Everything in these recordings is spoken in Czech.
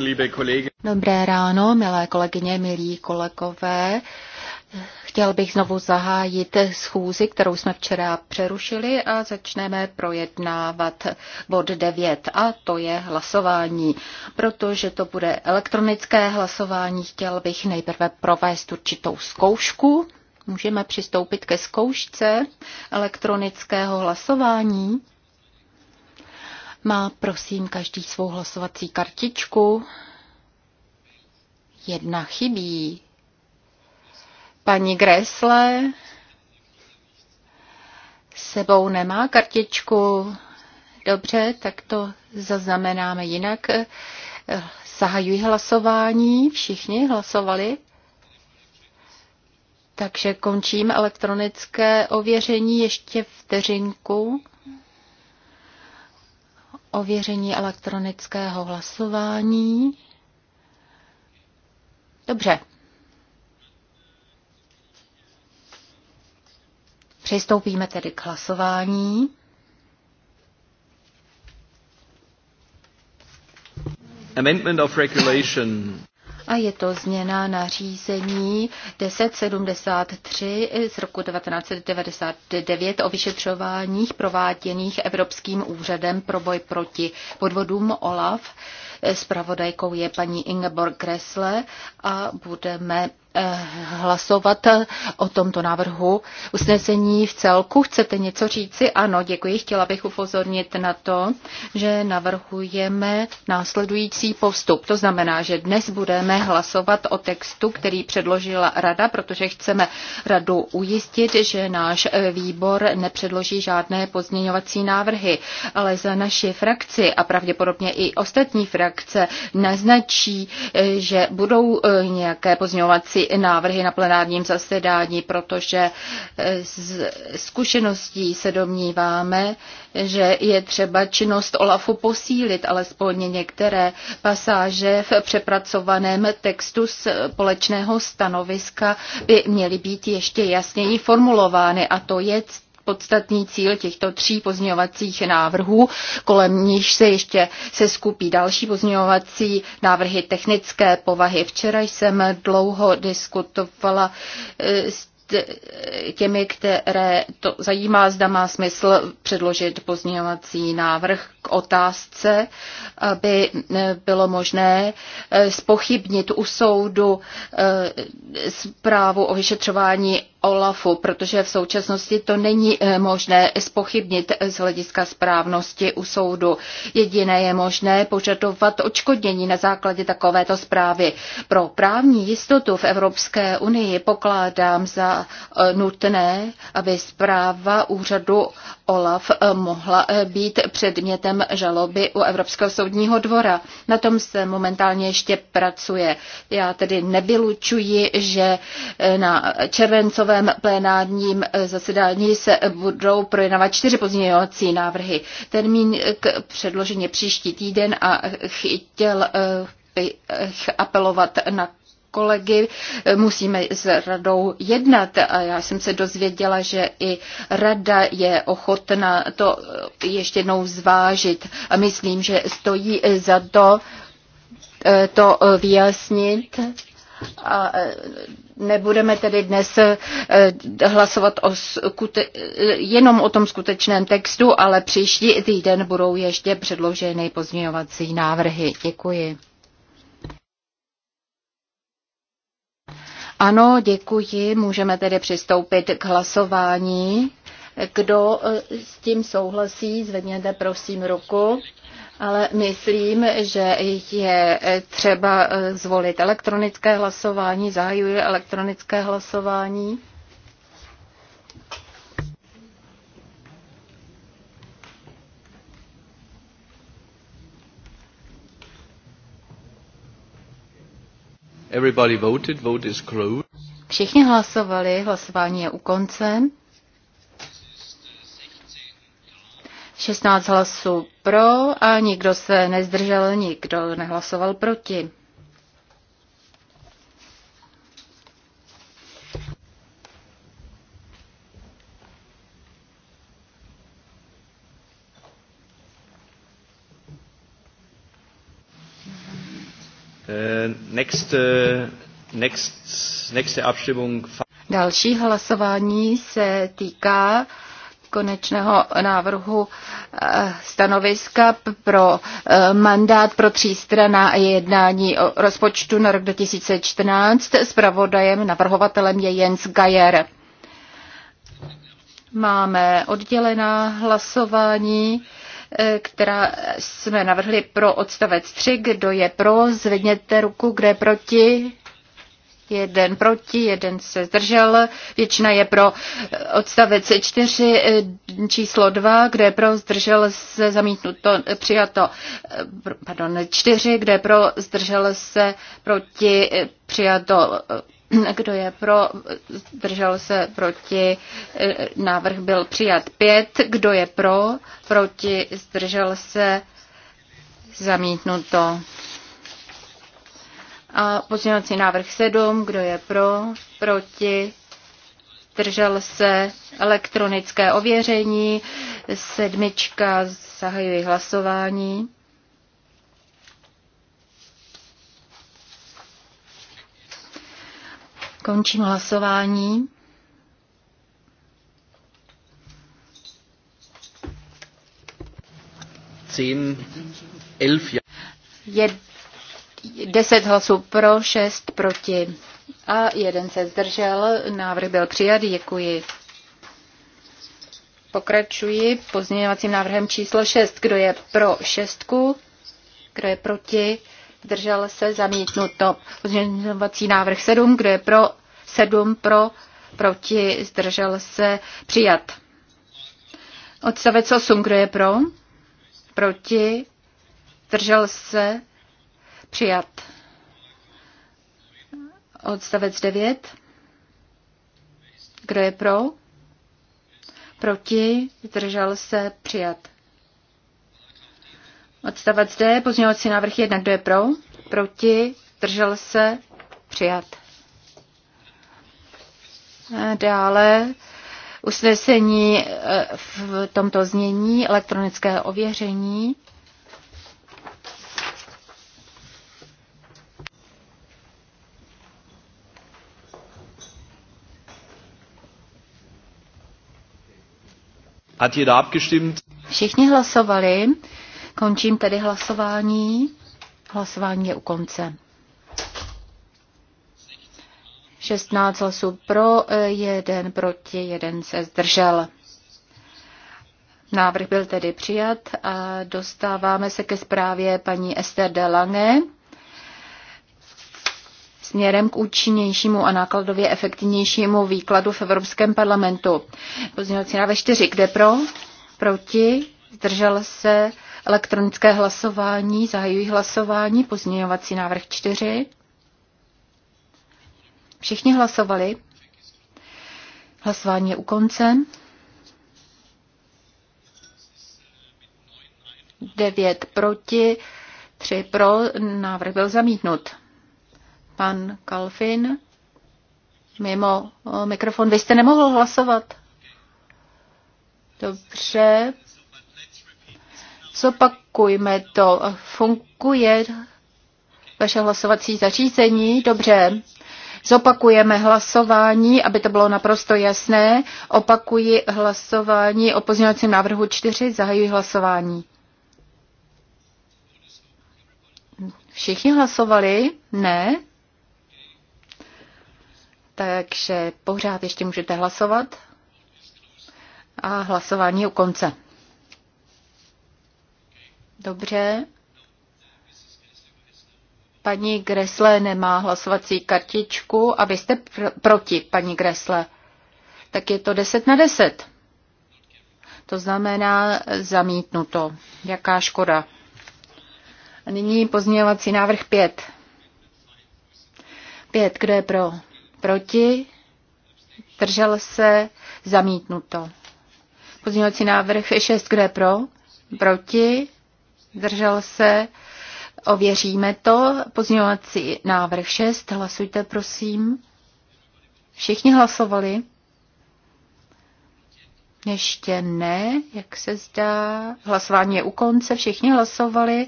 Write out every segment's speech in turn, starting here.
liebe Kollegen. Dobré ráno, milé kolegyně, milí kolegové. Chtěl bych znovu zahájit schůzi, kterou jsme včera přerušili a začneme projednávat bod 9 a to je hlasování. Protože to bude elektronické hlasování, chtěl bych nejprve provést určitou zkoušku. Můžeme přistoupit ke zkoušce elektronického hlasování. Má prosím každý svou hlasovací kartičku? Jedna chybí. Paní Gresle sebou nemá kartičku. Dobře, tak to zaznamenáme jinak. Zahajuji hlasování. Všichni hlasovali. Takže končím elektronické ověření ještě vteřinku ověření elektronického hlasování. Dobře. Přistoupíme tedy k hlasování. Amendment of regulation a je to změna nařízení 1073 z roku 1999 o vyšetřováních prováděných Evropským úřadem pro boj proti podvodům OLAF. Spravodajkou je paní Ingeborg Gressle a budeme Eh, hlasovat o tomto návrhu usnesení v celku. Chcete něco říci? Ano, děkuji. Chtěla bych upozornit na to, že navrhujeme následující postup. To znamená, že dnes budeme hlasovat o textu, který předložila Rada, protože chceme Radu ujistit, že náš výbor nepředloží žádné pozměňovací návrhy, ale za naši frakci a pravděpodobně i ostatní frakce naznačí, eh, že budou eh, nějaké pozměňovací i návrhy na plenárním zasedání, protože e, z zkušeností se domníváme, že je třeba činnost OLAFu posílit, alespoň některé pasáže v přepracovaném textu společného stanoviska by měly být ještě jasněji formulovány a to je podstatný cíl těchto tří pozměňovacích návrhů, kolem níž se ještě se skupí další pozměňovací návrhy technické povahy. Včera jsem dlouho diskutovala eh, s těmi, které to zajímá, zda má smysl předložit pozměňovací návrh k otázce, aby eh, bylo možné spochybnit eh, u soudu zprávu o vyšetřování OLAFu, protože v současnosti to není eh, možné spochybnit z hlediska správnosti u soudu. Jediné je možné požadovat očkodnění na základě takovéto zprávy. Pro právní jistotu v Evropské unii pokládám za eh, nutné, aby zpráva úřadu OLAF eh, mohla eh, být předmětem žaloby u Evropského soudního dvora. Na tom se momentálně ještě pracuje. Já tedy nevylučuji, že eh, na červencovém plénárním zasedání se budou projednávat čtyři pozměňovací návrhy. Termín k předložení příští týden a chtěl apelovat na kolegy, musíme s radou jednat a já jsem se dozvěděla, že i rada je ochotna to ještě jednou zvážit a myslím, že stojí za to eh, to vyjasnit. A eh, nebudeme tedy dnes eh, hlasovat o skute- jenom o tom skutečném textu, ale příští týden budou ještě předloženy pozměňovací návrhy. Děkuji. Ano, děkuji. Můžeme tedy přistoupit k hlasování. Kdo e, s tím souhlasí, zvedněte prosím ruku. Ale myslím, že je e, třeba e, zvolit elektronické hlasování. Zahajuji elektronické hlasování. Everybody voted, vote is closed. Všichni hlasovali, hlasování je u konce. 16 hlasů pro a nikdo se nezdržel, nikdo nehlasoval proti. Eh, next, eh, next, next Abstimmung. Další hlasování se týká konečného návrhu eh, stanoviska pro mandát pro třístrana jednání o rozpočtu na rok 2014. Spravodajem, navrhovatelem je Jens Gajer. Máme oddělená hlasování Eh, která jsme navrhli pro odstavec 3. Kdo je pro, zvedněte ruku, kde je proti. Jeden proti, jeden se zdržel, většina je pro odstavec 4, eh, číslo 2, kde je pro, zdržel se, zamítnuto, eh, přijato, pardon, 4, kde je pro, zdržel se, proti, přijato kdo je pro? Zdržel se proti. Návrh byl přijat pět. Kdo je pro? Proti. Zdržel se. Zamítnuto. A pozměňovací návrh sedm. Kdo je pro? Proti. Zdržel se. Elektronické ověření. Sedmička. Zahajuji hlasování. Končím hlasování. Zehn, je 10 hlasů pro, 6 proti a jeden se zdržel. Návrh byl přijat. Děkuji. Pokračuji pozměňovacím návrhem číslo 6. Kdo je pro šestku? Kdo je proti? zdržel se, zamítnuto. Pozměňovací návrh 7, kdo je pro, 7 pro, proti, zdržel se, přijat. Odstavec 8, kdo je pro, proti, zdržel se, přijat. Odstavec 9, kdo je pro, proti, zdržel se, přijat. Odstavec D, pozměňovací návrh 1, kdo je pro? Proti, držel se, přijat. E, dále usnesení e, v tomto znění elektronické ověření. Hat jeder abgestimmt? Všichni hlasovali. Končím tedy hlasování. Hlasování je u konce. 16 hlasů pro, eh, jeden proti, jeden se zdržel. Návrh byl tedy přijat a dostáváme se ke zprávě paní Esther de Lange směrem k účinnějšímu a nákladově efektivnějšímu výkladu v Evropském parlamentu. Pozměňovací návrh 4. Kde pro? Proti? Zdržel se? Elektronické hlasování, zahajují hlasování, pozměňovací návrh 4. Všichni hlasovali. Hlasování je u konce. 9 proti, 3 pro, návrh byl zamítnut. Pan Kalfin, mimo eh, mikrofon, vy jste nemohl hlasovat. Dobře, Zopakujme to. Funguje vaše hlasovací zařízení? Dobře. Zopakujeme hlasování, aby to bylo naprosto jasné. Opakuji hlasování o pozměňovacím návrhu 4. Zahajuji hlasování. Všichni hlasovali? Ne? Takže pořád ještě můžete hlasovat. A hlasování u konce. Dobře. Paní Gresle nemá hlasovací kartičku a vy jste pr- proti, paní Gresle. Tak je to 10 na 10. To znamená zamítnuto. Jaká škoda. A nyní pozměňovací návrh 5. 5. Kdo je pro? Proti? Držel se? Zamítnuto. Pozměňovací návrh 6. Kdo je pro? Proti? zdržel se, ověříme to. Pozměňovací návrh 6, hlasujte prosím. Všichni hlasovali? Ještě ne, jak se zdá. Hlasování je u konce, všichni hlasovali.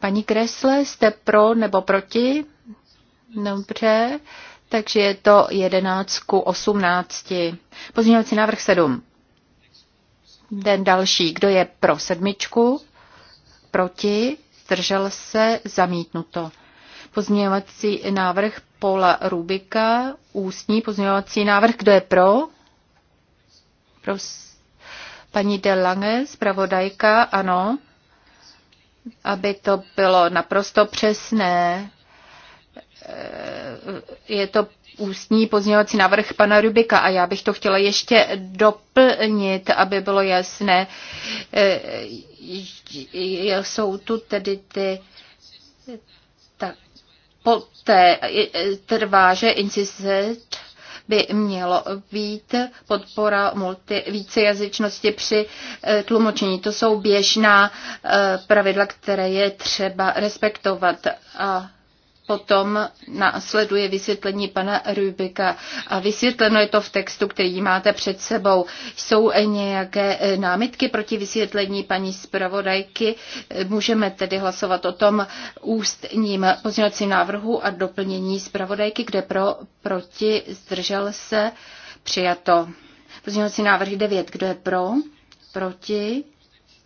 Paní Kresle, jste pro nebo proti? Dobře, takže je to 11 ku 18. Pozměňovací návrh 7. Den další, kdo je pro sedmičku, proti, zdržel se, zamítnuto. Pozměňovací návrh Paula Rubika, ústní pozměňovací návrh, kdo je pro? Pro Paní Delange, zpravodajka, ano. Aby to bylo naprosto přesné, eh, je to ústní pozměňovací návrh pana Rubika a já bych to chtěla ještě doplnit, aby bylo jasné. Eh, jsou tu tedy ty ta, poté eh, trvá, že insist by mělo být podpora multi, vícejazyčnosti při eh, tlumočení. To jsou běžná pravidla, které je třeba respektovat. A Potom následuje vysvětlení pana Rubika a vysvětleno je to v textu, který máte před sebou. Jsou nějaké e, námitky proti vysvětlení paní zpravodajky? E, můžeme tedy hlasovat o tom ústním pozměňovacím návrhu a doplnění zpravodajky, kde pro, proti, zdržel se, přijato. Pozměňovací návrh 9, kdo je pro, proti,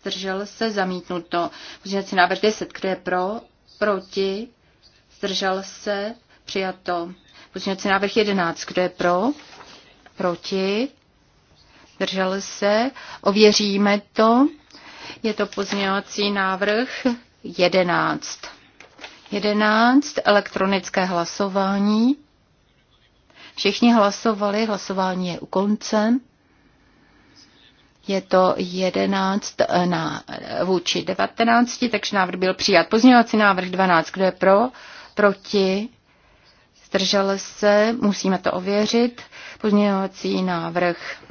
zdržel se, zamítnuto. Pozměňovací návrh 10, kdo je pro, proti, Zdržel se? Přijato. Pozměňovací návrh 11. Kdo je pro? Proti? Zdržel se? Ověříme to. Je to pozměňovací návrh 11. 11. Elektronické hlasování. Všichni hlasovali, hlasování je u konce. Je to 11 na, vůči 19, takže návrh byl přijat. Pozměňovací návrh 12, kdo je pro? proti, zdržel se, musíme to ověřit, pozměňovací návrh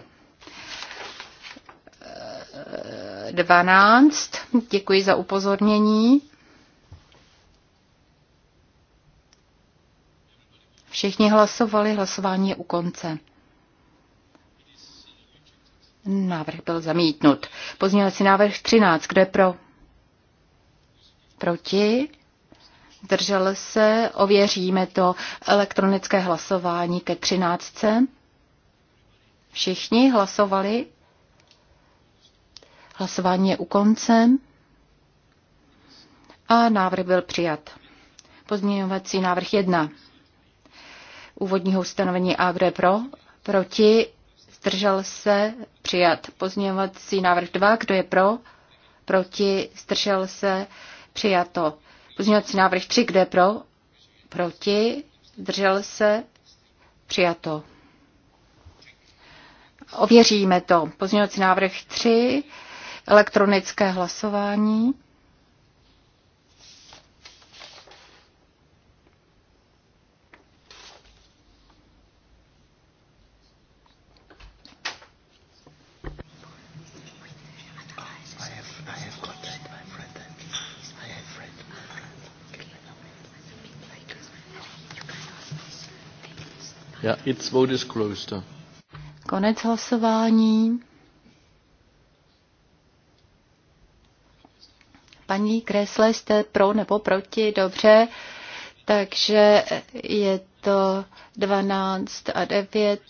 12, eh, děkuji za upozornění. Všichni hlasovali, hlasování je u konce. Návrh byl zamítnut. Pozměňovací návrh 13. Kdo je pro? Proti? zdržel se, ověříme to elektronické hlasování ke třináctce. Všichni hlasovali. Hlasování je u konce. A návrh byl přijat. Pozměňovací návrh 1. Úvodního ustanovení A, kdo je pro? Proti? Zdržel se? Přijat. Pozměňovací návrh 2. Kdo je pro? Proti? Zdržel se? Přijato. Pozměňovací návrh 3, kde pro, proti, držel se, přijato. Ověříme to. Pozměňovací návrh 3, elektronické hlasování. Its vote is closed. Konec hlasování. Paní Kresle, jste pro nebo proti? Dobře. Takže je to 12 a 9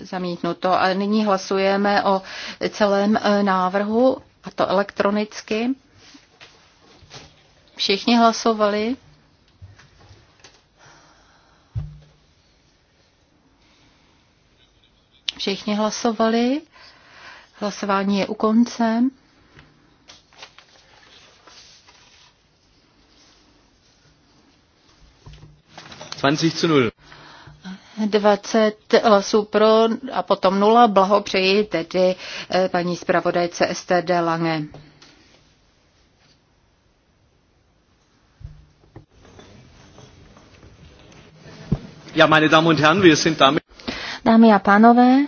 zamítnuto. A nyní hlasujeme o celém eh, návrhu, a to elektronicky. Všichni hlasovali. Všichni hlasovali. Hlasování je u konce. Dvacet 20 hlasů pro a potom nula. Blahopřeji tedy eh, paní zpravodajce STD Lange. Ja, meine Damen und Herren, wir sind damit Dámy a pánové,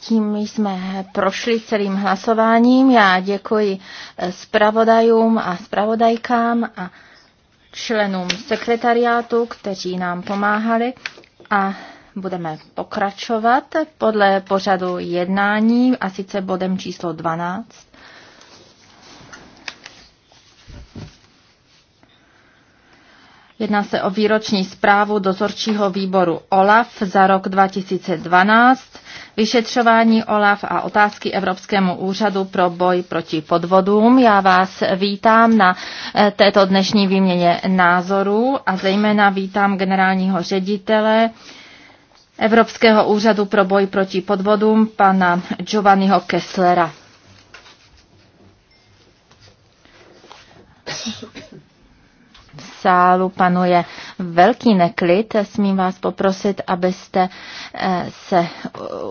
tím jsme prošli celým hlasováním. Já děkuji zpravodajům a zpravodajkám a členům sekretariátu, kteří nám pomáhali a budeme pokračovat podle pořadu jednání a sice bodem číslo 12. Jedná se o výroční zprávu dozorčího výboru OLAF za rok 2012, vyšetřování OLAF a otázky Evropskému úřadu pro boj proti podvodům. Já vás vítám na eh, této dnešní výměně názorů a zejména vítám generálního ředitele Evropského úřadu pro boj proti podvodům pana Giovanniho Kesslera sálu panuje velký neklid. Smím vás poprosit, abyste eh, se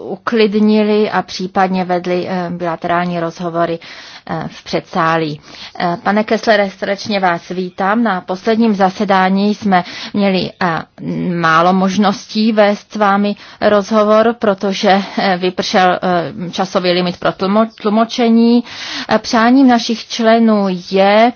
uklidnili a případně vedli eh, bilaterální rozhovory eh, v předsálí. Pane Kesslere, srdečně vás vítám. Na posledním zasedání jsme měli málo možností vést s vámi rozhovor, protože vypršel časový limit pro tlumočení. Přáním našich členů je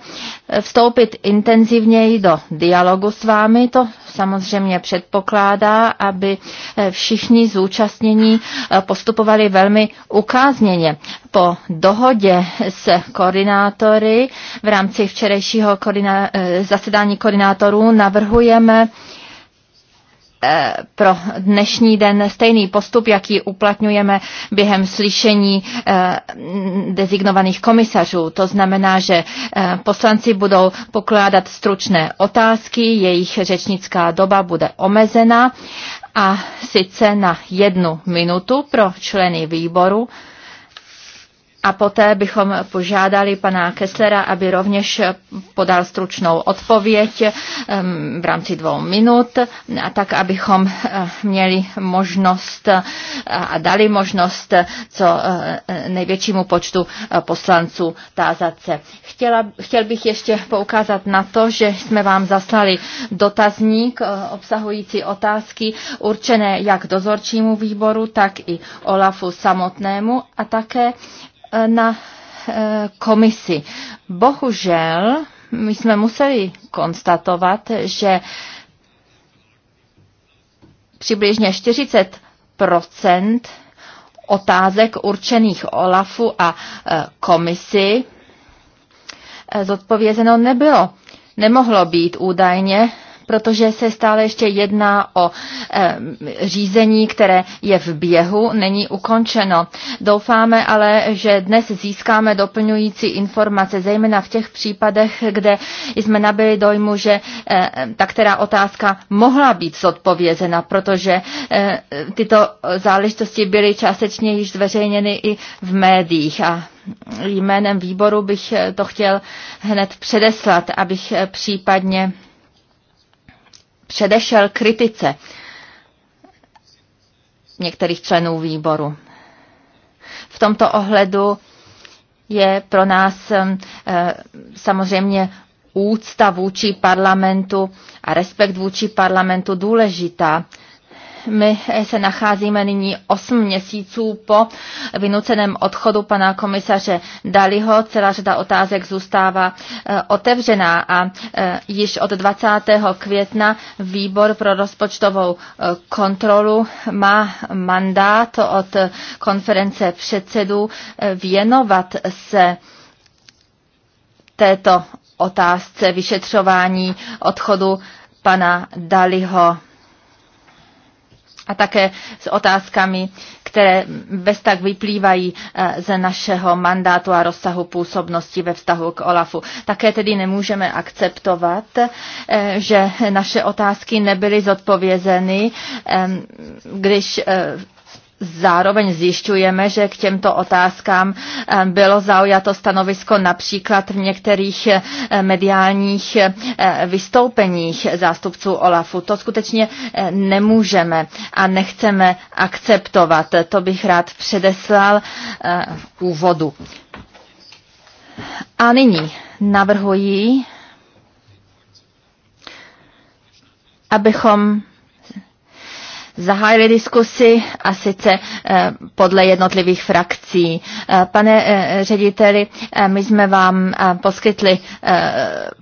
vstoupit intenzivněji do dialogu s vámi, to samozřejmě předpokládá, aby eh, všichni zúčastnění eh, postupovali velmi ukázněně. Po dohodě s koordinátory v rámci včerejšího koordina- eh, zasedání koordinátorů navrhujeme Eh, pro dnešní den stejný postup, jaký uplatňujeme během slyšení eh, dezignovaných komisařů. To znamená, že eh, poslanci budou pokládat stručné otázky, jejich řečnická doba bude omezena a sice na jednu minutu pro členy výboru a poté bychom požádali pana Kesslera, aby rovněž podal stručnou odpověď v rámci dvou minut, a tak abychom eh, měli možnost eh, a dali možnost eh, co největšímu počtu poslanců tázat se. Chtěla, chtěl bych ještě poukázat na to, že jsme vám zaslali dotazník obsahující otázky určené jak dozorčímu výboru, tak i Olafu samotnému a také na eh, komisi. Bohužel my jsme museli konstatovat, že přibližně 40 otázek určených OLAFu a eh, komisi eh, zodpovězeno nebylo. Nemohlo být údajně protože se stále ještě jedná o eh, řízení, které je v běhu, není ukončeno. Doufáme ale, že dnes získáme doplňující informace, zejména v těch případech, kde jsme nabili dojmu, že eh, ta která otázka mohla být zodpovězena, protože eh, tyto záležitosti byly částečně již zveřejněny i v médiích a jménem výboru bych to chtěl hned předeslat, abych případně předešel kritice některých členů výboru. V tomto ohledu je pro nás eh, samozřejmě úcta vůči parlamentu a respekt vůči parlamentu důležitá. My se nacházíme nyní 8 měsíců po vynuceném odchodu pana komisaře Daliho. Celá řada otázek zůstává e, otevřená a e, již od 20. května výbor pro rozpočtovou e, kontrolu má mandát od konference předsedů věnovat se této otázce vyšetřování odchodu pana Daliho a také s otázkami, které bez tak vyplývají eh, z našeho mandátu a rozsahu působnosti ve vztahu k OLAFu. Také tedy nemůžeme akceptovat, eh, že naše otázky nebyly zodpovězeny, eh, když Zároveň zjišťujeme, že k těmto otázkám eh, bylo zaujato stanovisko například v některých eh, mediálních eh, vystoupeních zástupců OLAFu. To skutečně nemůžeme a nechceme akceptovat. To bych rád předeslal v úvodu. A nyní navrhuji, abychom zahájili diskusi a sice eh, podle jednotlivých frakcí. Eh, pane eh, řediteli, my jsme vám poskytli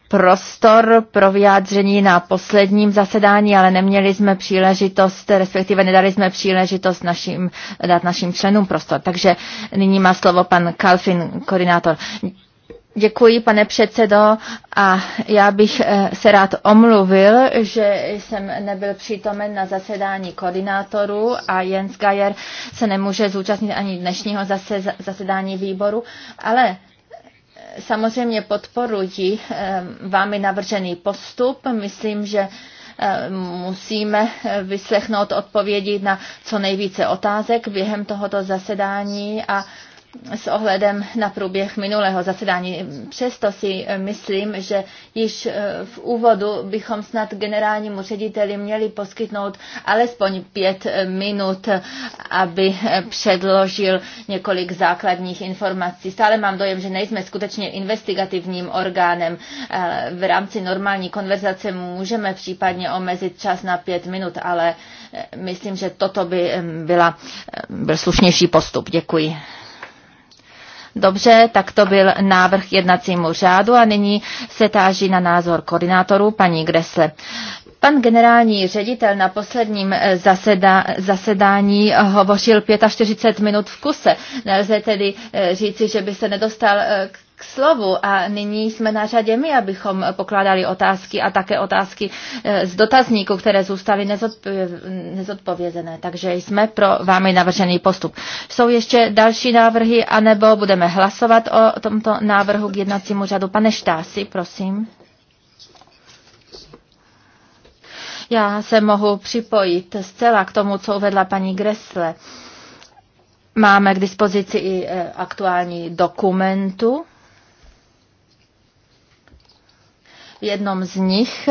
prostor pro vyjádření na posledním zasedání, ale neměli jsme příležitost, respektive nedali jsme příležitost našim, dát našim členům prostor. Takže nyní má slovo pan Kalfin, koordinátor. Děkuji, pane předsedo, a já bych eh, se rád omluvil, že jsem nebyl přítomen na zasedání koordinátorů a Jens Geier se nemůže zúčastnit ani dnešního zasedání výboru, ale eh, samozřejmě podporuji eh, vámi navržený postup. Myslím, že musíme vyslechnout odpovědi na co nejvíce otázek během tohoto zasedání a s ohledem na průběh minulého zasedání. Přesto si eh, myslím, že již eh, v úvodu bychom snad generálnímu řediteli měli poskytnout alespoň pět eh, minut, aby předložil několik základních informací. Stále mám dojem, že nejsme skutečně investigativním orgánem. V rámci normální konverzace můžeme případně omezit čas na pět minut, ale myslím, že toto by byla, byl slušnější postup. Děkuji. Dobře, tak to byl návrh jednacímu řádu a nyní se táží na názor koordinátorů paní Gresle. Pan generální ředitel na posledním eh, zaseda, zasedání hovořil 45 minut v kuse. Nelze tedy eh, říci, že by se nedostal eh, k k slovu a nyní jsme na řadě my, abychom pokládali otázky a také otázky eh, z dotazníku, které zůstaly eh, nezodpovězené. Takže jsme pro vámi navržený postup. Jsou ještě další návrhy, anebo budeme hlasovat o tomto návrhu k jednacímu řadu. Pane Štási, prosím. Já se mohu připojit zcela k tomu, co uvedla paní Gresle. Máme k dispozici i eh, aktuální dokumentu jednom z nich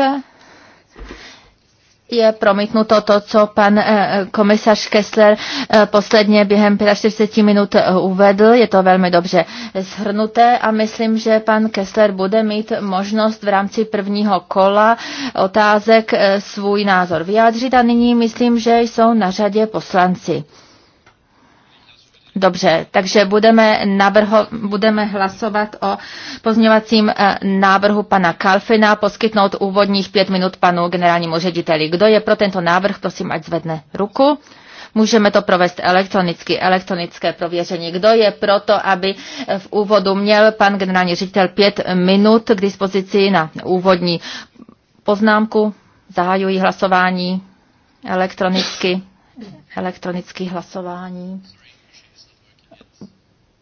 je promítnuto to, co pan eh, komisař Kessler eh, posledně během 45 minut eh, uvedl. Je to velmi dobře shrnuté a myslím, že pan Kessler bude mít možnost v rámci prvního kola otázek svůj názor vyjádřit a nyní myslím, že jsou na řadě poslanci. Dobře, takže budeme, navrho, budeme hlasovat o pozměňovacím eh, návrhu pana Kalfina poskytnout úvodních pět minut panu generálnímu řediteli. Kdo je pro tento návrh, prosím, ať zvedne ruku. Můžeme to provést elektronicky, elektronické prověření. Kdo je proto, aby eh, v úvodu měl pan generální ředitel pět minut k dispozici na úvodní poznámku? Zahajuji hlasování elektronicky. Elektronicky hlasování.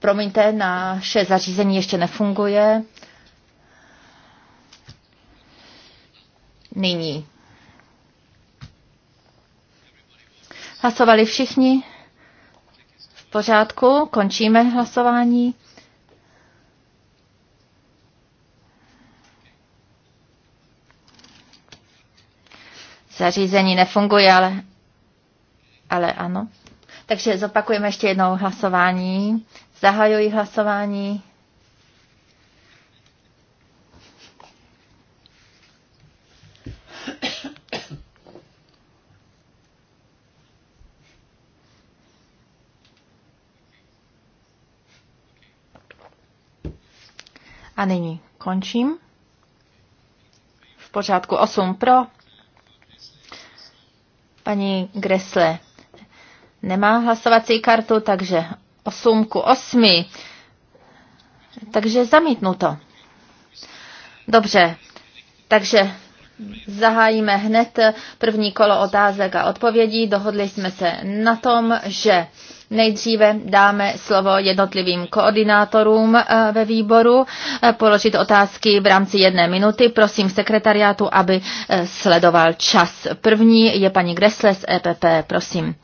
Promiňte, naše zařízení ještě nefunguje. Nyní. Hlasovali všichni? V pořádku, končíme hlasování. Zařízení nefunguje, ale, ale ano. Takže zopakujeme ještě jednou hlasování. Zahajuji hlasování. A nyní končím. V pořádku 8 pro. Paní Gresle nemá hlasovací kartu, takže 8 ku 8. Takže zamítnuto. Dobře, takže zahájíme hned první kolo otázek a odpovědí. Dohodli jsme se na tom, že Nejdříve dáme slovo jednotlivým koordinátorům eh, ve výboru, eh, položit otázky v rámci jedné minuty. Prosím sekretariátu, aby eh, sledoval čas. První je paní Gressle z EPP, prosím.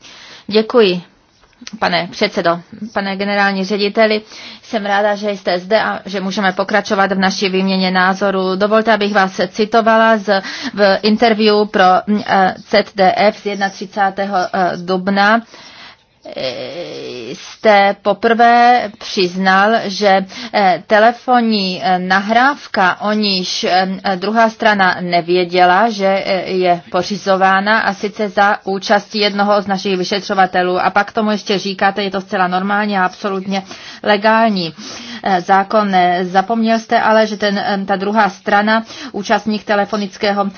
Děkuji, Pane předsedo, pane generální řediteli, jsem ráda, že jste zde a že můžeme pokračovat v naší výměně názoru. Dovolte, abych vás citovala z, v interview pro eh, ZDF z 31. dubna jste poprvé přiznal, že eh, telefonní eh, nahrávka, o níž eh, druhá strana nevěděla, že je pořizována a sice za účastí jednoho z našich vyšetřovatelů. A pak tomu ještě říkáte, je to zcela normálně a absolutně legální zákon. Zapomněl jste ale, že ten, ta druhá strana, účastník telefonického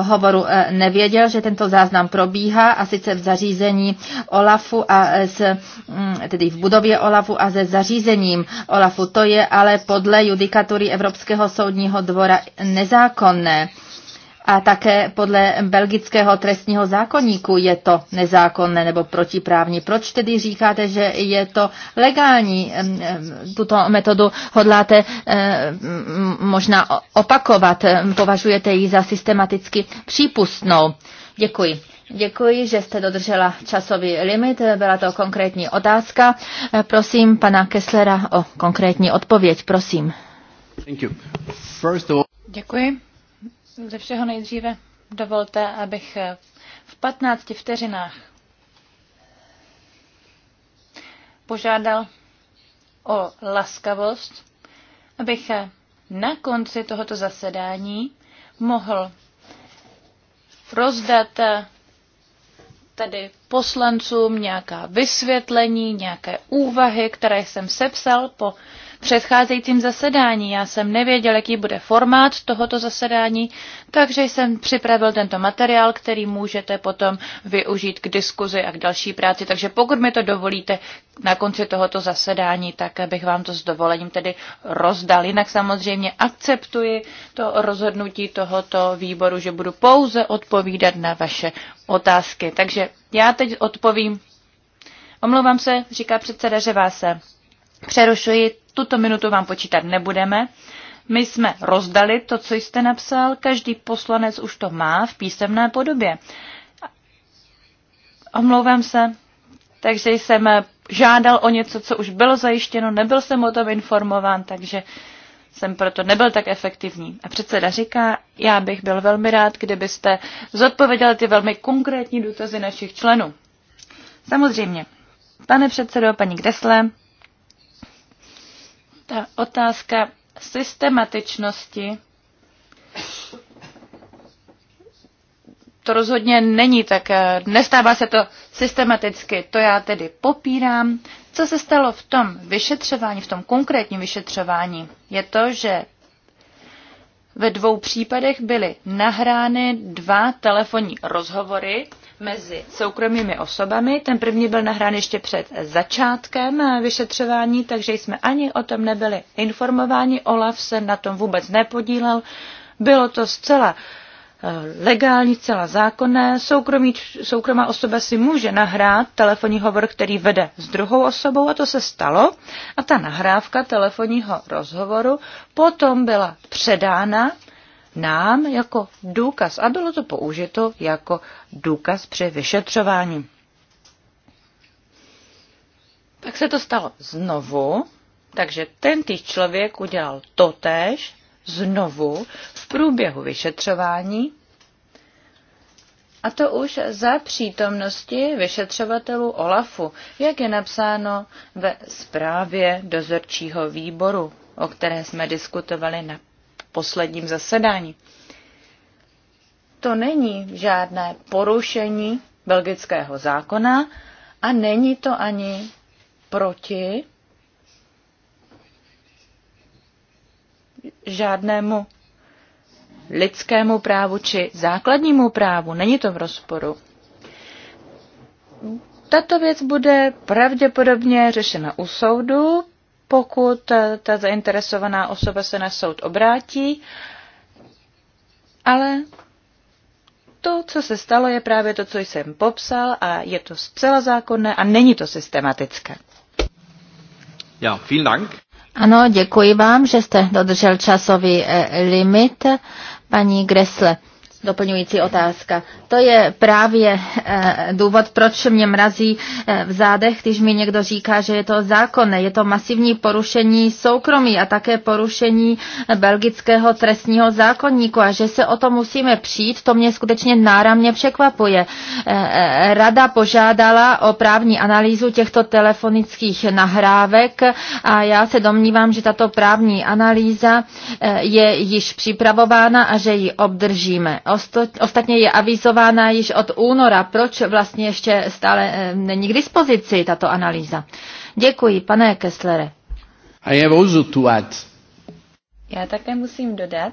hovoru, nevěděl, že tento záznam probíhá a sice v zařízení OLAFu a s, mm, tedy v budově OLAFu a se zařízením OLAFu. To je ale podle judikatury Evropského soudního dvora nezákonné. A také podle belgického trestního zákonníku je to nezákonné nebo protiprávní. Proč tedy říkáte, že je to legální? Tuto metodu hodláte eh, možná opakovat. Považujete ji za systematicky přípustnou. Děkuji. Děkuji, že jste dodržela časový limit. Byla to konkrétní otázka. Prosím pana Kesslera o konkrétní odpověď. Prosím. All... Děkuji. Ze všeho nejdříve dovolte, abych v 15 vteřinách požádal o laskavost, abych na konci tohoto zasedání mohl rozdat tedy poslancům nějaká vysvětlení, nějaké úvahy, které jsem sepsal po předcházejícím zasedání. Já jsem nevěděl, jaký bude formát tohoto zasedání, takže jsem připravil tento materiál, který můžete potom využít k diskuzi a k další práci. Takže pokud mi to dovolíte na konci tohoto zasedání, tak bych vám to s dovolením tedy rozdal. Jinak samozřejmě akceptuji to rozhodnutí tohoto výboru, že budu pouze odpovídat na vaše otázky. Takže já teď odpovím. Omlouvám se, říká předseda Řevá se. Přerušuji, tuto minutu vám počítat nebudeme. My jsme rozdali to, co jste napsal, každý poslanec už to má v písemné podobě. Omlouvám se, takže jsem žádal o něco, co už bylo zajištěno, nebyl jsem o tom informován, takže jsem proto nebyl tak efektivní. A předseda říká, já bych byl velmi rád, kdybyste zodpověděli ty velmi konkrétní dotazy našich členů. Samozřejmě. Pane předsedo, paní Gresle, ta otázka systematičnosti to rozhodně není tak, eh, nestává se to systematicky, to já tedy popírám. Co se stalo v tom vyšetřování, v tom konkrétním vyšetřování, je to, že ve dvou případech byly nahrány dva telefonní rozhovory mezi soukromými osobami. Ten první byl nahrán ještě před začátkem vyšetřování, takže jsme ani o tom nebyli informováni. Olaf se na tom vůbec nepodílel. Bylo to zcela eh, legální, zcela zákonné. Soukromí, soukromá osoba si může nahrát telefonní hovor, který vede s druhou osobou a to se stalo. A ta nahrávka telefonního rozhovoru potom byla předána nám jako důkaz a bylo to použito jako důkaz při vyšetřování. Tak se to stalo znovu, takže ten týž člověk udělal totéž znovu v průběhu vyšetřování a to už za přítomnosti vyšetřovatelů OLAFu, jak je napsáno ve zprávě dozorčího výboru, o které jsme diskutovali na posledním zasedání. To není žádné porušení belgického zákona a není to ani proti žádnému lidskému právu či základnímu právu. Není to v rozporu. Tato věc bude pravděpodobně řešena u soudu pokud eh, ta zainteresovaná osoba se na soud obrátí, ale to, co se stalo, je právě to, co jsem popsal a je to zcela zákonné a není to systematické. Ja, vielen Dank. Ano, děkuji vám, že jste dodržel časový eh, limit, paní Gresle. Doplňující otázka. To je právě eh, důvod, proč mě mrazí eh, v zádech, když mi někdo říká, že je to zákonné. Je to masivní porušení soukromí a také porušení eh, belgického trestního zákonníku a že se o to musíme přijít, to mě skutečně náramně překvapuje. Rada požádala o právní analýzu těchto telefonických nahrávek a já se domnívám, že tato právní analýza je již připravována a že ji obdržíme. Ostatně je avizována již od února. Proč vlastně ještě stále eh, není k dispozici tato analýza? Děkuji, pane Kesslere. Já také musím dodat,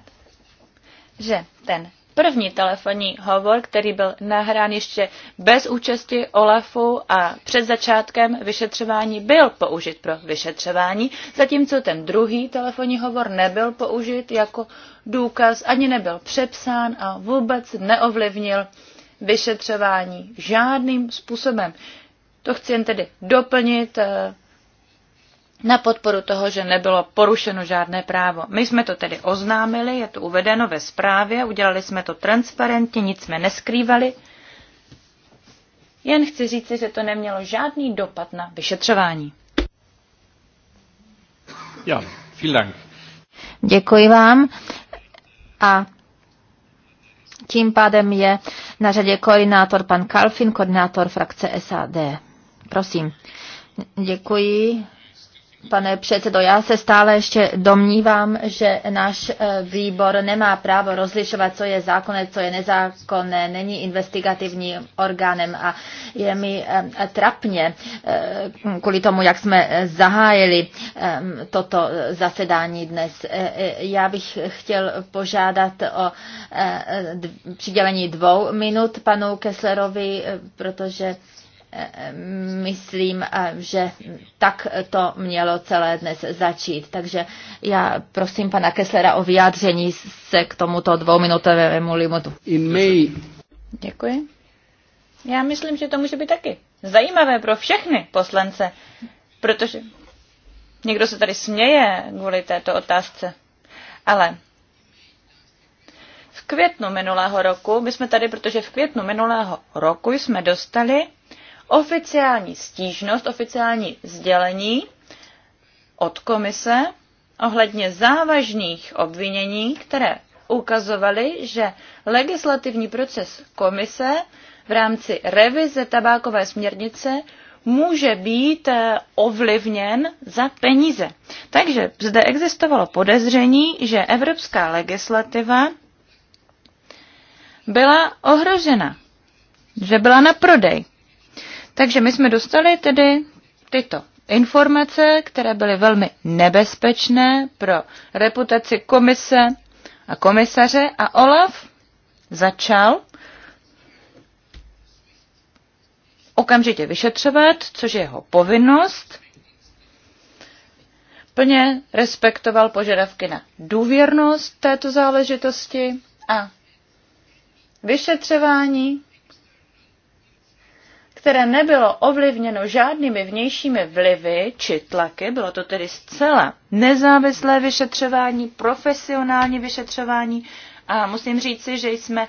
že ten První telefonní hovor, který byl nahrán ještě bez účasti Olafu a před začátkem vyšetřování, byl použit pro vyšetřování, zatímco ten druhý telefonní hovor nebyl použit jako důkaz, ani nebyl přepsán a vůbec neovlivnil vyšetřování žádným způsobem. To chci jen tedy doplnit eh, na podporu toho, že nebylo porušeno žádné právo. My jsme to tedy oznámili, je to uvedeno ve zprávě, udělali jsme to transparentně, nic jsme neskrývali. Jen chci říct, že to nemělo žádný dopad na vyšetřování. Ja, vielen Dank. Děkuji vám. A tím pádem je na řadě koordinátor pan Kalfin, koordinátor frakce SAD. Prosím. Děkuji Pane předsedo, já se stále ještě domnívám, že náš eh, výbor nemá právo rozlišovat, co je zákonné, co je nezákonné, není investigativním orgánem a je mi eh, trapně eh, kvůli tomu, jak jsme zahájili toto zasedání dnes. Já bych chtěl požádat o přidělení dvou minut panu Kesslerovi, protože myslím, eh, že tak to mělo celé dnes začít. Takže já prosím pana Kesslera o vyjádření se k tomuto dvouminutovému limitu. Děkuji. Já myslím, že to může být taky zajímavé pro všechny poslance, protože někdo se tady směje kvůli této otázce. Ale v květnu minulého roku, my jsme tady, protože v květnu minulého roku jsme dostali oficiální stížnost, oficiální sdělení od komise ohledně závažných obvinění, které ukazovaly, že legislativní proces komise v rámci revize tabákové směrnice může být eh, ovlivněn za peníze. Takže zde existovalo podezření, že evropská legislativa byla ohrožena, že byla na prodej. Takže my jsme dostali tedy tyto informace, které byly velmi nebezpečné pro reputaci komise a komisaře a Olaf začal okamžitě vyšetřovat, což je jeho povinnost. Plně respektoval požadavky na důvěrnost této záležitosti a vyšetřování které nebylo ovlivněno žádnými vnějšími vlivy či tlaky, bylo to tedy zcela nezávislé vyšetřování, profesionální vyšetřování a musím říci, že jsme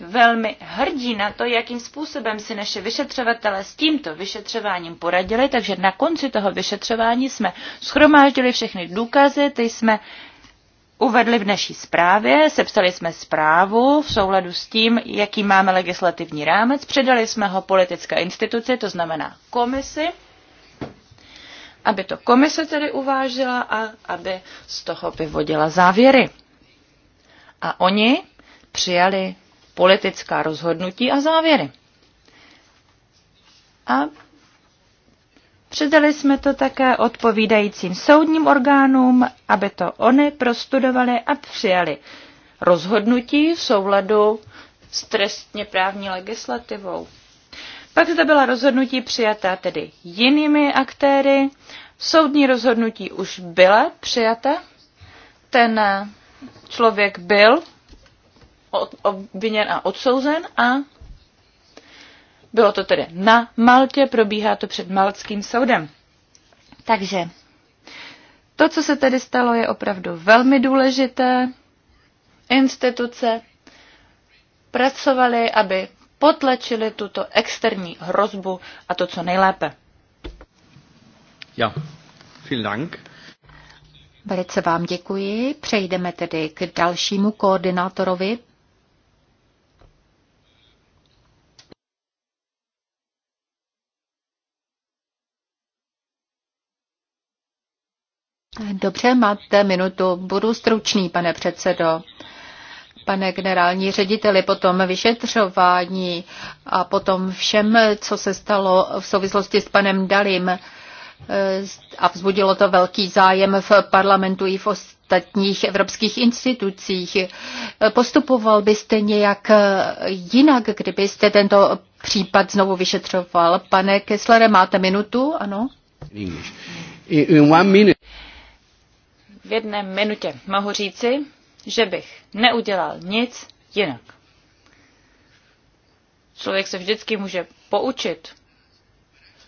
velmi hrdí na to, jakým způsobem si naše vyšetřovatele s tímto vyšetřováním poradili, takže na konci toho vyšetřování jsme schromáždili všechny důkazy, ty jsme uvedli v naší zprávě, sepsali jsme zprávu v souladu s tím, jaký máme legislativní rámec, předali jsme ho politické instituci, to znamená komisi, aby to komise tedy uvážila a aby z toho vyvodila závěry. A oni přijali politická rozhodnutí a závěry. A Předali jsme to také odpovídajícím soudním orgánům, aby to oni prostudovali a přijali rozhodnutí v souladu s trestně právní legislativou. Pak zde byla rozhodnutí přijatá tedy jinými aktéry. Soudní rozhodnutí už byla přijata. Ten člověk byl obviněn a odsouzen a bylo to tedy na Maltě, probíhá to před Maltským soudem. Takže to, co se tedy stalo, je opravdu velmi důležité. Instituce pracovaly, aby potlačili tuto externí hrozbu a to co nejlépe. Ja, vielen Dank. Velice vám děkuji. Přejdeme tedy k dalšímu koordinátorovi, Dobře, máte minutu. Budu stručný, pane předsedo pane generální řediteli, potom vyšetřování a potom všem, co se stalo v souvislosti s panem Dalim. Eh, a vzbudilo to velký zájem v parlamentu i v ostatních evropských institucích. Postupoval byste nějak eh, jinak, kdybyste tento případ znovu vyšetřoval? Pane Kesslere, máte minutu? Ano. In one minute v jedné minutě mohu říci, že bych neudělal nic jinak. Člověk se vždycky může poučit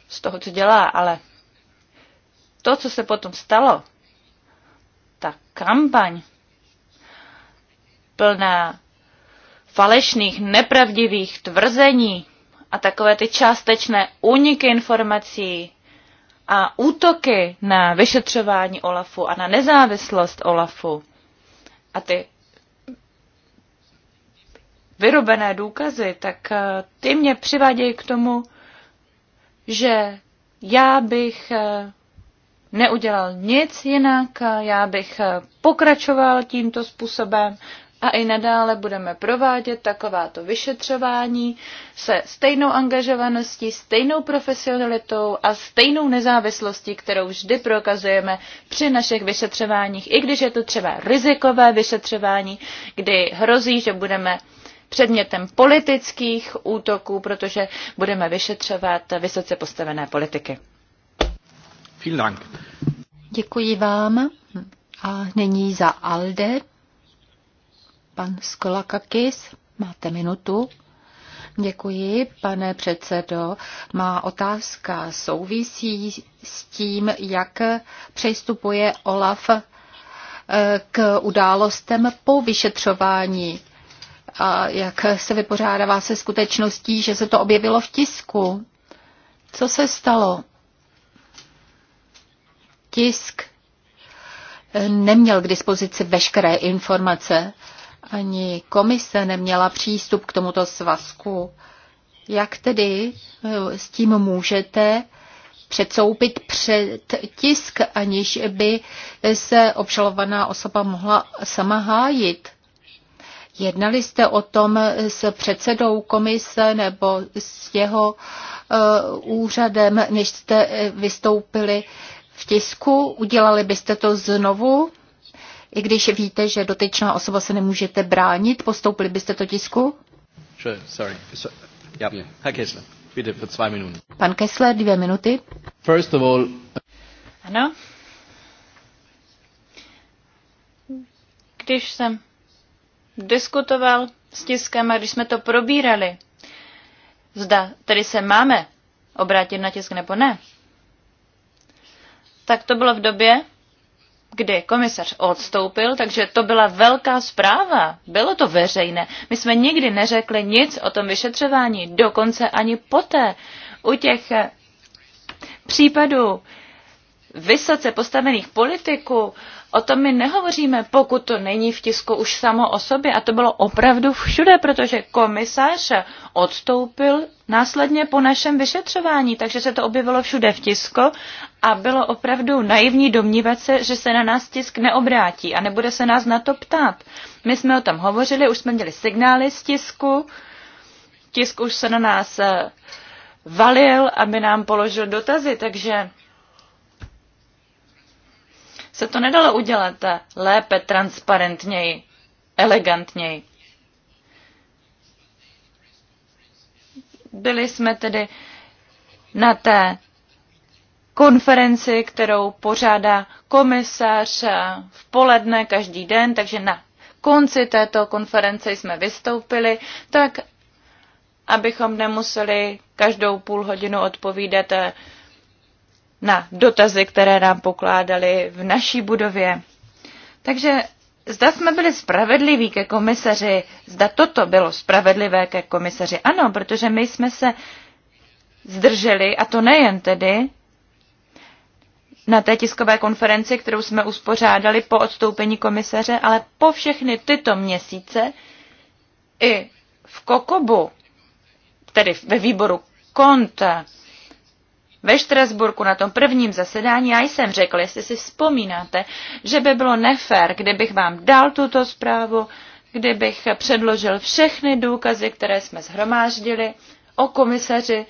z toho, co dělá, ale to, co se potom stalo, ta kampaň plná falešných, nepravdivých tvrzení a takové ty částečné úniky informací, a útoky na vyšetřování Olafu a na nezávislost Olafu a ty vyrobené důkazy, tak eh, ty mě přivádějí k tomu, že já bych eh, neudělal nic jinak, eh, já bych pokračoval tímto způsobem, a i nadále budeme provádět takováto vyšetřování se stejnou angažovaností, stejnou profesionalitou a stejnou nezávislostí, kterou vždy prokazujeme při našich vyšetřováních, i když je to třeba rizikové vyšetřování, kdy hrozí, že budeme předmětem politických útoků, protože budeme vyšetřovat vysoce postavené politiky. Vielen Dank. Děkuji vám. A nyní za ALDE Pan Skolakakis, máte minutu. Děkuji, pane předsedo. Má otázka souvisí s tím, jak přistupuje OLAF eh, k událostem po vyšetřování a jak se vypořádává se skutečností, že se to objevilo v tisku. Co se stalo? Tisk neměl k dispozici veškeré informace ani komise neměla přístup k tomuto svazku. Jak tedy eh, s tím můžete předsoupit před tisk, aniž by se obžalovaná osoba mohla sama hájit? Jednali jste o tom s předsedou komise nebo s jeho uh, úřadem, než jste eh, vystoupili v tisku? Udělali byste to znovu? i když víte, že dotyčná osoba se nemůžete bránit? Postoupili byste to tisku? Sorry. So, yeah. Herr Kessler, bitte für zwei Minuten. Pan Kessler, dvě minuty. First of all... Ano. Když jsem diskutoval s tiskem a když jsme to probírali, zda tedy se máme obrátit na tisk nebo ne, tak to bylo v době, kdy komisař odstoupil, takže to byla velká zpráva. Bylo to veřejné. My jsme nikdy neřekli nic o tom vyšetřování, dokonce ani poté. U těch případů vysoce postavených politiků, o tom my nehovoříme, pokud to není v tisku už samo o sobě. A to bylo opravdu všude, protože komisař odstoupil následně po našem vyšetřování, takže se to objevilo všude v tisku a bylo opravdu naivní domnívat se, že se na nás tisk neobrátí a nebude se nás na to ptát. My jsme o tom hovořili, už jsme měli signály z tisku, tisk už se na nás valil, aby nám položil dotazy, takže se to nedalo udělat lépe, transparentněji, elegantněji. Byli jsme tedy na té konferenci, kterou pořádá komisař v poledne každý den, takže na konci této konference jsme vystoupili, tak abychom nemuseli každou půl hodinu odpovídat na dotazy, které nám pokládali v naší budově. Takže zda jsme byli spravedliví ke komisaři, zda toto bylo spravedlivé ke komisaři. Ano, protože my jsme se zdrželi, a to nejen tedy, na té tiskové konferenci, kterou jsme uspořádali po odstoupení komisaře, ale po všechny tyto měsíce i v Kokobu, tedy ve výboru konta ve Štrasburku na tom prvním zasedání já jsem řekl, jestli si vzpomínáte, že by bylo nefér, kdybych vám dal tuto zprávu, kdybych předložil všechny důkazy, které jsme zhromáždili o komisaři,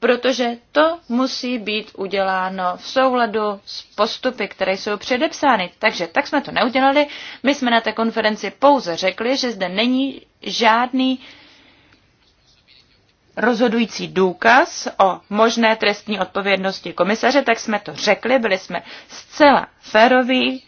protože to musí být uděláno v souladu s postupy, které jsou předepsány. Takže tak jsme to neudělali. My jsme na té konferenci pouze řekli, že zde není žádný rozhodující důkaz o možné trestní odpovědnosti komisaře, tak jsme to řekli, byli jsme zcela féroví,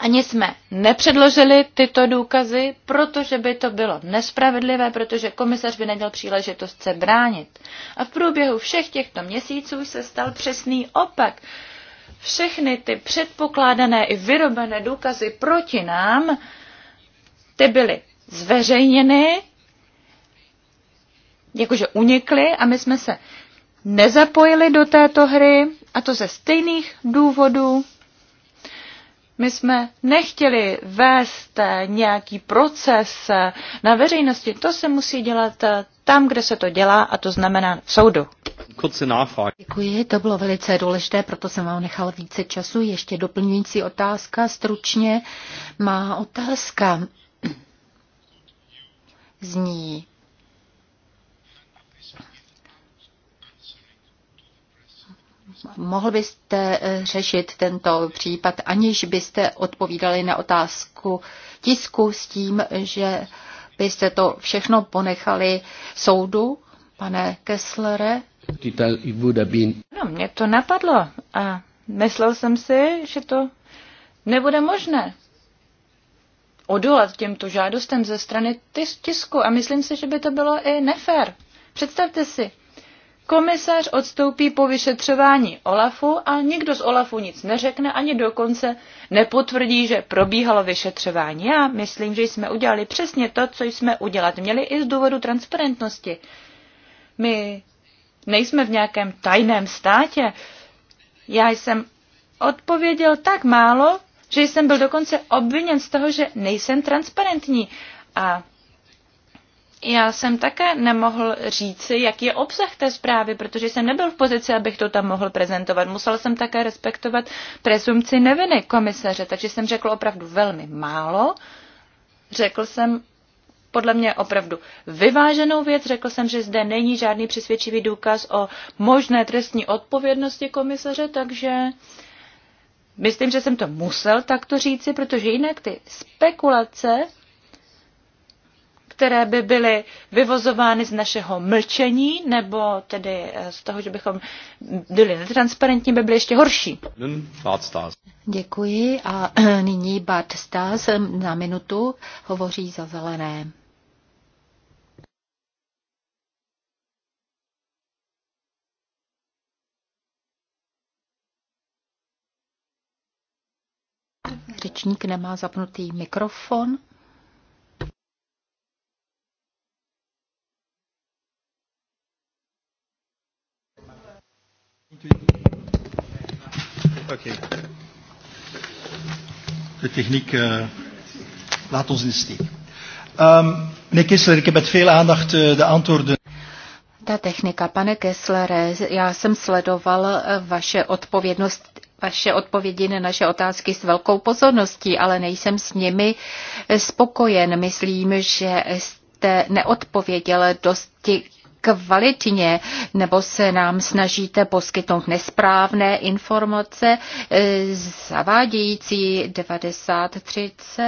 ani jsme nepředložili tyto důkazy, protože by to bylo nespravedlivé, protože komisař by neměl příležitost se bránit. A v průběhu všech těchto měsíců se stal přesný opak. Všechny ty předpokládané i vyrobené důkazy proti nám, ty byly zveřejněny jakože unikli a my jsme se nezapojili do této hry a to ze stejných důvodů. My jsme nechtěli vést nějaký proces na veřejnosti. To se musí dělat tam, kde se to dělá, a to znamená v soudu. Děkuji, to bylo velice důležité, proto jsem vám nechal více času. Ještě doplňující otázka, stručně má otázka. Zní, Mohl byste eh, řešit tento případ, aniž byste odpovídali na otázku tisku s tím, že byste to všechno ponechali soudu, pane Kesslere? No, mě to napadlo a myslel jsem si, že to nebude možné odolat těmto žádostem ze strany tisku a myslím si, že by to bylo i nefér. Představte si, Komisař odstoupí po vyšetřování Olafu a nikdo z Olafu nic neřekne, ani dokonce nepotvrdí, že probíhalo vyšetřování. Já myslím, že jsme udělali přesně to, co jsme udělat měli i z důvodu transparentnosti. My nejsme v nějakém tajném státě. Já jsem odpověděl tak málo, že jsem byl dokonce obviněn z toho, že nejsem transparentní. A já jsem také nemohl říci, jaký je obsah té zprávy, protože jsem nebyl v pozici, abych to tam mohl prezentovat. Musel jsem také respektovat presumci neviny komisaře, takže jsem řekl opravdu velmi málo. Řekl jsem podle mě opravdu vyváženou věc. Řekl jsem, že zde není žádný přesvědčivý důkaz o možné trestní odpovědnosti komisaře, takže myslím, že jsem to musel takto říci, protože jinak ty spekulace které by byly vyvozovány z našeho mlčení, nebo tedy eh, z toho, že bychom byli netransparentní, by byly ještě horší. Děkuji a nyní Bart Stas na minutu hovoří za zelené. Řečník nemá zapnutý mikrofon. Okay. De techniek uh, laat ons in de steek. Um, meneer Kessler, ik heb met veel aandacht uh, de antwoorden. Ta technika, pane Kesslere, já jsem sledoval eh, vaše odpovědnost vaše odpovědi na naše otázky s velkou pozorností, ale nejsem s nimi spokojen. Myslím, že jste neodpověděl dosti kvalitně, nebo se nám snažíte poskytnout nesprávné informace e, zavádějící 93C.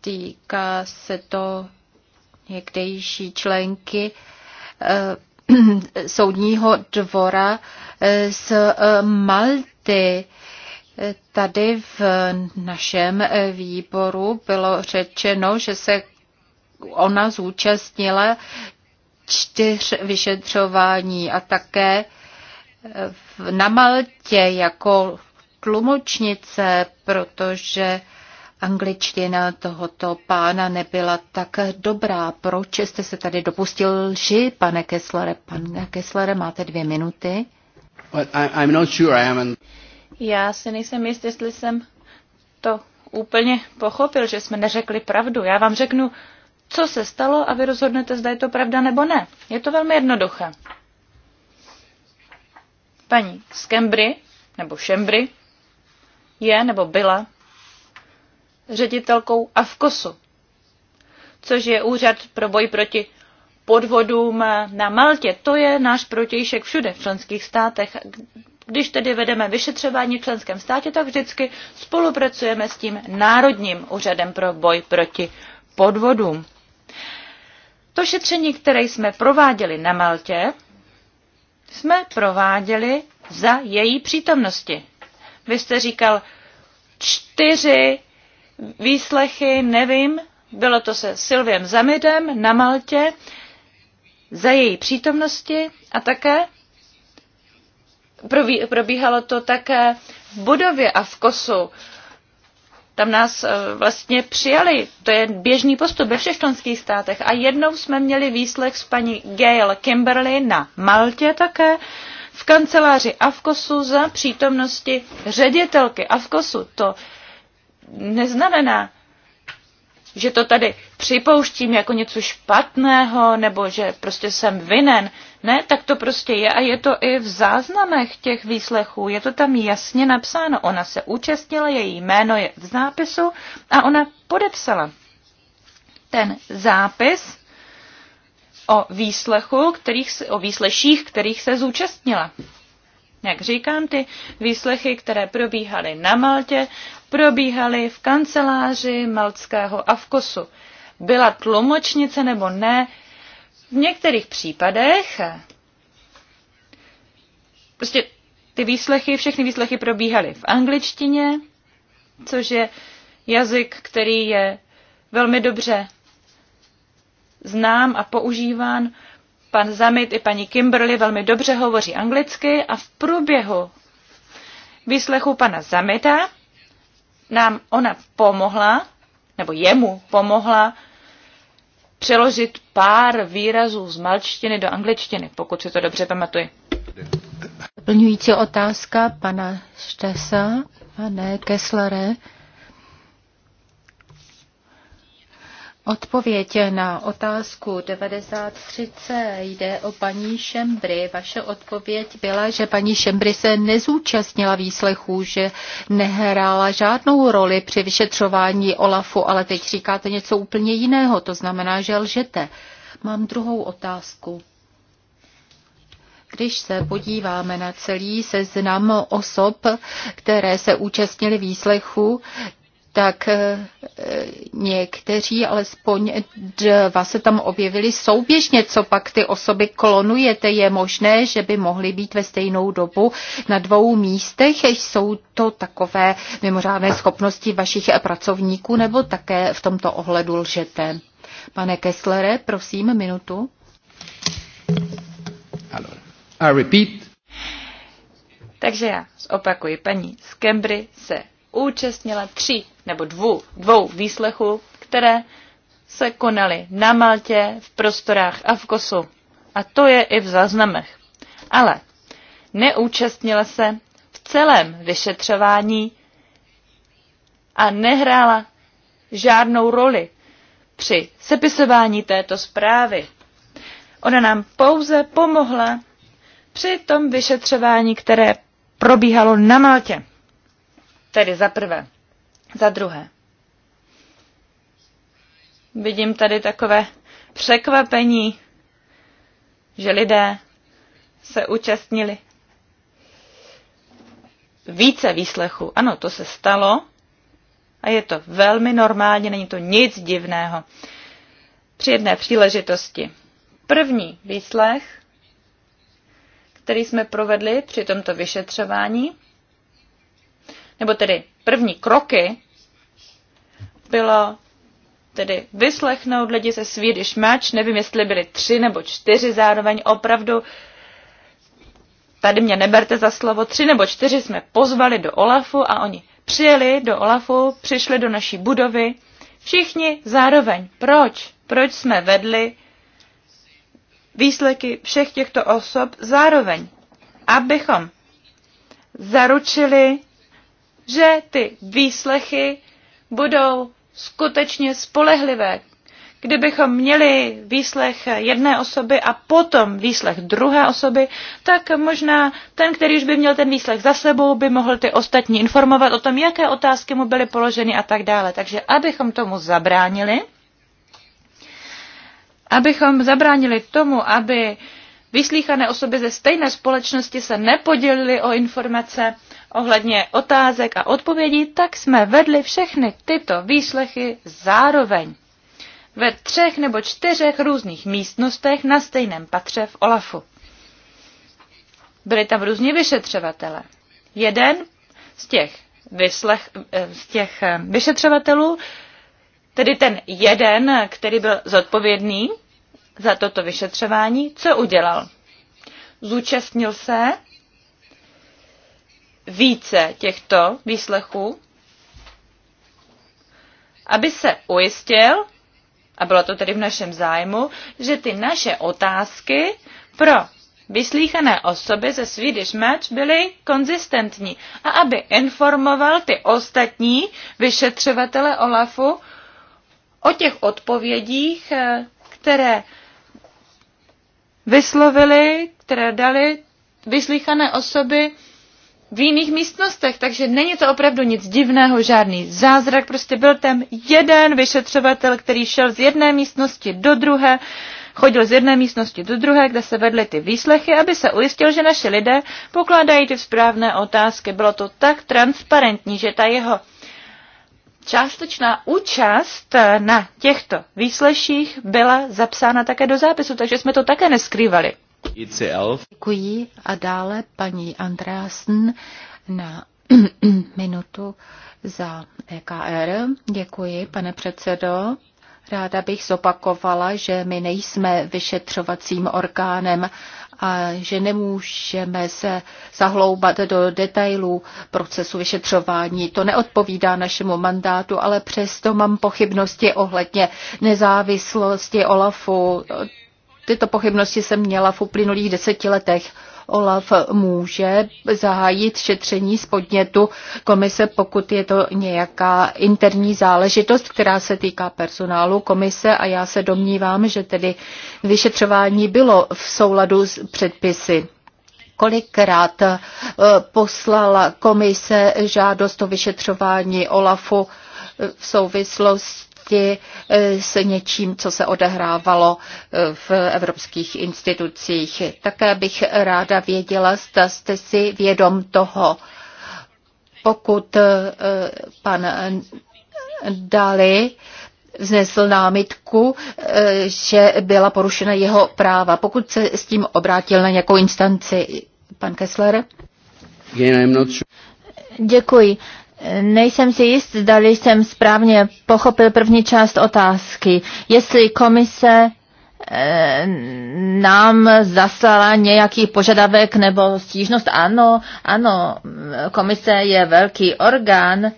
Týká se to někdejší členky e, soudního dvora e, z Malty. Tady v našem výboru bylo řečeno, že se ona zúčastnila čtyř vyšetřování a také eh, na Maltě jako tlumočnice, protože angličtina tohoto pána nebyla tak dobrá. Proč jste se tady dopustil lži, pane Kesslere? Pane Kesslere, máte dvě minuty. But I, I'm not sure I haven't... Já si nejsem jist, jestli jsem to úplně pochopil, že jsme neřekli pravdu. Já vám řeknu, co se stalo a vy rozhodnete, zda je to pravda nebo ne. Je to velmi jednoduché. Paní z Kembry, nebo Šembry, je nebo byla ředitelkou AFKOSu, což je úřad pro boj proti podvodům na Maltě. To je náš protějšek všude v členských státech. Když tedy vedeme vyšetřování v členském státě, tak vždycky spolupracujeme s tím Národním úřadem pro boj proti podvodům. To šetření, které jsme prováděli na Maltě, jsme prováděli za její přítomnosti. Vy jste říkal čtyři výslechy, nevím, bylo to se Silviem Zamidem na Maltě, za její přítomnosti a také probíhalo to také v budově a v kosu tam nás eh, vlastně přijali. To je běžný postup ve všech členských státech. A jednou jsme měli výslech s paní Gail Kimberly na Maltě také v kanceláři Avkosu za přítomnosti ředitelky Avkosu. To neznamená, že to tady připouštím jako něco špatného, nebo že prostě jsem vinen. Ne, tak to prostě je a je to i v záznamech těch výslechů. Je to tam jasně napsáno. Ona se účastnila, její jméno je v zápisu a ona podepsala. Ten zápis o výslechu, kterých, o výsleších, kterých se zúčastnila. Jak říkám, ty výslechy, které probíhaly na Maltě, probíhaly v kanceláři maltského Avkosu. Byla tlumočnice nebo ne, v některých případech prostě ty výslechy, všechny výslechy probíhaly v angličtině, což je jazyk, který je velmi dobře znám a používán. Pan Zamit i paní Kimberly velmi dobře hovoří anglicky a v průběhu výslechu pana Zamita nám ona pomohla, nebo jemu pomohla přeložit pár výrazů z malčtiny do angličtiny, pokud si to dobře pamatuji. Doplňující otázka pana Štesa, pane Kesslere. Odpověď na otázku 93c jde o paní Šembry. Vaše odpověď byla, že paní Šembry se nezúčastnila výslechů, že nehrála žádnou roli při vyšetřování Olafu, ale teď říkáte něco úplně jiného, to znamená, že lžete. Mám druhou otázku. Když se podíváme na celý seznam osob, které se účastnili výslechu, tak eh, někteří, alespoň dva se tam objevili souběžně, co pak ty osoby klonujete. Je možné, že by mohly být ve stejnou dobu na dvou místech. Jsou to takové mimořádné schopnosti vašich pracovníků nebo také v tomto ohledu lžete? Pane Kesslere, prosím, minutu. Allora, I repeat. Takže já zopakuji, paní z Kembry se účastnila tři nebo dvou, dvou výslechů, které se konaly na Maltě, v prostorách a v Kosu. A to je i v záznamech. Ale neúčastnila se v celém vyšetřování a nehrála žádnou roli při sepisování této zprávy. Ona nám pouze pomohla při tom vyšetřování, které probíhalo na Maltě. Tedy za prvé. Za druhé. Vidím tady takové překvapení, že lidé se účastnili více výslechu. Ano, to se stalo a je to velmi normálně, není to nic divného. Při jedné příležitosti. První výslech, který jsme provedli při tomto vyšetřování, nebo tedy první kroky, bylo tedy vyslechnout lidi ze Swedish Match, nevím, jestli byli tři nebo čtyři zároveň, opravdu tady mě neberte za slovo, tři nebo čtyři jsme pozvali do Olafu a oni přijeli do Olafu, přišli do naší budovy, všichni zároveň. Proč? Proč jsme vedli výsleky všech těchto osob zároveň? Abychom zaručili že ty výslechy budou skutečně spolehlivé. Kdybychom měli výslech jedné osoby a potom výslech druhé osoby, tak možná ten, který už by měl ten výslech za sebou, by mohl ty ostatní informovat o tom, jaké otázky mu byly položeny a tak dále. Takže abychom tomu zabránili, abychom zabránili tomu, aby vyslíchané osoby ze stejné společnosti se nepodělily o informace, ohledně otázek a odpovědí, tak jsme vedli všechny tyto výslechy zároveň ve třech nebo čtyřech různých místnostech na stejném patře v Olafu. Byli tam různí vyšetřovatele. Jeden z těch, vyslech, z těch eh, vyšetřovatelů, tedy ten jeden, který byl zodpovědný za toto vyšetřování, co udělal? Zúčastnil se více těchto výslechů, aby se ujistil, a bylo to tedy v našem zájmu, že ty naše otázky pro vyslíchané osoby ze Swedish Match byly konzistentní a aby informoval ty ostatní vyšetřovatele Olafu o těch odpovědích, eh, které vyslovili, které dali vyslíchané osoby v jiných místnostech, takže není to opravdu nic divného, žádný zázrak. Prostě byl tam jeden vyšetřovatel, který šel z jedné místnosti do druhé, chodil z jedné místnosti do druhé, kde se vedly ty výslechy, aby se ujistil, že naše lidé pokládají ty správné otázky. Bylo to tak transparentní, že ta jeho částečná účast na těchto výsleších byla zapsána také do zápisu, takže jsme to také neskrývali. ICL. Děkuji a dále paní Andreasen na minutu za EKR. Děkuji, pane předsedo. Ráda bych zopakovala, že my nejsme vyšetřovacím orgánem a že nemůžeme se zahloubat do detailů procesu vyšetřování. To neodpovídá našemu mandátu, ale přesto mám pochybnosti ohledně nezávislosti OLAFu tyto pochybnosti jsem měla v uplynulých deseti letech. Olaf může zahájit šetření z podnětu komise, pokud je to nějaká interní záležitost, která se týká personálu komise a já se domnívám, že tedy vyšetřování bylo v souladu s předpisy kolikrát eh, poslala komise žádost o vyšetřování Olafu eh, v souvislosti souvislosti eh, s něčím, co se odehrávalo eh, v evropských institucích. Také bych ráda věděla, zda jste si vědom toho, pokud eh, pan Dali vznesl námitku, že byla porušena jeho práva, pokud se s tím obrátil na nějakou instanci. Pan Kessler? Děkuji. Nejsem si jist, zdali jsem správně pochopil první část otázky. Jestli komise eh, nám zaslala nějaký požadavek nebo stížnost. Ano, ano, komise je velký orgán,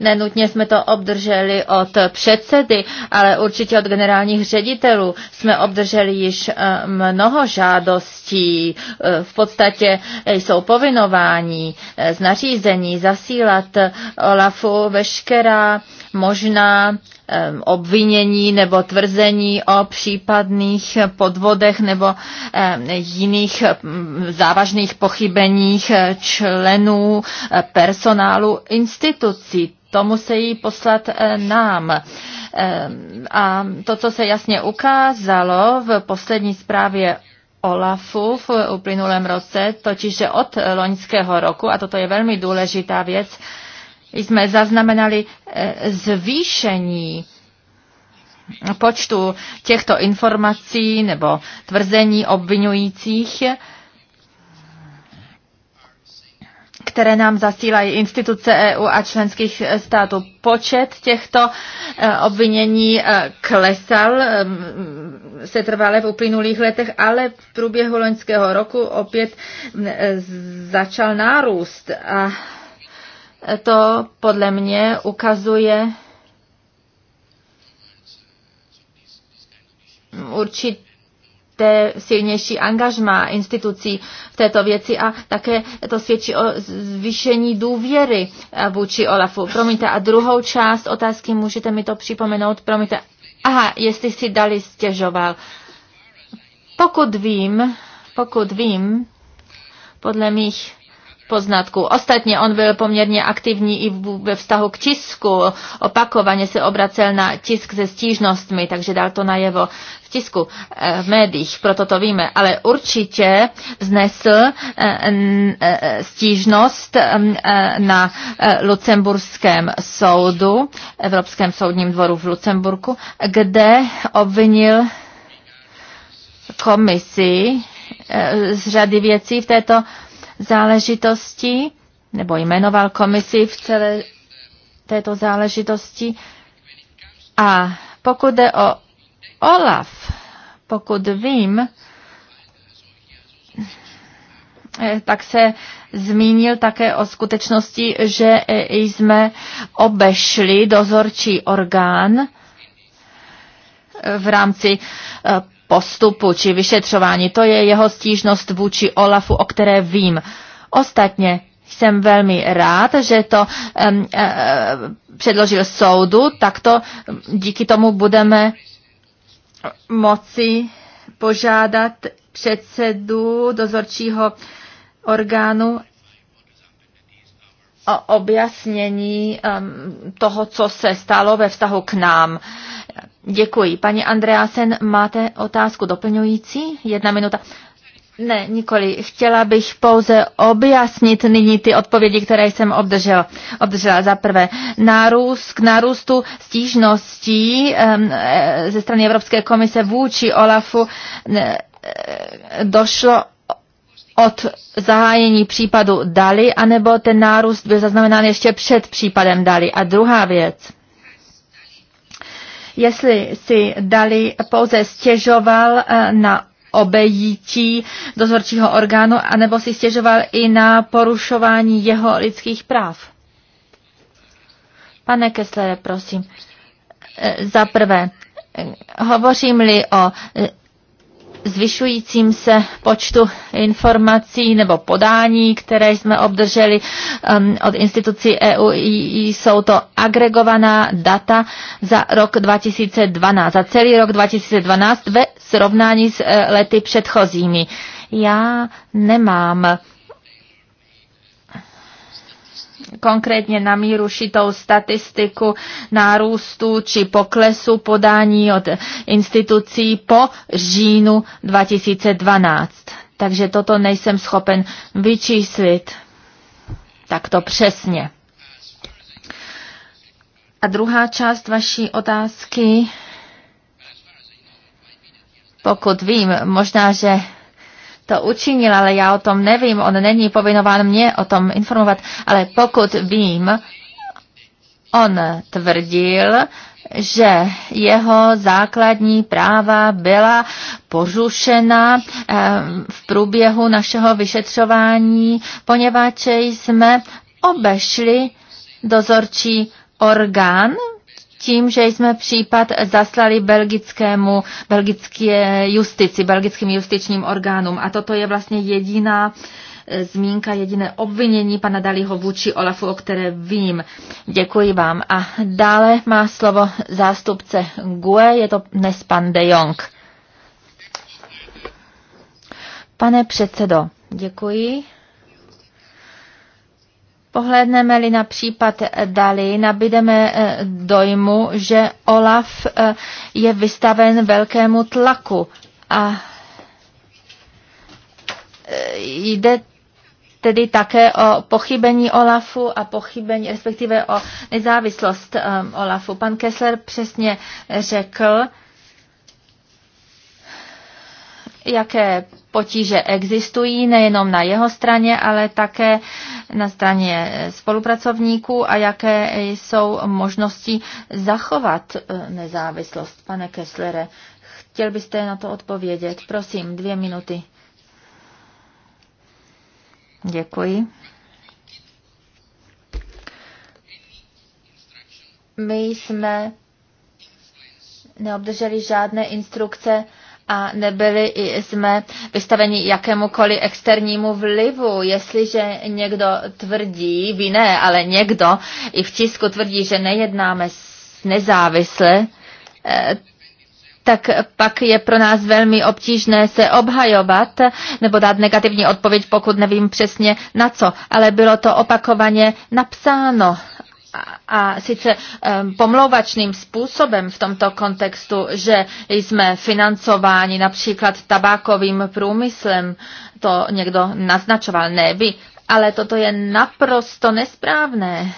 Nenutně jsme to obdrželi od předsedy, ale určitě od generálních ředitelů. Jsme obdrželi již eh, mnoho žádostí. Eh, v podstatě eh, jsou povinováni z nařízení zasílat Olafu veškerá možná obvinění nebo tvrzení o případných podvodech nebo jiných mm, závažných pochybeních členů personálu institucí to musí poslat eh, nám. Eh, a to, co se jasně ukázalo v poslední zprávě OLAFu v uplynulém roce, totiž že od loňského roku, a toto je velmi důležitá věc, jsme zaznamenali eh, zvýšení počtu těchto informací nebo tvrzení obvinujících které nám zasílají instituce EU a členských států. Počet těchto eh, obvinění eh, klesal eh, se trvale v uplynulých letech, ale v průběhu loňského roku opět začal nárůst a to podle mě ukazuje určitě té silnější angažma institucí v této věci a také to svědčí o zvýšení důvěry eh, vůči Olafu. Promiňte, a druhou část otázky můžete mi to připomenout, promiňte. Aha, jestli si dali stěžoval. Pokud vím, pokud vím, podle mých poznatků. Ostatně on byl poměrně aktivní i ve vztahu k tisku. Opakovaně se obracel na tisk se stížnostmi, takže dal to najevo v tisku, eh, v médiích, proto to víme. Ale určitě vznesl eh, eh, stížnost na Lucemburském soudu, Evropském soudním dvoru v Lucemburku, kde obvinil komisi z řady věcí v této záležitosti, nebo jmenoval komisi v celé této záležitosti. A pokud jde o Olaf, pokud vím, eh, tak se zmínil také o skutečnosti, že eh, jsme obešli dozorčí orgán v rámci eh, postupu či vyšetřování. To je jeho stížnost vůči Olafu, o které vím. Ostatně jsem velmi rád, že to um, uh, předložil soudu, tak to díky tomu budeme moci požádat předsedu dozorčího orgánu o objasnění um, toho, co se stalo ve vztahu k nám. Uh, Děkuji. Paní Andreasen, máte otázku doplňující? Jedna minuta. Ne, nikoli. Chtěla bych pouze objasnit nyní ty odpovědi, které jsem obdržela. obdržela. Za prvé, nárůst, k nárůstu stížností um, ze strany Evropské komise vůči OLAFu ne, e, došlo od zahájení případu Dali, anebo ten nárůst byl zaznamenán ještě před případem Dali. A druhá věc jestli si dali pouze stěžoval eh, na obejítí dozorčího orgánu, anebo si stěžoval i na porušování jeho lidských práv. Pane Kessler, prosím. Eh, za prvé, eh, hovořím-li o zvyšujícím se počtu informací nebo podání, které jsme obdrželi um, od institucí EU. Jsou to agregovaná data za rok 2012, za celý rok 2012 ve srovnání s eh, lety předchozími. Já nemám konkrétně na míru šitou statistiku nárůstu či poklesu podání od institucí po říjnu 2012. Takže toto nejsem schopen vyčíslit takto přesně. A druhá část vaší otázky, pokud vím, možná, že to učinil, ale já o tom nevím, on není povinován mě o tom informovat, ale pokud vím, on tvrdil, že jeho základní práva byla porušena eh, v průběhu našeho vyšetřování, poněvadž jsme obešli dozorčí orgán, tím, že jsme případ zaslali belgickému, belgické justici, belgickým justičním orgánům. A toto je vlastně jediná e, zmínka, jediné obvinění pana Dalího vůči Olafu, o které vím. Děkuji vám. A dále má slovo zástupce GUE, je to dnes pan De Jong. Pane předsedo, děkuji. Pohlédneme-li na případ Dali, nabídeme eh, dojmu, že Olaf eh, je vystaven velkému tlaku a eh, jde tedy také o pochybení Olafu a pochybení, respektive o nezávislost Olafu. Pan Kessler přesně řekl, jaké Potíže existují nejenom na jeho straně, ale také na straně spolupracovníků a jaké jsou možnosti zachovat eh, nezávislost. Pane Kesslere, chtěl byste na to odpovědět? Prosím, dvě minuty. Děkuji. My jsme neobdrželi žádné instrukce a nebyli jsme vystaveni jakémukoliv externímu vlivu. Jestliže někdo tvrdí, vy ne, ale někdo i v tisku tvrdí, že nejednáme nezávisle, eh, tak pak je pro nás velmi obtížné se obhajovat nebo dát negativní odpověď, pokud nevím přesně na co. Ale bylo to opakovaně napsáno a sice pomlouvačným způsobem v tomto kontextu, že jsme financováni například tabákovým průmyslem, to někdo naznačoval, ne vy, ale toto je naprosto nesprávné.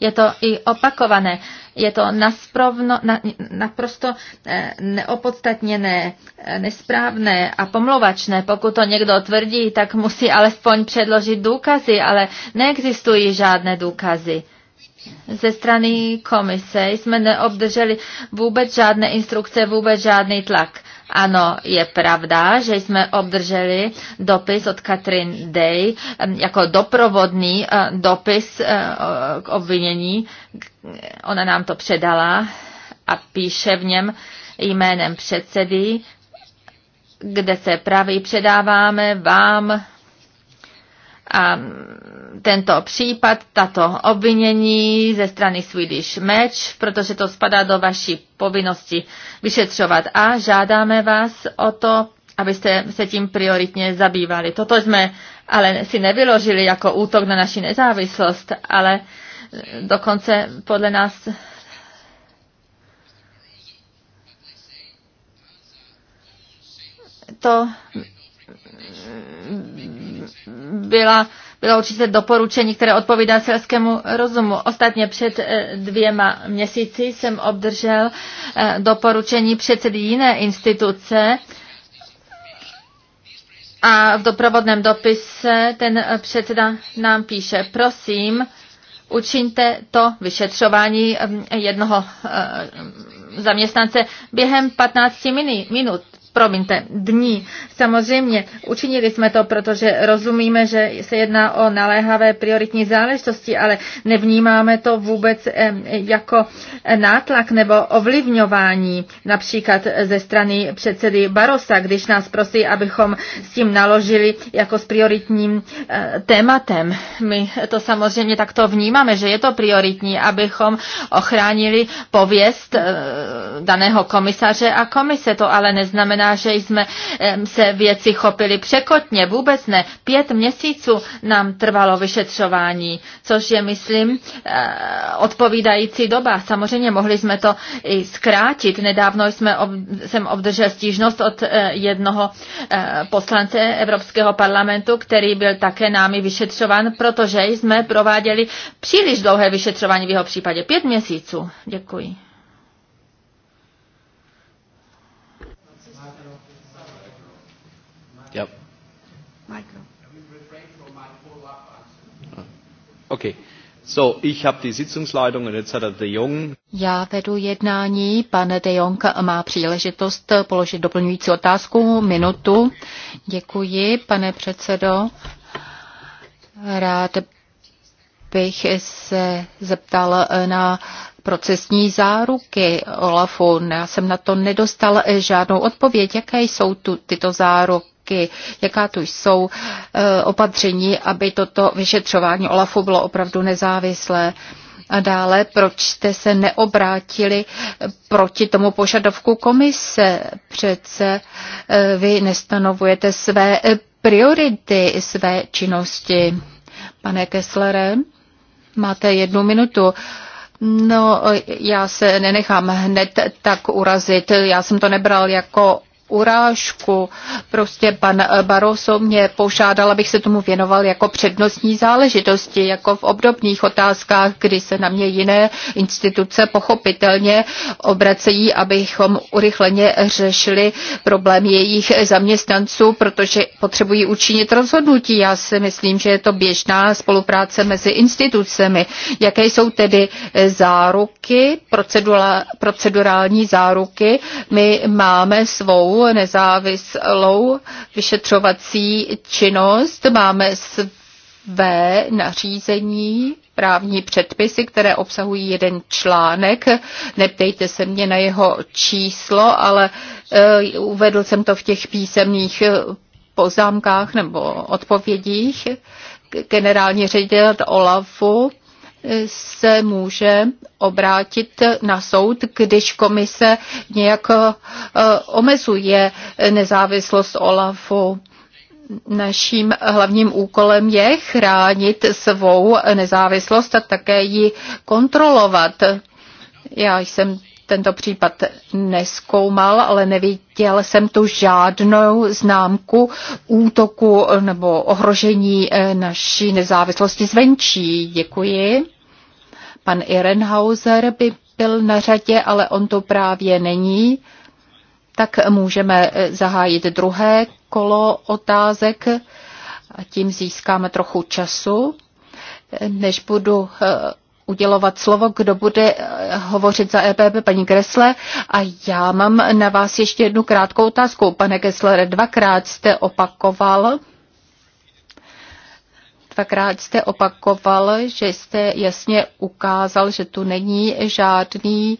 Je to i opakované. Je to nasprovno, na, naprosto eh, neopodstatněné, eh, nesprávné a pomluvačné. Pokud to někdo tvrdí, tak musí alespoň předložit důkazy, ale neexistují žádné důkazy ze strany komise jsme neobdrželi vůbec žádné instrukce, vůbec žádný tlak. Ano, je pravda, že jsme obdrželi dopis od Katrin Day jako doprovodný eh, dopis eh, k obvinění. Ona nám to předala a píše v něm jménem předsedy, kde se právě předáváme vám a tento případ, tato obvinění ze strany Swedish Match, protože to spadá do vaší povinnosti vyšetřovat a žádáme vás o to, abyste se tím prioritně zabývali. Toto jsme ale si nevyložili jako útok na naši nezávislost, ale e, dokonce podle nás to byla bylo určité doporučení, které odpovídá selskému rozumu. Ostatně před eh, dvěma měsíci jsem obdržel eh, doporučení předsedy jiné instituce, a v doprovodném dopise ten eh, předseda nám píše, prosím, učiňte to vyšetřování jednoho zaměstnance během 15 minut promiňte, dní. Samozřejmě učinili jsme to, protože rozumíme, že se jedná o naléhavé prioritní záležitosti, ale nevnímáme to vůbec jako nátlak nebo ovlivňování například ze strany předsedy Barosa, když nás prosí, abychom s tím naložili jako s prioritním eh, tématem. My to samozřejmě takto vnímáme, že je to prioritní, abychom ochránili pověst eh, daného komisaře a komise. To ale neznamená, znamená, že jsme se věci chopili překotně. Vůbec ne. Pět měsíců nám trvalo vyšetřování, což je, myslím, eh, odpovídající doba. Samozřejmě mohli jsme to i zkrátit. Nedávno jsme ob, jsem obdržel stížnost od eh, jednoho eh, poslance Evropského parlamentu, který byl také námi vyšetřován, protože jsme prováděli příliš dlouhé vyšetřování v jeho případě. Pět měsíců. Děkuji. Okay. So, ich habe die Sitzungsleitung und jetzt hat er De Jong. Já vedu jednání, pan De Jong má příležitost položit doplňující otázku, minutu. Děkuji, pane předsedo. Rád bych se zeptal na procesní záruky Olafu. Já jsem na to nedostal žádnou odpověď. Jaké jsou tu tyto záruky? kroky, jaká tu jsou eh, opatření, aby toto vyšetřování OLAFu bylo opravdu nezávislé. A dále, proč jste se neobrátili proti tomu požadavku komise? Přece eh, vy nestanovujete své eh, priority své činnosti. Pane Kesslere, máte jednu minutu. No, já se nenechám hned tak urazit. Já jsem to nebral jako urážku. Prostě pan eh, Baroso mě požádal, abych se tomu věnoval jako přednostní záležitosti, jako v obdobných otázkách, kdy se na mě jiné instituce pochopitelně obracejí, abychom urychleně řešili problém jejich zaměstnanců, protože potřebují učinit rozhodnutí. Já si myslím, že je to běžná spolupráce mezi institucemi. Jaké jsou tedy eh, záruky, procedurální záruky? My máme svou nezávislou vyšetřovací činnost. Máme své nařízení, právní předpisy, které obsahují jeden článek. Neptejte se mě na jeho číslo, ale e, uvedl jsem to v těch písemných e, poznámkách nebo odpovědích. Generální ředitel OLAFu se může obrátit na soud, když komise nějak eh, omezuje nezávislost OLAFu. Naším hlavním úkolem je chránit svou nezávislost a také ji kontrolovat. Já jsem tento případ neskoumal, ale neviděl jsem tu žádnou známku útoku nebo ohrožení eh, naší nezávislosti zvenčí. Děkuji. Pan Irenhauser by byl na řadě, ale on to právě není. Tak můžeme eh, zahájit druhé kolo otázek a tím získáme trochu času, než budu eh, udělovat slovo, kdo bude eh, hovořit za EPP, paní Gressle. A já mám na vás ještě jednu krátkou otázku. Pane Gresler, dvakrát jste opakoval, Dvakrát jste opakoval, že jste jasně ukázal, že tu není žádný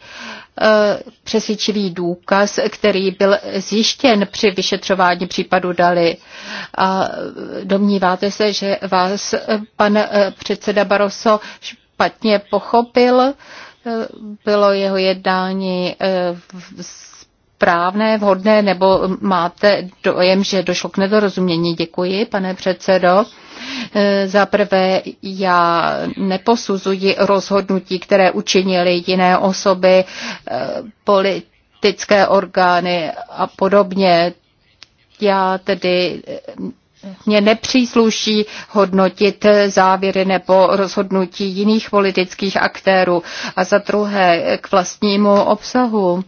eh, přesvědčivý důkaz, který byl zjištěn při vyšetřování případu Dali. A eh, domníváte se, že vás eh, pan předseda Baroso špatně pochopil? Bylo jeho jednání správné, vhodné, nebo máte dojem, že došlo k nedorozumění? Děkuji, pane předsedo. E, za prvé, já neposuzuji rozhodnutí, které učinili jiné osoby, e, politické orgány a podobně. Já tedy e, mě nepřísluší hodnotit závěry nebo rozhodnutí jiných politických aktérů a za druhé k vlastnímu obsahu.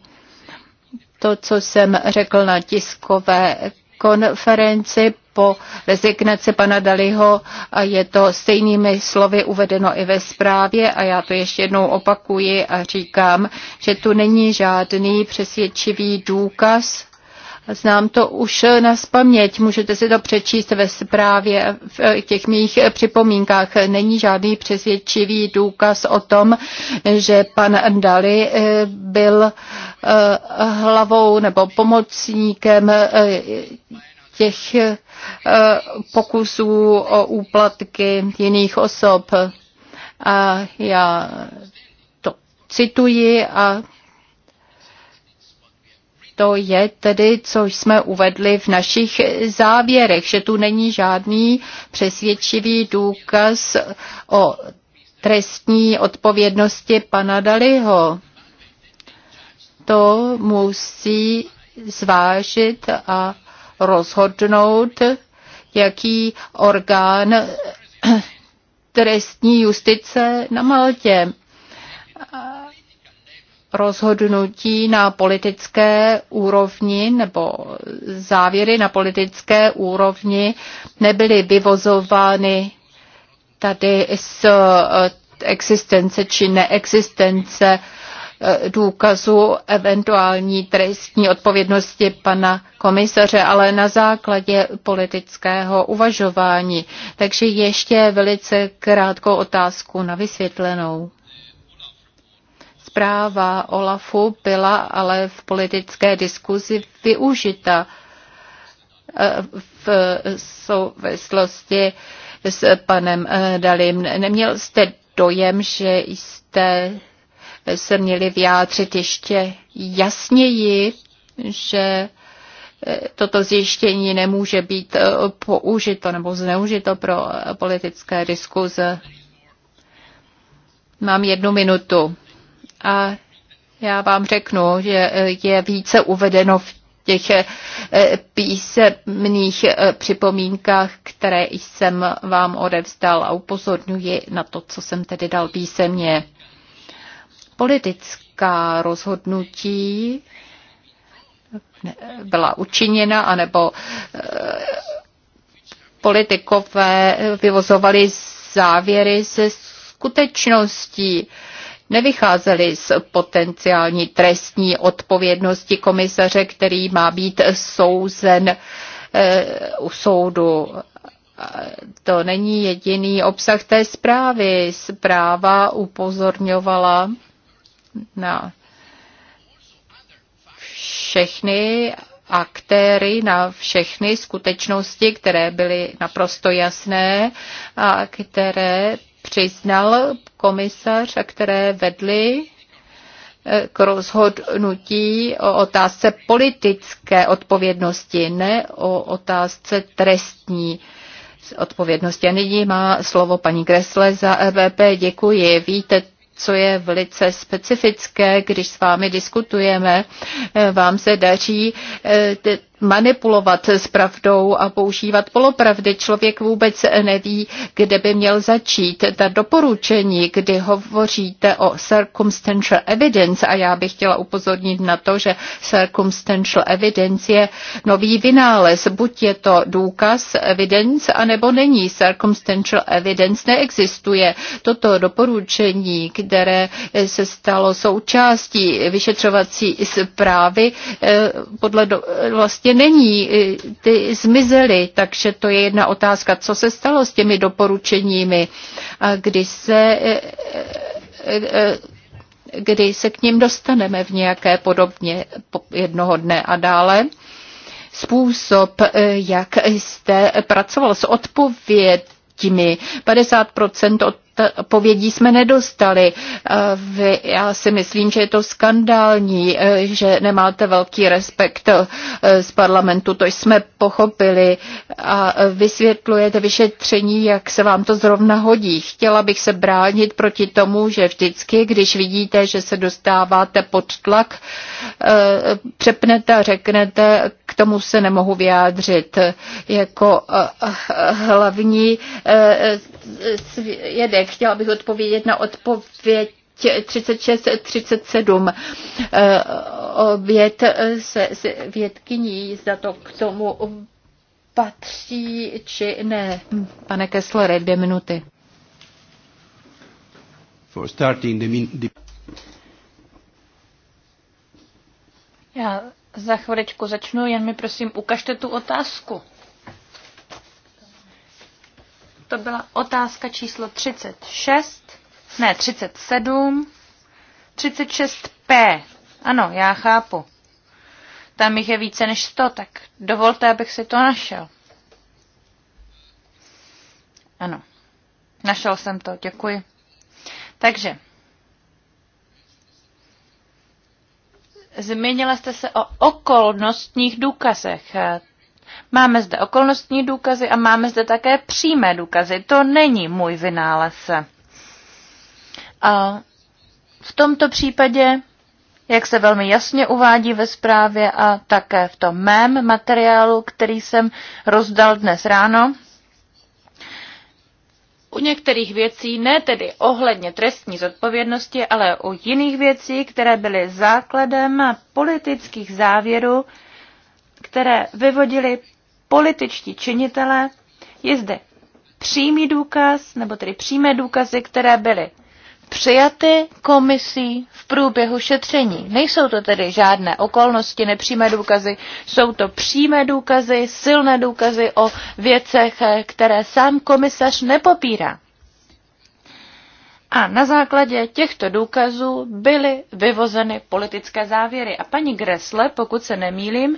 To, co jsem řekl na tiskové konferenci, po rezignaci pana Daliho a je to stejnými slovy uvedeno i ve zprávě a já to ještě jednou opakuji a říkám, že tu není žádný přesvědčivý důkaz Znám to už na spaměť, můžete si to přečíst ve zprávě v těch mých připomínkách. Není žádný přesvědčivý důkaz o tom, že pan Dali eh, byl eh, hlavou nebo pomocníkem eh, těch eh, pokusů o úplatky jiných osob. A já to cituji a to je tedy, co jsme uvedli v našich závěrech, že tu není žádný přesvědčivý důkaz o trestní odpovědnosti pana Daliho. To musí zvážit a rozhodnout, jaký orgán trestní justice na Maltě. Rozhodnutí na politické úrovni nebo závěry na politické úrovni nebyly vyvozovány tady z existence či neexistence Eh, důkazu eventuální trestní odpovědnosti pana komisaře, ale na základě politického uvažování. Takže ještě velice krátkou otázku na vysvětlenou zpráva Olafu byla ale v politické diskuzi využita eh, v souvislosti s panem eh, Dalim. Neměl jste dojem, že jste se měli vyjádřit ještě jasněji, že eh, toto zjištění nemůže být eh, použito nebo zneužito pro eh, politické diskuze. Mám jednu minutu a já vám řeknu, že je více uvedeno v těch písemných připomínkách, které jsem vám odevzdal a upozorňuji na to, co jsem tedy dal písemně politická rozhodnutí byla učiněna, anebo eh, politikové vyvozovali závěry ze skutečností, nevycházeli z potenciální trestní odpovědnosti komisaře, který má být souzen eh, u soudu. To není jediný obsah té zprávy. Zpráva upozorňovala na všechny aktéry, na všechny skutečnosti, které byly naprosto jasné a které přiznal komisař a které vedly eh, k rozhodnutí o otázce politické odpovědnosti, ne o otázce trestní odpovědnosti. A nyní má slovo paní Gressle za EVP. Děkuji. Víte, co je velice specifické, když s vámi diskutujeme, eh, vám se daří eh, manipulovat s pravdou a používat polopravdy. Člověk vůbec neví, kde by měl začít. Ta doporučení, kdy hovoříte o circumstantial evidence, a já bych chtěla upozornit na to, že circumstantial evidence je nový vynález. Buď je to důkaz evidence, anebo není. Circumstantial evidence neexistuje. Toto doporučení, které se stalo součástí vyšetřovací zprávy, eh, podle do, vlastně prostě není, ty zmizely, takže to je jedna otázka, co se stalo s těmi doporučeními, kdy se e, e, e, kdy se k ním dostaneme v nějaké podobně jednoho dne a dále způsob, jak jste pracoval s odpovědmi. 50% od odpovědí jsme nedostali. E, já si myslím, že je to skandální, e, že nemáte velký respekt e, z parlamentu. To jsme pochopili a vysvětlujete vyšetření, jak se vám to zrovna hodí. Chtěla bych se bránit proti tomu, že vždycky, když vidíte, že se dostáváte pod tlak, přepnete a řeknete, k tomu se nemohu vyjádřit. Jako hlavní svědek Chtěla bych odpovědět na odpověď 36-37 eh, oběd se, se zda to k tomu patří či ne. Pane Kesslere, dvě minuty. For starting the min- the... Já za chviličku začnu, jen mi prosím ukažte tu otázku. To byla otázka číslo 36, ne 37, 36P. Ano, já chápu. Tam jich je více než 100, tak dovolte, abych si to našel. Ano, našel jsem to, děkuji. Takže, zmínila jste se o okolnostních důkazech. Máme zde okolnostní důkazy a máme zde také přímé důkazy. To není můj vynález. A v tomto případě, jak se velmi jasně uvádí ve zprávě a také v tom mém materiálu, který jsem rozdal dnes ráno, u některých věcí, ne tedy ohledně trestní zodpovědnosti, ale u jiných věcí, které byly základem politických závěrů, které vyvodili političtí činitelé, je zde přímý důkaz, nebo tedy přímé důkazy, které byly přijaty komisí v průběhu šetření. Nejsou to tedy žádné okolnosti, nepřímé důkazy, jsou to přímé důkazy, silné důkazy o věcech, které sám komisař nepopírá. A na základě těchto důkazů byly vyvozeny politické závěry. A paní Gressle, pokud se nemýlím,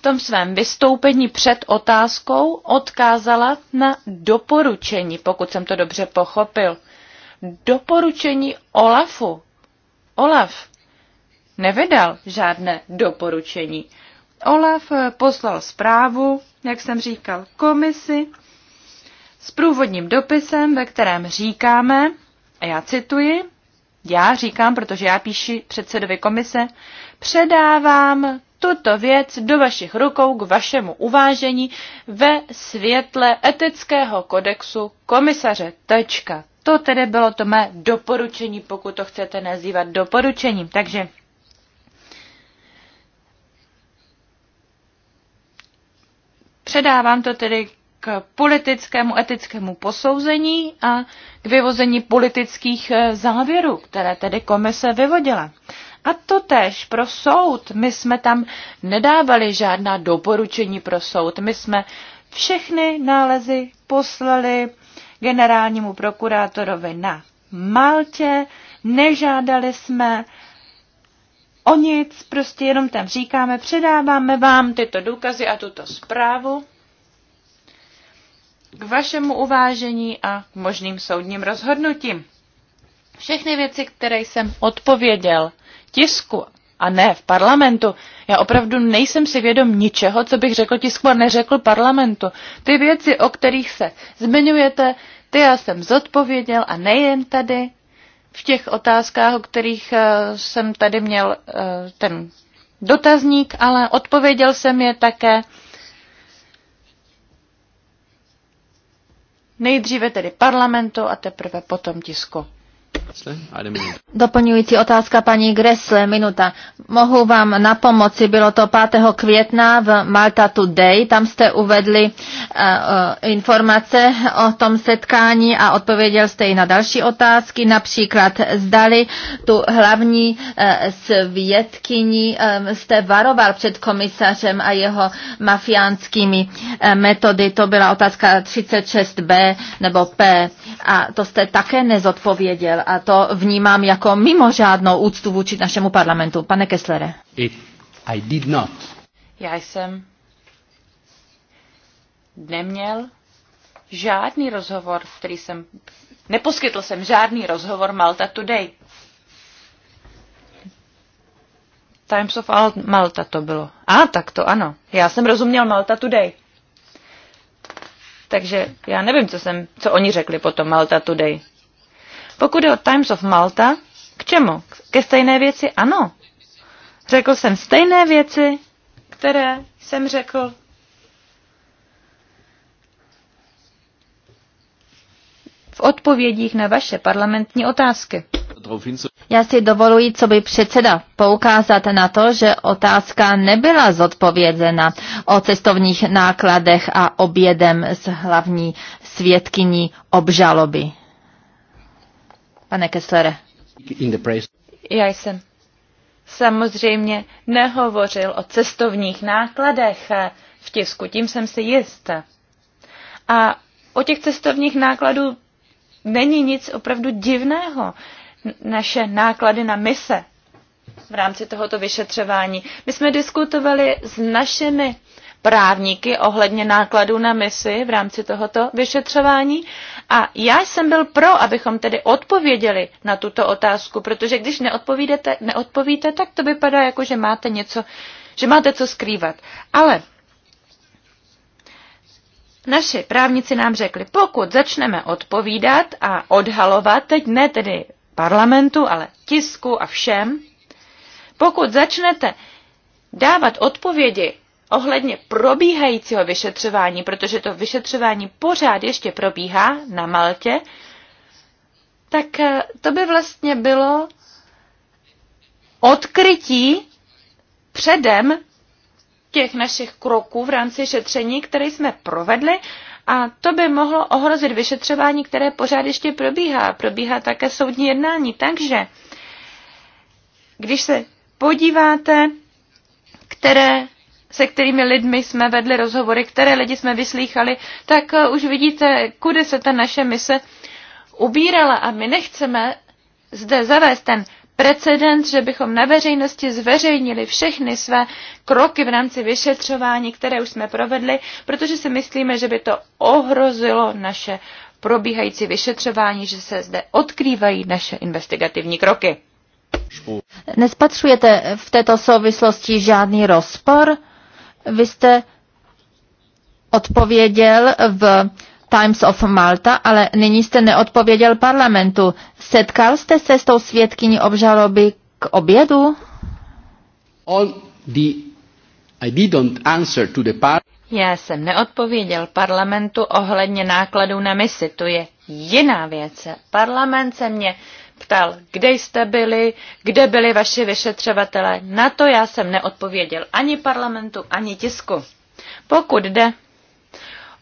v tom svém vystoupení před otázkou odkázala na doporučení, pokud jsem to dobře pochopil. Doporučení Olafu. Olaf nevydal žádné doporučení. Olaf eh, poslal zprávu, jak jsem říkal, komisi s průvodním dopisem, ve kterém říkáme, a já cituji, já říkám, protože já píši předsedovi komise, předávám tuto věc do vašich rukou k vašemu uvážení ve světle etického kodexu komisaře. Tečka. To tedy bylo to mé doporučení, pokud to chcete nazývat doporučením. Takže předávám to tedy k politickému etickému posouzení a k vyvození politických eh, závěrů, které tedy komise vyvodila. A to tež pro soud. My jsme tam nedávali žádná doporučení pro soud. My jsme všechny nálezy poslali generálnímu prokurátorovi na Maltě, nežádali jsme o nic, prostě jenom tam říkáme, předáváme vám tyto důkazy a tuto zprávu k vašemu uvážení a k možným soudním rozhodnutím. Všechny věci, které jsem odpověděl tisku a ne v parlamentu. Já opravdu nejsem si vědom ničeho, co bych řekl tisku a neřekl parlamentu. Ty věci, o kterých se zmiňujete, ty já jsem zodpověděl a nejen tady, v těch otázkách, o kterých eh, jsem tady měl eh, ten dotazník, ale odpověděl jsem je také nejdříve tedy parlamentu a teprve potom tisku. Doplňující otázka paní Gressle, minuta. Mohu vám na pomoci, bylo to 5. května v Malta Today, tam jste uvedli uh, informace o tom setkání a odpověděl jste i na další otázky, například zdali tu hlavní uh, eh, světkyní um, jste varoval před komisařem a jeho mafiánskými uh, metody, to byla otázka 36b nebo p a to jste také nezodpověděl a to vnímám jako mimořádnou úctu vůči našemu parlamentu. Pane Kesslere. It, I did not. Já jsem neměl žádný rozhovor, který jsem... Neposkytl jsem žádný rozhovor Malta Today. Times of Alt Malta to bylo. A, tak to ano. Já jsem rozuměl Malta Today. Takže já nevím, co, jsem, co oni řekli potom Malta Today. Pokud je o Times of Malta, k čemu? Ke stejné věci? Ano. Řekl jsem stejné věci, které jsem řekl v odpovědích na vaše parlamentní otázky. Já si dovoluji, co by předseda, poukázat na to, že otázka nebyla zodpovězena o cestovních nákladech a obědem s hlavní svědkyní obžaloby. Pane Kesslere. Já jsem samozřejmě nehovořil o cestovních nákladech v tisku, tím jsem si jist. A o těch cestovních nákladů není nic opravdu divného. Naše náklady na mise v rámci tohoto vyšetřování. My jsme diskutovali s našimi právníky ohledně nákladů na misi v rámci tohoto vyšetřování. A já jsem byl pro, abychom tedy odpověděli na tuto otázku, protože když neodpovídete, neodpovíte, tak to vypadá jako, že máte něco, že máte co skrývat. Ale naši právníci nám řekli, pokud začneme odpovídat a odhalovat, teď ne tedy parlamentu, ale tisku a všem, pokud začnete dávat odpovědi ohledně probíhajícího vyšetřování, protože to vyšetřování pořád ještě probíhá na Maltě, tak eh, to by vlastně bylo odkrytí předem těch našich kroků v rámci šetření, které jsme provedli a to by mohlo ohrozit vyšetřování, které pořád ještě probíhá. Probíhá také soudní jednání, takže když se podíváte, které se kterými lidmi jsme vedli rozhovory, které lidi jsme vyslýchali, tak eh, už vidíte, kudy se ta naše mise ubírala a my nechceme zde zavést ten precedent, že bychom na veřejnosti zveřejnili všechny své kroky v rámci vyšetřování, které už jsme provedli, protože si myslíme, že by to ohrozilo naše probíhající vyšetřování, že se zde odkrývají naše investigativní kroky. Nespatřujete v této souvislosti žádný rozpor? Vy jste odpověděl v Times of Malta, ale nyní jste neodpověděl parlamentu. Setkal jste se s tou svědkyní obžaloby k obědu? All the, I didn't answer to the par- Já jsem neodpověděl parlamentu ohledně nákladů na misi. To je jiná věc. Parlament se mě ptal, kde jste byli, kde byli vaši vyšetřovatelé. Na to já jsem neodpověděl ani parlamentu, ani tisku. Pokud jde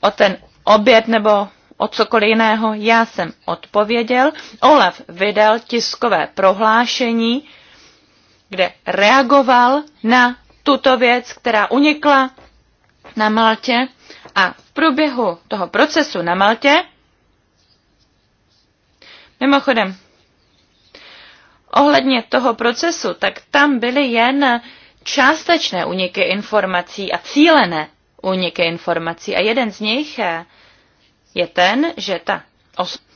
o ten oběd nebo o cokoliv jiného, já jsem odpověděl. Olaf vydal tiskové prohlášení, kde reagoval na tuto věc, která unikla na Maltě a v průběhu toho procesu na Maltě, mimochodem ohledně toho procesu, tak tam byly jen částečné uniky informací a cílené uniky informací. A jeden z nich je ten, že ta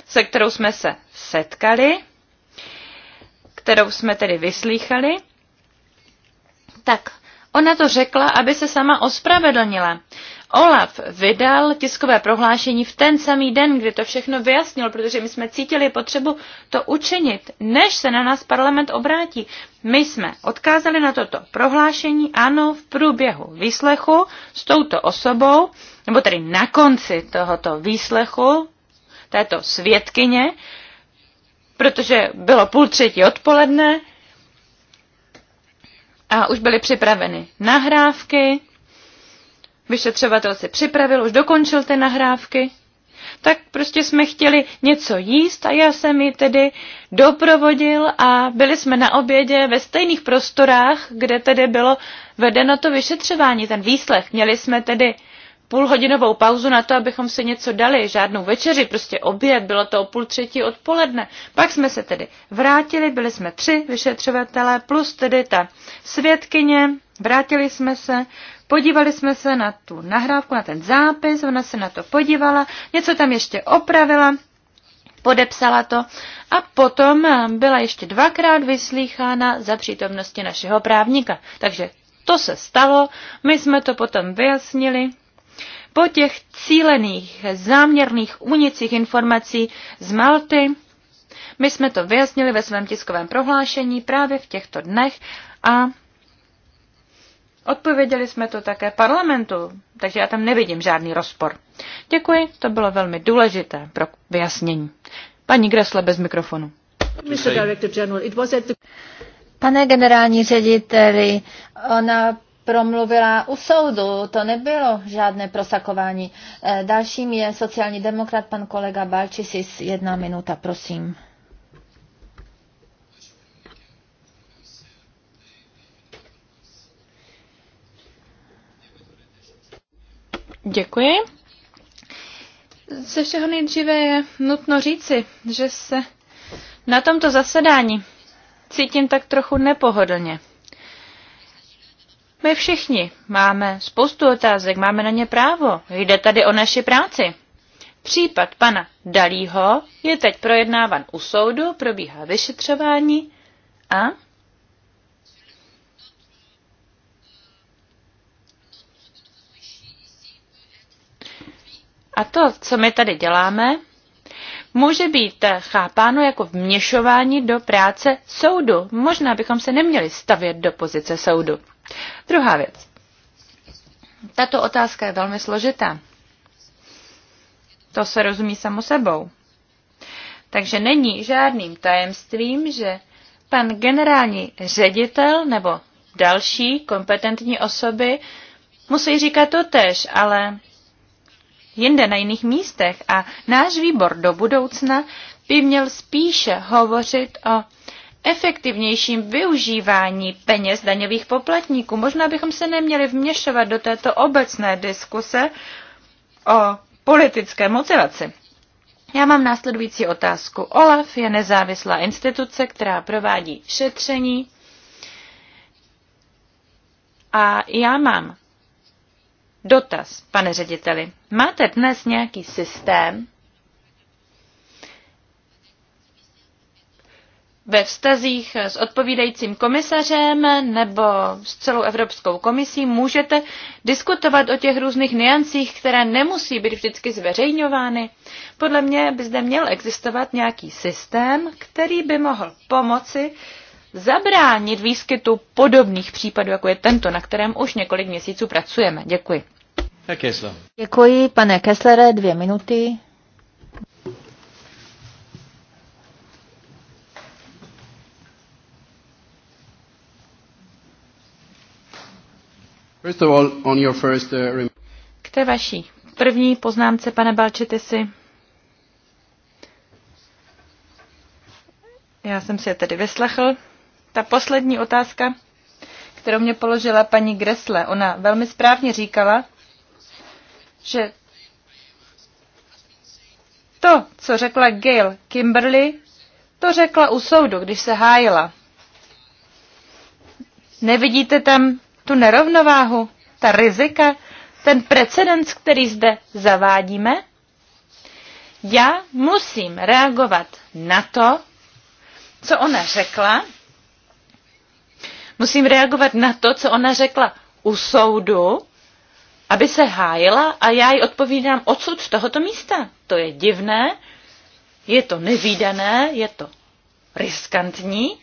se kterou jsme se setkali, kterou jsme tedy vyslýchali, tak ona to řekla, aby se sama ospravedlnila. Olaf vydal tiskové prohlášení v ten samý den, kdy to všechno vyjasnil, protože my jsme cítili potřebu to učinit, než se na nás parlament obrátí. My jsme odkázali na toto prohlášení, ano, v průběhu výslechu s touto osobou, nebo tedy na konci tohoto výslechu, této světkyně, protože bylo půl třetí odpoledne a už byly připraveny nahrávky, vyšetřovatel si připravil, už dokončil ty nahrávky, tak prostě jsme chtěli něco jíst a já jsem ji tedy doprovodil a byli jsme na obědě ve stejných prostorách, kde tedy bylo vedeno to vyšetřování, ten výslech. Měli jsme tedy půlhodinovou pauzu na to, abychom si něco dali, žádnou večeři, prostě oběd, bylo to o půl třetí odpoledne. Pak jsme se tedy vrátili, byli jsme tři vyšetřovatelé plus tedy ta světkyně, vrátili jsme se podívali jsme se na tu nahrávku, na ten zápis, ona se na to podívala, něco tam ještě opravila, podepsala to a potom eh, byla ještě dvakrát vyslýchána za přítomnosti našeho právníka. Takže to se stalo, my jsme to potom vyjasnili. Po těch cílených, záměrných únicích informací z Malty, my jsme to vyjasnili ve svém tiskovém prohlášení právě v těchto dnech a Odpověděli jsme to také parlamentu, takže já tam nevidím žádný rozpor. Děkuji, to bylo velmi důležité pro vyjasnění. Paní Gresle bez mikrofonu. Pane generální řediteli, ona promluvila u soudu, to nebylo žádné prosakování. E, dalším je sociální demokrat, pan kolega Balčisis, jedna minuta, prosím. Děkuji. Ze všeho nejdříve je nutno říci, že se na tomto zasedání cítím tak trochu nepohodlně. My všichni máme spoustu otázek, máme na ně právo. Jde tady o naši práci. Případ pana Dalího je teď projednávan u soudu, probíhá vyšetřování a A to, co my tady děláme, může být chápáno jako vměšování do práce soudu. Možná bychom se neměli stavět do pozice soudu. Druhá věc. Tato otázka je velmi složitá. To se rozumí samo sebou. Takže není žádným tajemstvím, že pan generální ředitel nebo další kompetentní osoby musí říkat to tež, ale jinde na jiných místech a náš výbor do budoucna by měl spíše hovořit o efektivnějším využívání peněz daňových poplatníků. Možná bychom se neměli vměšovat do této obecné diskuse o politické motivaci. Já mám následující otázku. OLAF je nezávislá instituce, která provádí šetření. A já mám Dotaz, pane řediteli, máte dnes nějaký systém ve vztazích s odpovídajícím komisařem nebo s celou Evropskou komisí? Můžete diskutovat o těch různých niancích, které nemusí být vždycky zveřejňovány? Podle mě by zde měl existovat nějaký systém, který by mohl pomoci zabránit výskytu podobných případů, jako je tento, na kterém už několik měsíců pracujeme. Děkuji. Děkuji, pane Kesslere, dvě minuty. First of all, on your first, uh, K té vaší první poznámce, pane si. Já jsem si je tedy vyslechl ta poslední otázka, kterou mě položila paní Gresle, ona velmi správně říkala, že to, co řekla Gail Kimberly, to řekla u soudu, když se hájila. Nevidíte tam tu nerovnováhu, ta rizika, ten precedens, který zde zavádíme? Já musím reagovat na to, co ona řekla Musím reagovat na to, co ona řekla u soudu, aby se hájila a já jí odpovídám odsud z tohoto místa. To je divné, je to nevýdané, je to riskantní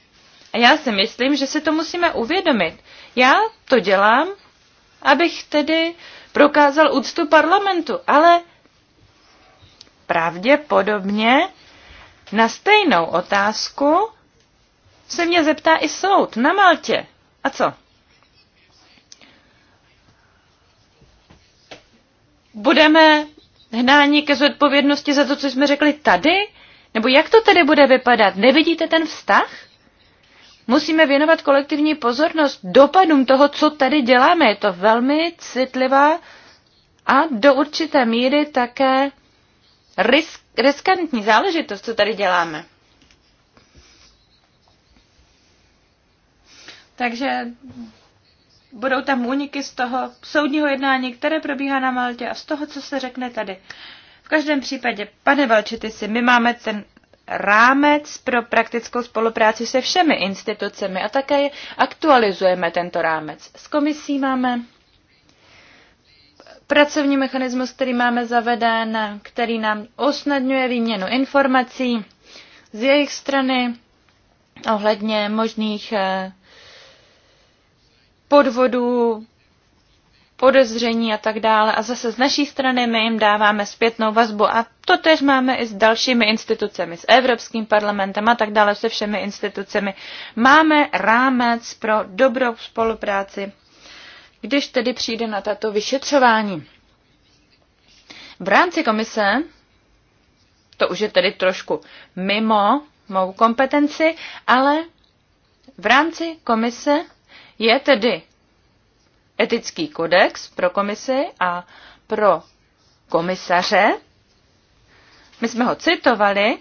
a já si myslím, že si to musíme uvědomit. Já to dělám, abych tedy prokázal úctu parlamentu, ale pravděpodobně na stejnou otázku se mě zeptá i soud na Maltě. A co? Budeme hnáni ke zodpovědnosti za to, co jsme řekli tady? Nebo jak to tedy bude vypadat? Nevidíte ten vztah? Musíme věnovat kolektivní pozornost dopadům toho, co tady děláme. Je to velmi citlivá a do určité míry také risk, riskantní záležitost, co tady děláme. Takže budou tam úniky z toho soudního jednání, které probíhá na Maltě a z toho, co se řekne tady. V každém případě, pane Valčitisi, my máme ten rámec pro praktickou spolupráci se všemi institucemi a také aktualizujeme tento rámec. S komisí máme pracovní mechanismus, který máme zaveden, který nám usnadňuje výměnu informací z jejich strany ohledně možných eh, podvodů, podezření a tak dále. A zase z naší strany my jim dáváme zpětnou vazbu a to tež máme i s dalšími institucemi, s Evropským parlamentem a tak dále, se všemi institucemi. Máme rámec pro dobrou spolupráci, když tedy přijde na tato vyšetřování. V rámci komise, to už je tedy trošku mimo mou kompetenci, ale v rámci komise je tedy etický kodex pro komisi a pro komisaře. My jsme ho citovali,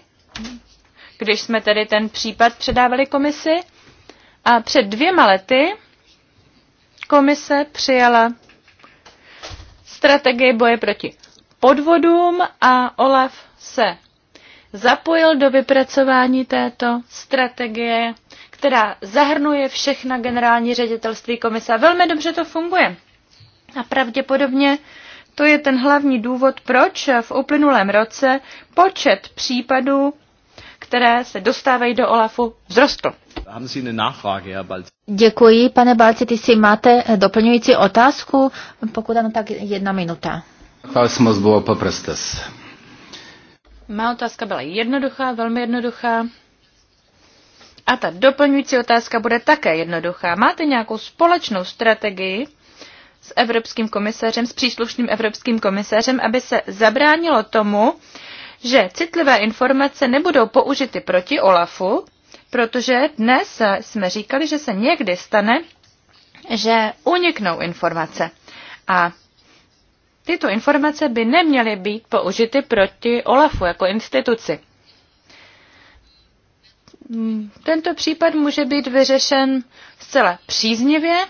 když jsme tedy ten případ předávali komisi. A před dvěma lety komise přijala strategii boje proti podvodům a Olaf se zapojil do vypracování této strategie která zahrnuje všechna generální ředitelství komise. A velmi dobře to funguje. A pravděpodobně to je ten hlavní důvod, proč v uplynulém roce počet případů, které se dostávají do OLAFu, vzrostl. Děkuji, pane Balci, ty si máte doplňující otázku, pokud ano, tak jedna minuta. Má otázka byla jednoduchá, velmi jednoduchá. A ta doplňující otázka bude také jednoduchá. Máte nějakou společnou strategii s evropským komisařem, s příslušným evropským komisařem, aby se zabránilo tomu, že citlivé informace nebudou použity proti OLAFu, protože dnes jsme říkali, že se někdy stane, že uniknou informace. A tyto informace by neměly být použity proti OLAFu jako instituci. Hmm, tento případ může být vyřešen zcela příznivě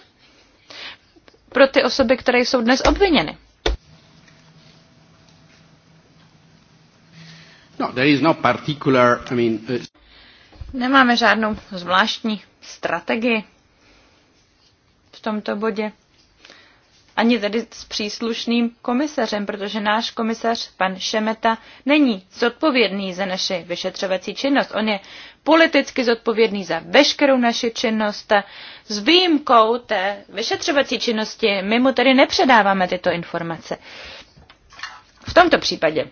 pro ty osoby, které jsou dnes obviněny. No, there is no particular, I mean, uh... Nemáme žádnou zvláštní strategii v tomto bodě ani tedy s příslušným komisařem, protože náš komisař, pan Šemeta, není zodpovědný za naši vyšetřovací činnost. On je politicky zodpovědný za veškerou naši činnost. S výjimkou té vyšetřovací činnosti my mu tedy nepředáváme tyto informace. V tomto případě.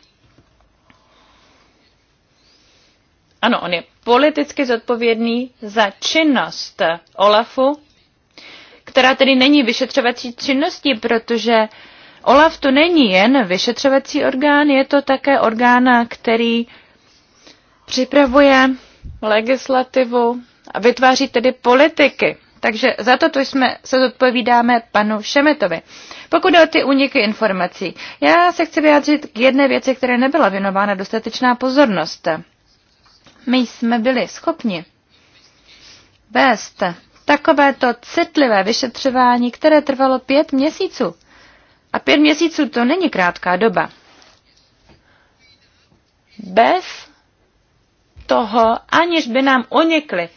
Ano, on je politicky zodpovědný za činnost OLAFu, která tedy není vyšetřovací činností, protože OLAF to není jen vyšetřovací orgán, je to také orgán, který připravuje legislativu a vytváří tedy politiky. Takže za to, to jsme se zodpovídáme panu Šemetovi. Pokud jde o ty úniky informací, já se chci vyjádřit k jedné věci, které nebyla věnována dostatečná pozornost. My jsme byli schopni vést takovéto citlivé vyšetřování, které trvalo pět měsíců. A pět měsíců to není krátká doba. Bez toho, aniž by nám unikly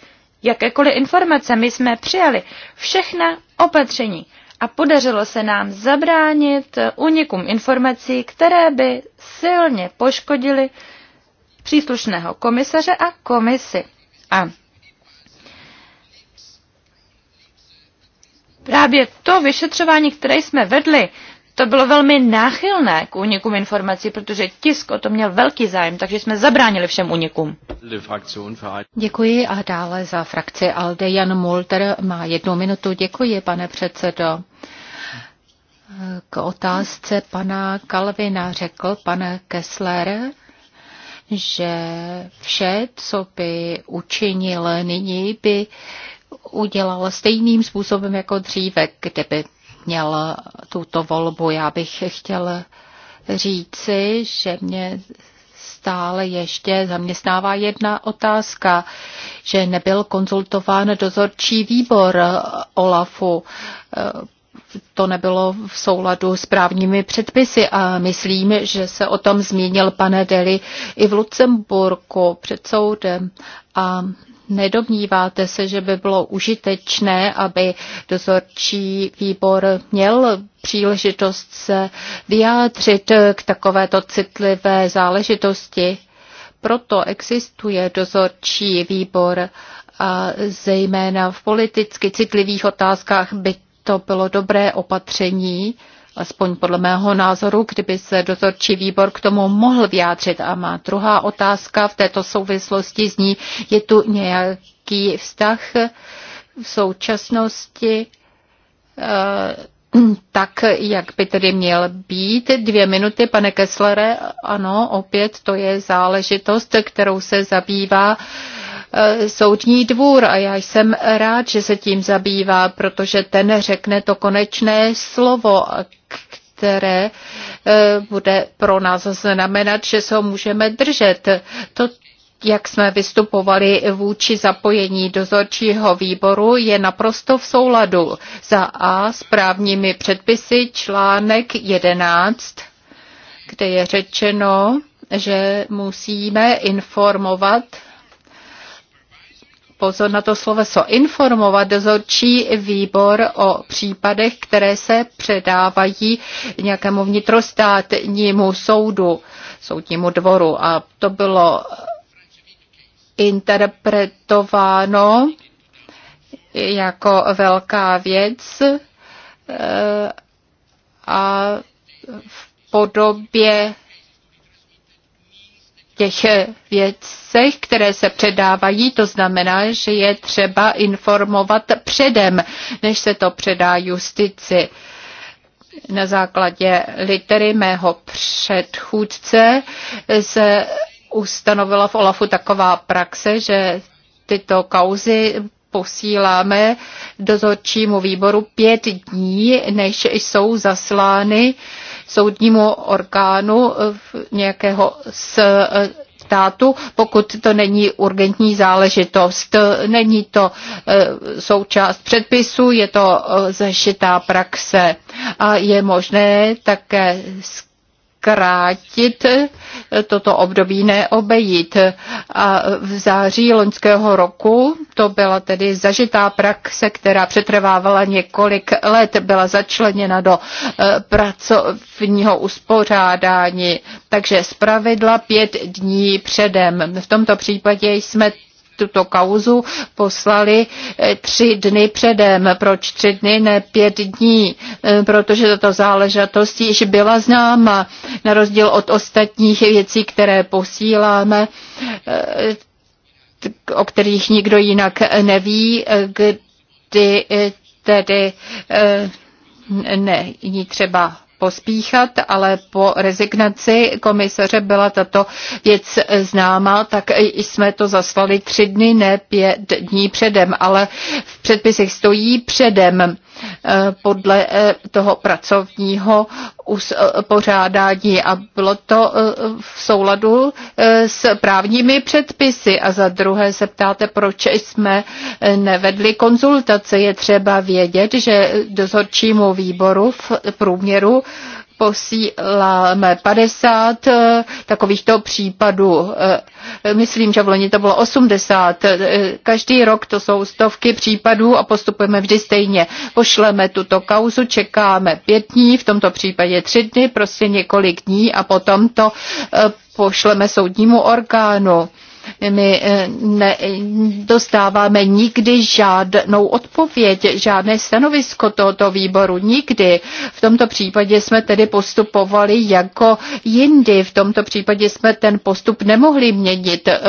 jakékoliv informace, my jsme přijali všechna opatření a podařilo se nám zabránit unikům informací, které by silně poškodily příslušného komisaře a komisy. A Právě to vyšetřování, které jsme vedli, to bylo velmi náchylné k únikům informací, protože tisk o to měl velký zájem, takže jsme zabránili všem únikům. Děkuji a dále za frakci Alde Jan Mulder má jednu minutu. Děkuji, pane předsedo. K otázce pana Kalvina řekl pan Kessler, že vše, co by učinil nyní, by udělal stejným způsobem jako dříve, kdyby měl tuto volbu. Já bych chtěl říci, že mě stále ještě zaměstnává jedna otázka, že nebyl konzultován dozorčí výbor OLAFu. To nebylo v souladu s právními předpisy a myslím, že se o tom zmínil pane Deli i v Lucemburku před soudem. A Nedomníváte se, že by bylo užitečné, aby dozorčí výbor měl příležitost se vyjádřit k takovéto citlivé záležitosti? Proto existuje dozorčí výbor a zejména v politicky citlivých otázkách by to bylo dobré opatření, Aspoň podle mého názoru, kdyby se dozorčí výbor k tomu mohl vyjádřit. A má druhá otázka v této souvislosti zní, je tu nějaký vztah v současnosti eh, tak, jak by tedy měl být. Dvě minuty, pane Kesslere, ano, opět to je záležitost, kterou se zabývá Eh, soudní dvůr a já jsem rád, že se tím zabývá, protože ten řekne to konečné slovo, které eh, bude pro nás znamenat, že se ho můžeme držet. To, jak jsme vystupovali vůči zapojení dozorčího výboru, je naprosto v souladu za A s právními předpisy článek 11, kde je řečeno, že musíme informovat pozor na to sloveso, informovat dozorčí výbor o případech, které se předávají nějakému vnitrostátnímu soudu, soudnímu dvoru. A to bylo interpretováno jako velká věc eh, a v podobě těch eh, věcech, které se předávají. To znamená, že je třeba informovat předem, než se to předá justici. Na základě litery mého předchůdce se ustanovila v OLAFu taková praxe, že tyto kauzy posíláme dozorčímu výboru pět dní, než jsou zaslány uh, soudnímu orgánu eh, nějakého eh, státu, pokud to není urgentní záležitost. Není to eh, součást předpisu, je to zešitá praxe a je možné také krátit toto období, neobejít. A v září loňského roku, to byla tedy zažitá praxe, která přetrvávala několik let, byla začleněna do eh, pracovního uspořádání, takže zpravidla pět dní předem. V tomto případě jsme tuto kauzu poslali eh, tři dny předem. Proč tři dny, ne pět dní? Eh, protože tato záležitost již byla známa, na rozdíl od ostatních věcí, které posíláme eh, o kterých nikdo jinak neví, kdy tedy ne, není třeba pospíchat, ale po rezignaci komisaře byla tato věc známa, tak jsme to zaslali tři dny, ne pět dní předem, ale v předpisech stojí předem eh, podle eh, toho pracovního pořádání a bylo to eh, v souladu eh, s právními předpisy. A za druhé se ptáte, proč jsme eh, nevedli konzultace. Je třeba vědět, že dozorčímu výboru v průměru posíláme 50 eh, takovýchto případů. Eh, myslím, že v loni to bylo 80. Eh, každý rok to jsou stovky případů a postupujeme vždy stejně. Pošleme tuto kauzu, čekáme pět dní, v tomto případě tři dny, prostě několik dní a potom to pošleme soudnímu orgánu. My eh, nedostáváme nikdy žádnou odpověď, žádné stanovisko tohoto výboru, nikdy. V tomto případě jsme tedy postupovali jako jindy. V tomto případě jsme ten postup nemohli měnit. Eh,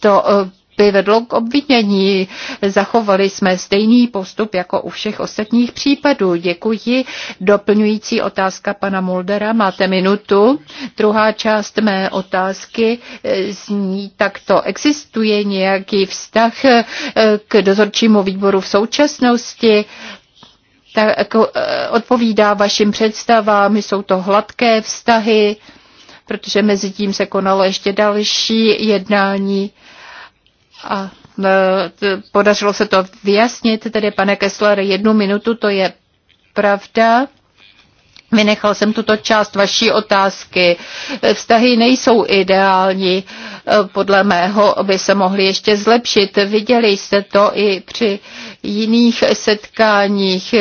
to eh, by vedlo k obvinění. Zachovali jsme stejný postup jako u všech ostatních případů. Děkuji. Doplňující otázka pana Muldera. Máte minutu. Druhá část mé otázky eh, zní takto. Existuje nějaký vztah eh, k dozorčímu výboru v současnosti? Tak eh, odpovídá vašim představám, jsou to hladké vztahy, protože mezi tím se konalo ještě další jednání a e, podařilo se to vyjasnit, tedy pane Kessler, jednu minutu, to je pravda. Vynechal jsem tuto část vaší otázky. Vztahy nejsou ideální, e, podle mého by se mohly ještě zlepšit. Viděli jste to i při jiných setkáních.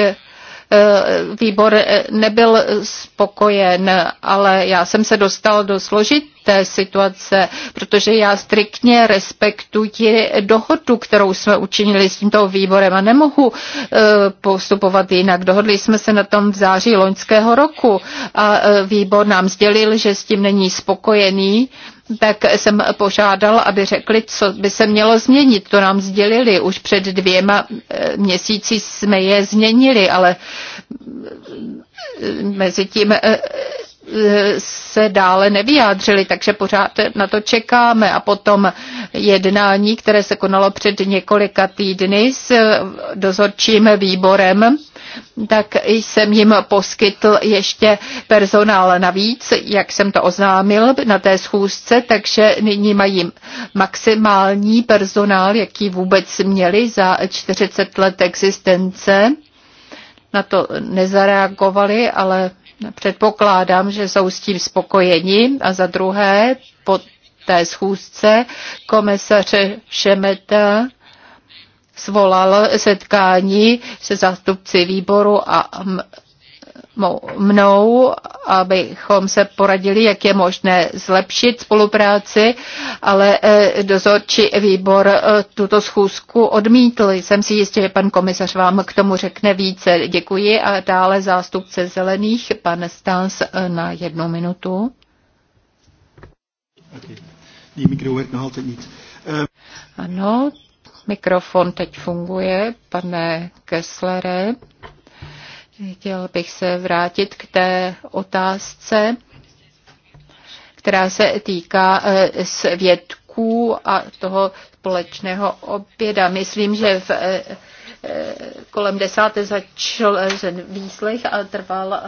Eh, výbor eh, nebyl spokojen, ale já jsem se dostal do složité situace, protože já striktně respektuji dohodu, kterou jsme učinili s tímto výborem a nemohu eh, postupovat jinak. Dohodli jsme se na tom v září loňského roku a výbor nám sdělil, že s tím není spokojený tak jsem požádal, aby řekli, co by se mělo změnit. To nám sdělili. Už před dvěma eh, měsíci jsme je změnili, ale eh, mezi tím eh, se dále nevyjádřili, takže pořád na to čekáme. A potom jednání, které se konalo před několika týdny s dozorčím výborem, tak jsem jim poskytl ještě personál navíc, jak jsem to oznámil na té schůzce, takže nyní mají maximální personál, jaký vůbec měli za 40 let existence. Na to nezareagovali, ale předpokládám, že jsou s tím spokojeni. A za druhé, po té schůzce komisaře Šemeta svolal setkání se zástupci výboru a mnou, abychom se poradili, jak je možné zlepšit spolupráci, ale e, dozorčí výbor e, tuto schůzku odmítl. Jsem si jistě, že pan komisař vám k tomu řekne více. Děkuji a dále zástupce zelených, pan Stans e, na jednu minutu. Okay. No, ano, Mikrofon teď funguje, pane Kesslere. Chtěl bych se vrátit k té otázce, která se týká eh, svědků a toho společného oběda. Myslím, že v eh, Eh, kolem desáté začal výslech a trval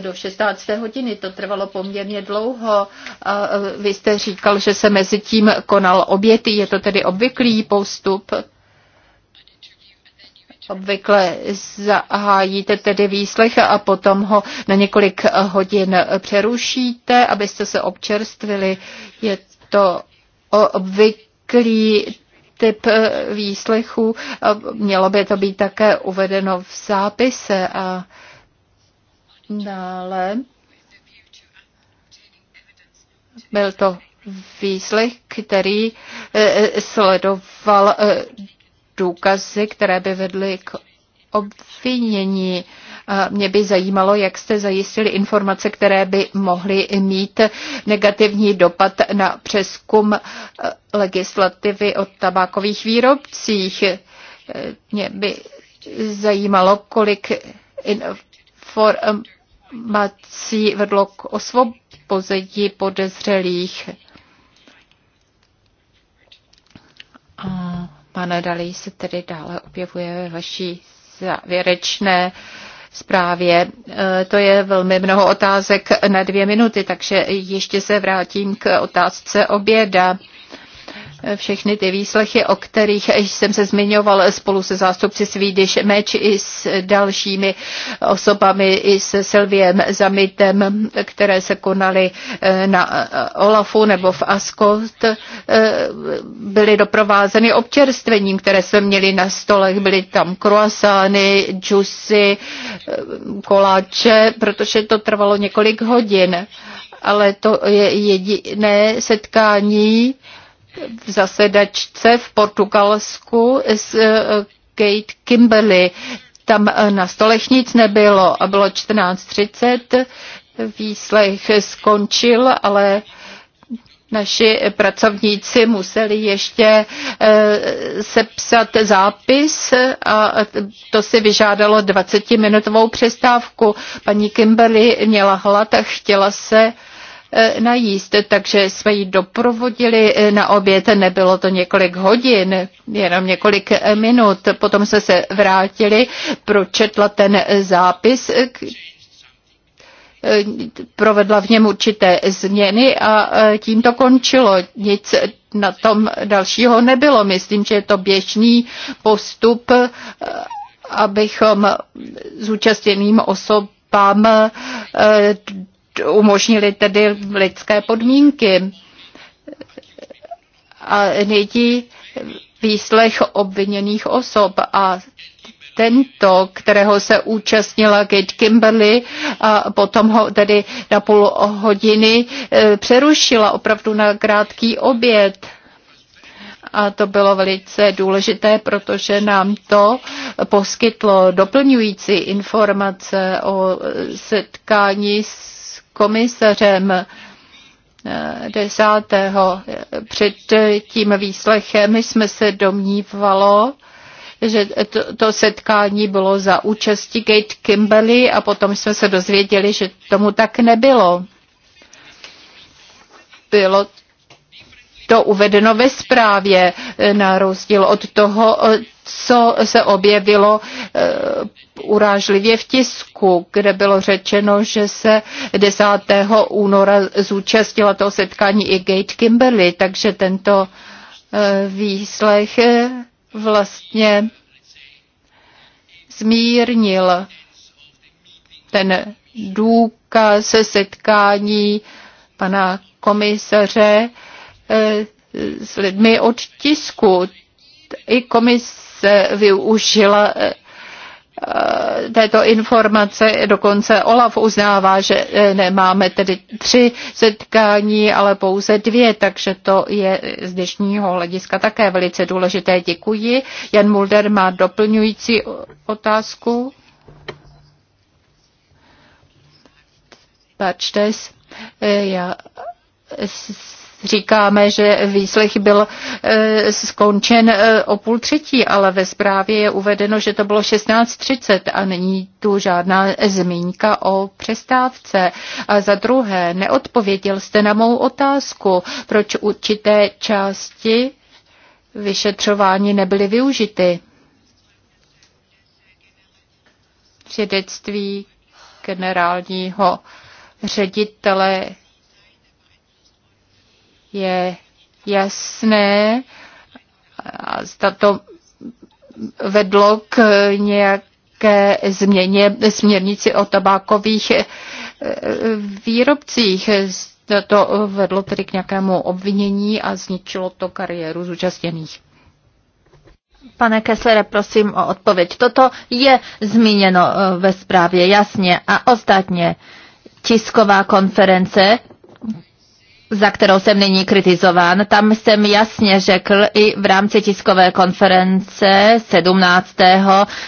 do 16. hodiny. To trvalo poměrně dlouho. A eh, vy jste říkal, že se mezi tím konal oběty. Je to tedy obvyklý postup? Obvykle zahájíte tedy výslech a potom ho na několik hodin přerušíte, abyste se občerstvili. Je to obvyklý typ eh, výslechu Mělo by to být také uvedeno v zápise a dále byl to výslech, který eh, sledoval eh, důkazy, které by vedly k obvinění mě by zajímalo, jak jste zajistili informace, které by mohly mít negativní dopad na přeskum eh, legislativy o tabákových výrobcích. Eh, mě by zajímalo, kolik informací vedlo k osvobození podezřelých. A pane Dalí se tedy dále objevuje ve vaší závěrečné uh, zprávě. E, to je velmi mnoho otázek na dvě minuty, takže ještě se vrátím k otázce oběda všechny ty výslechy, o kterých jsem se zmiňoval spolu se zástupci Swedish Match i s dalšími osobami, i se Silviem Zamitem, které se konaly eh, na eh, Olafu nebo v Ascot, eh, byly doprovázeny občerstvením, které jsme měli na stolech. Byly tam kruasány, džusy, koláče, protože to trvalo několik hodin. Ale to je jediné setkání, v zasedačce v Portugalsku s eh, Kate Kimberly. Tam eh, na stolech nic nebylo a bylo 14.30. Výslech skončil, ale naši pracovníci museli ještě eh, sepsat zápis a to si vyžádalo 20-minutovou přestávku. Paní Kimberly měla hlad a chtěla se E, najíst, takže jsme ji doprovodili e, na oběd, nebylo to několik hodin, jenom několik e, minut. Potom jsme se vrátili, pročetla ten zápis, provedla v něm určité změny a tím to končilo. Nic na tom dalšího nebylo. Myslím, že je to běžný postup, abychom zúčastněným osobám umožnili tedy lidské podmínky. A nejdí výslech obviněných osob a tento, kterého se účastnila Kate Kimberly a potom ho tedy na půl hodiny e, přerušila opravdu na krátký oběd. A to bylo velice důležité, protože nám to poskytlo doplňující informace o setkání s komisařem 10. Eh, eh, před tím výslechem jsme se domnívalo, že to, to setkání bylo za účasti Kate Kimberly a potom jsme se dozvěděli, že tomu tak nebylo. Bylo to uvedeno ve zprávě, e, na rozdíl od toho, e, co se objevilo e, urážlivě v tisku, kde bylo řečeno, že se 10. února zúčastnila toho setkání i Gate Kimberly, takže tento výslech vlastně zmírnil ten důkaz setkání pana komisaře E, s lidmi od tisku. I komise využila e, e, této informace. Dokonce Olaf uznává, že nemáme tedy tři setkání, ale pouze dvě, takže to je z dnešního hlediska také velice důležité. Děkuji. Jan Mulder má doplňující otázku. Pačtes, já říkáme, že výslech byl e, skončen e, o půl třetí, ale ve zprávě je uvedeno, že to bylo 16.30 a není tu žádná zmínka o přestávce. A za druhé, neodpověděl jste na mou otázku, proč určité části vyšetřování nebyly využity. Svědectví generálního ředitele je jasné, a zda to vedlo k nějaké změně směrnici o tabákových eh, výrobcích. To vedlo tedy k nějakému obvinění a zničilo to kariéru zúčastněných. Pane Kesslere, prosím o odpověď. Toto je zmíněno eh, ve zprávě, jasně. A ostatně tisková konference, za kterou jsem nyní kritizován, tam jsem jasně řekl i v rámci tiskové konference 17.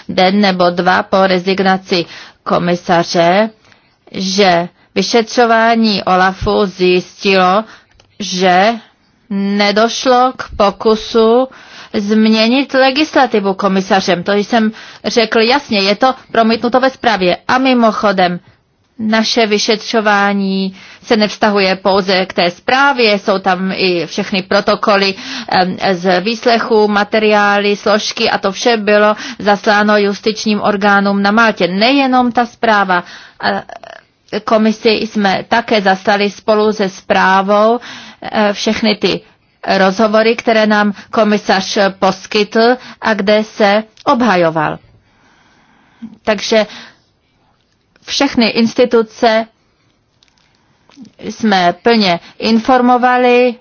den nebo dva po rezignaci komisaře, že vyšetřování OLAFu zjistilo, že nedošlo k pokusu změnit legislativu komisařem. To jsem řekl jasně, je to promítnuto ve zprávě. A mimochodem, naše vyšetřování se nevztahuje pouze k té zprávě, jsou tam i všechny protokoly z výslechu, materiály, složky a to vše bylo zasláno justičním orgánům na Maltě. Nejenom ta zpráva. Komisi jsme také zastali spolu se zprávou e, všechny ty rozhovory, které nám komisař poskytl a kde se obhajoval. Takže všechny instituce jsme plně informovali,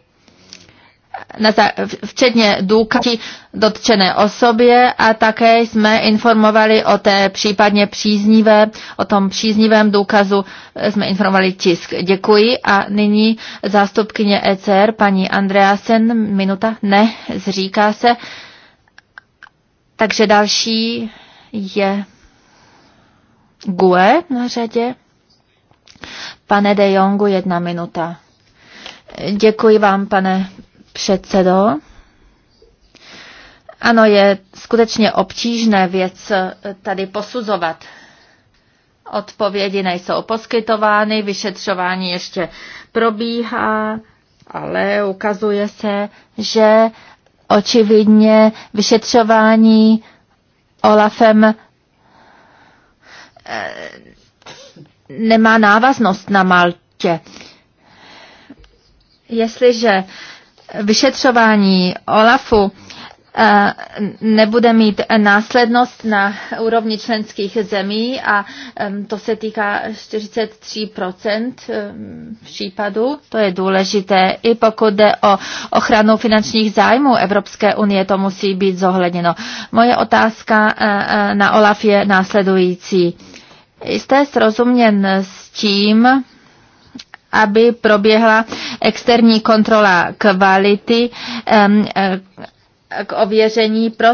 včetně důkazí dotčené osobě a také jsme informovali o té případně příznivé, o tom příznivém důkazu eh, jsme informovali tisk. Děkuji a nyní zástupkyně ECR, paní Andreasen, minuta, ne, zříká se. Takže další je GUE na řadě. Pane De Jongu, jedna minuta. Děkuji vám, pane předsedo. Ano, je skutečně obtížné věc tady posuzovat. Odpovědi nejsou poskytovány, vyšetřování ještě probíhá, ale ukazuje se, že očividně vyšetřování Olafem Eh, nemá návaznost na Maltě. Jestliže vyšetřování OLAFu eh, nebude mít následnost na úrovni členských zemí a to se týká 43% případů. To je důležité. I pokud jde o ochranu finančních zájmů Evropské unie, to musí být zohledněno. Moje otázka eh, na OLAF je následující jste srozuměn s tím, aby proběhla externí kontrola kvality eh, k ověření pro,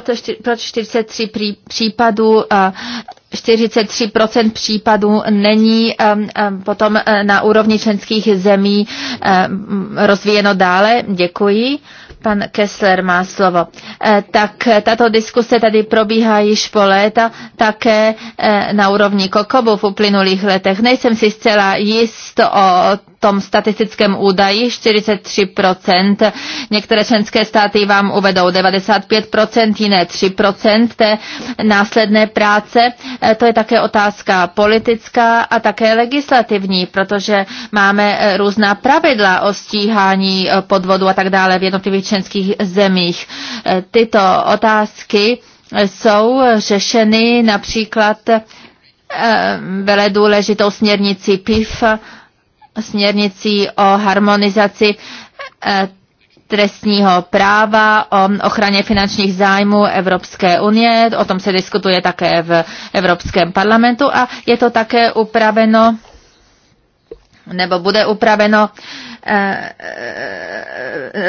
pro 43 případů 43% případů není potom eh, na úrovni členských zemí rozvíjeno dále. Děkuji. Pan Kessler má slovo. Eh, tak eh, tato diskuse tady probíhá již po léta, také eh, na úrovni Kokobu v uplynulých letech. Nejsem si zcela jist o tom statistickém údaji 43%. Některé členské státy vám uvedou 95%, jiné 3% té následné práce. E, to je také otázka politická a také legislativní, protože máme e, různá pravidla o stíhání e, podvodu a tak dále v jednotlivých členských zemích. Tyto otázky jsou řešeny například vele důležitou směrnici PIF směrnicí o harmonizaci eh, trestního práva, o ochraně finančních zájmů Evropské unie, o tom se diskutuje také v Evropském parlamentu a je to také upraveno nebo bude upraveno eh,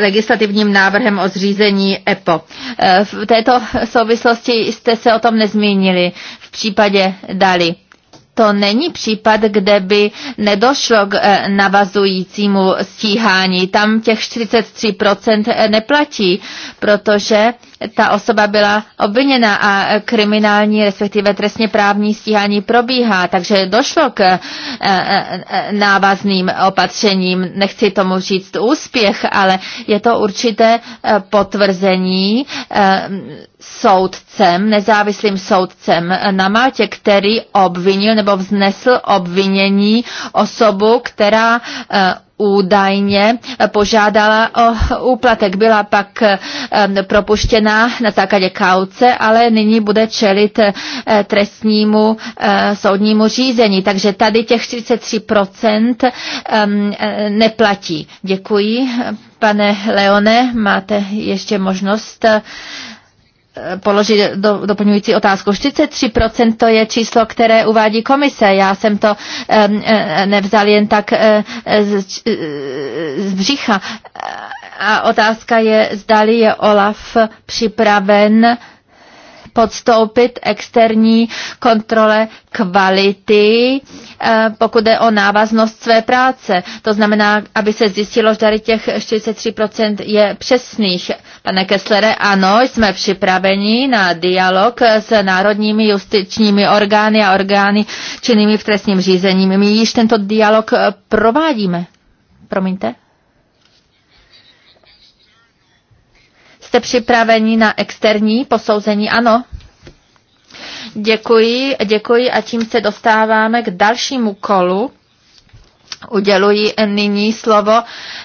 legislativním návrhem o zřízení EPO. Eh, v této souvislosti jste se o tom nezmínili v případě Dali to není případ, kde by nedošlo k eh, navazujícímu stíhání. Tam těch 43% eh, neplatí, protože ta osoba byla obviněna a kriminální, respektive trestně právní stíhání probíhá, takže došlo k eh, návazným opatřením. Nechci tomu říct úspěch, ale je to určité potvrzení soudcem, nezávislým soudcem na Maltě, který obvinil nebo vznesl obvinění osobu, která eh, údajně eh, požádala o úplatek. Byla pak eh, propuštěna na základě kauce, ale nyní bude čelit trestnímu soudnímu řízení. Takže tady těch 43% neplatí. Děkuji. Pane Leone, máte ještě možnost položit do, doplňující otázku. 43% to je číslo, které uvádí komise. Já jsem to um, nevzal jen tak uh, z, e, z břicha. A otázka je, zdali je Olaf připraven uh, podstoupit externí kontrole kvality, eh, pokud je o návaznost své práce. To znamená, aby se zjistilo, že tady těch 43% je přesných. Pane Kesslere, ano, jsme připraveni na dialog s národními justičními orgány a orgány činnými v trestním řízení. My již tento dialog eh, provádíme. Promiňte? Jste připraveni na externí posouzení? Ano. Děkuji, děkuji a tím se dostáváme k dalšímu kolu. Uděluji nyní slovo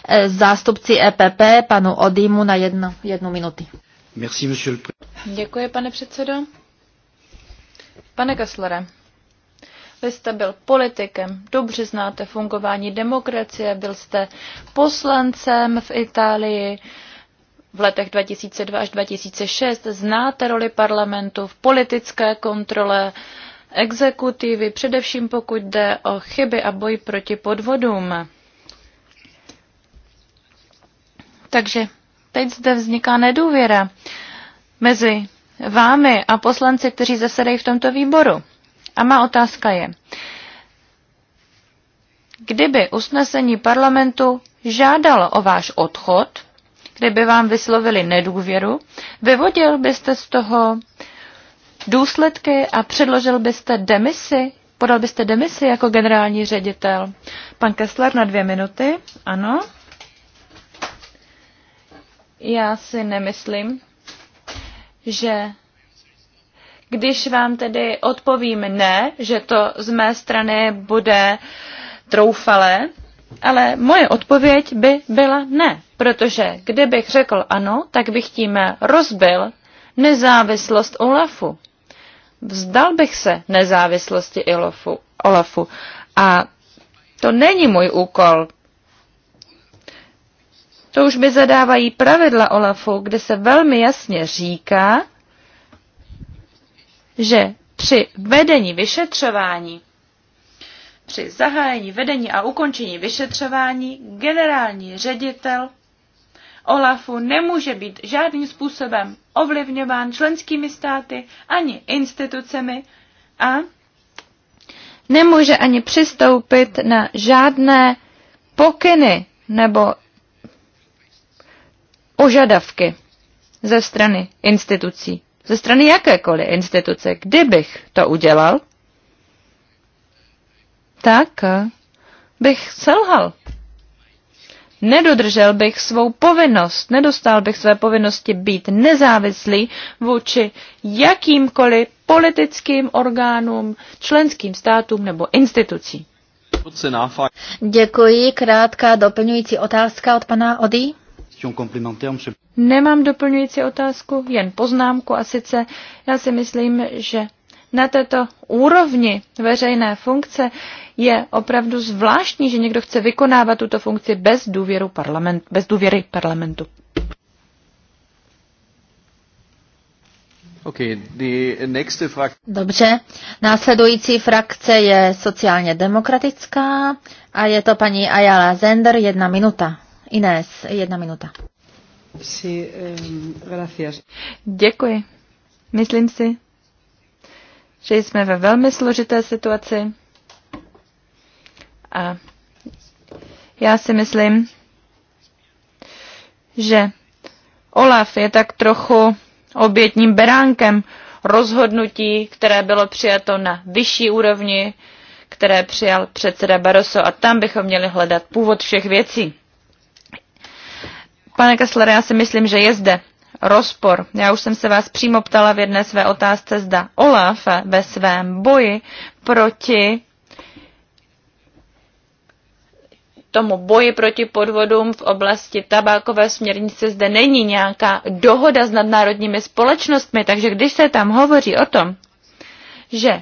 eh, zástupci EPP, panu Odimu na jedno, jednu minutu. Děkuji, pane předsedo. Pane Kaslere, vy jste byl politikem, dobře znáte fungování demokracie, byl jste poslancem v Itálii, v letech 2002 až 2006. Znáte roli parlamentu v politické kontrole exekutivy, především pokud jde o chyby a boj proti podvodům. Takže teď zde vzniká nedůvěra mezi vámi a poslanci, kteří zasedají v tomto výboru. A má otázka je, kdyby usnesení parlamentu žádalo o váš odchod, kdyby vám vyslovili nedůvěru, vyvodil byste z toho důsledky a předložil byste demisi, podal byste demisi jako generální ředitel. Pan Kessler na dvě minuty, ano. Já si nemyslím, že když vám tedy odpovím ne, že to z mé strany bude troufalé, ale moje odpověď by byla ne, protože kdybych řekl ano, tak bych tím rozbil nezávislost Olafu. Vzdal bych se nezávislosti Ilofu, Olafu. A to není můj úkol. To už by zadávají pravidla Olafu, kde se velmi jasně říká, že při vedení vyšetřování při zahájení vedení a ukončení vyšetřování generální ředitel OLAFu nemůže být žádným způsobem ovlivňován členskými státy ani institucemi a nemůže ani přistoupit na žádné pokyny nebo požadavky ze strany institucí, ze strany jakékoliv instituce. Kdybych to udělal, tak bych selhal. Nedodržel bych svou povinnost, nedostal bych své povinnosti být nezávislý vůči jakýmkoliv politickým orgánům, členským státům nebo institucím. Děkuji. Krátká doplňující otázka od pana Ody. Nemám doplňující otázku, jen poznámku a sice já si myslím, že na této úrovni veřejné funkce je opravdu zvláštní, že někdo chce vykonávat tuto funkci bez, důvěru parlament, bez důvěry parlamentu. Dobře, následující frakce je sociálně demokratická a je to paní Ayala Zender, jedna minuta. Inés, jedna minuta. Děkuji. Myslím si, že jsme ve velmi složité situaci a já si myslím, že Olaf je tak trochu obětním beránkem rozhodnutí, které bylo přijato na vyšší úrovni, které přijal předseda Barroso a tam bychom měli hledat původ všech věcí. Pane Kesslere, já si myslím, že je zde rozpor. Já už jsem se vás přímo ptala v jedné své otázce, zda Olaf ve svém boji proti tomu boji proti podvodům v oblasti tabákové směrnice zde není nějaká dohoda s nadnárodními společnostmi, takže když se tam hovoří o tom, že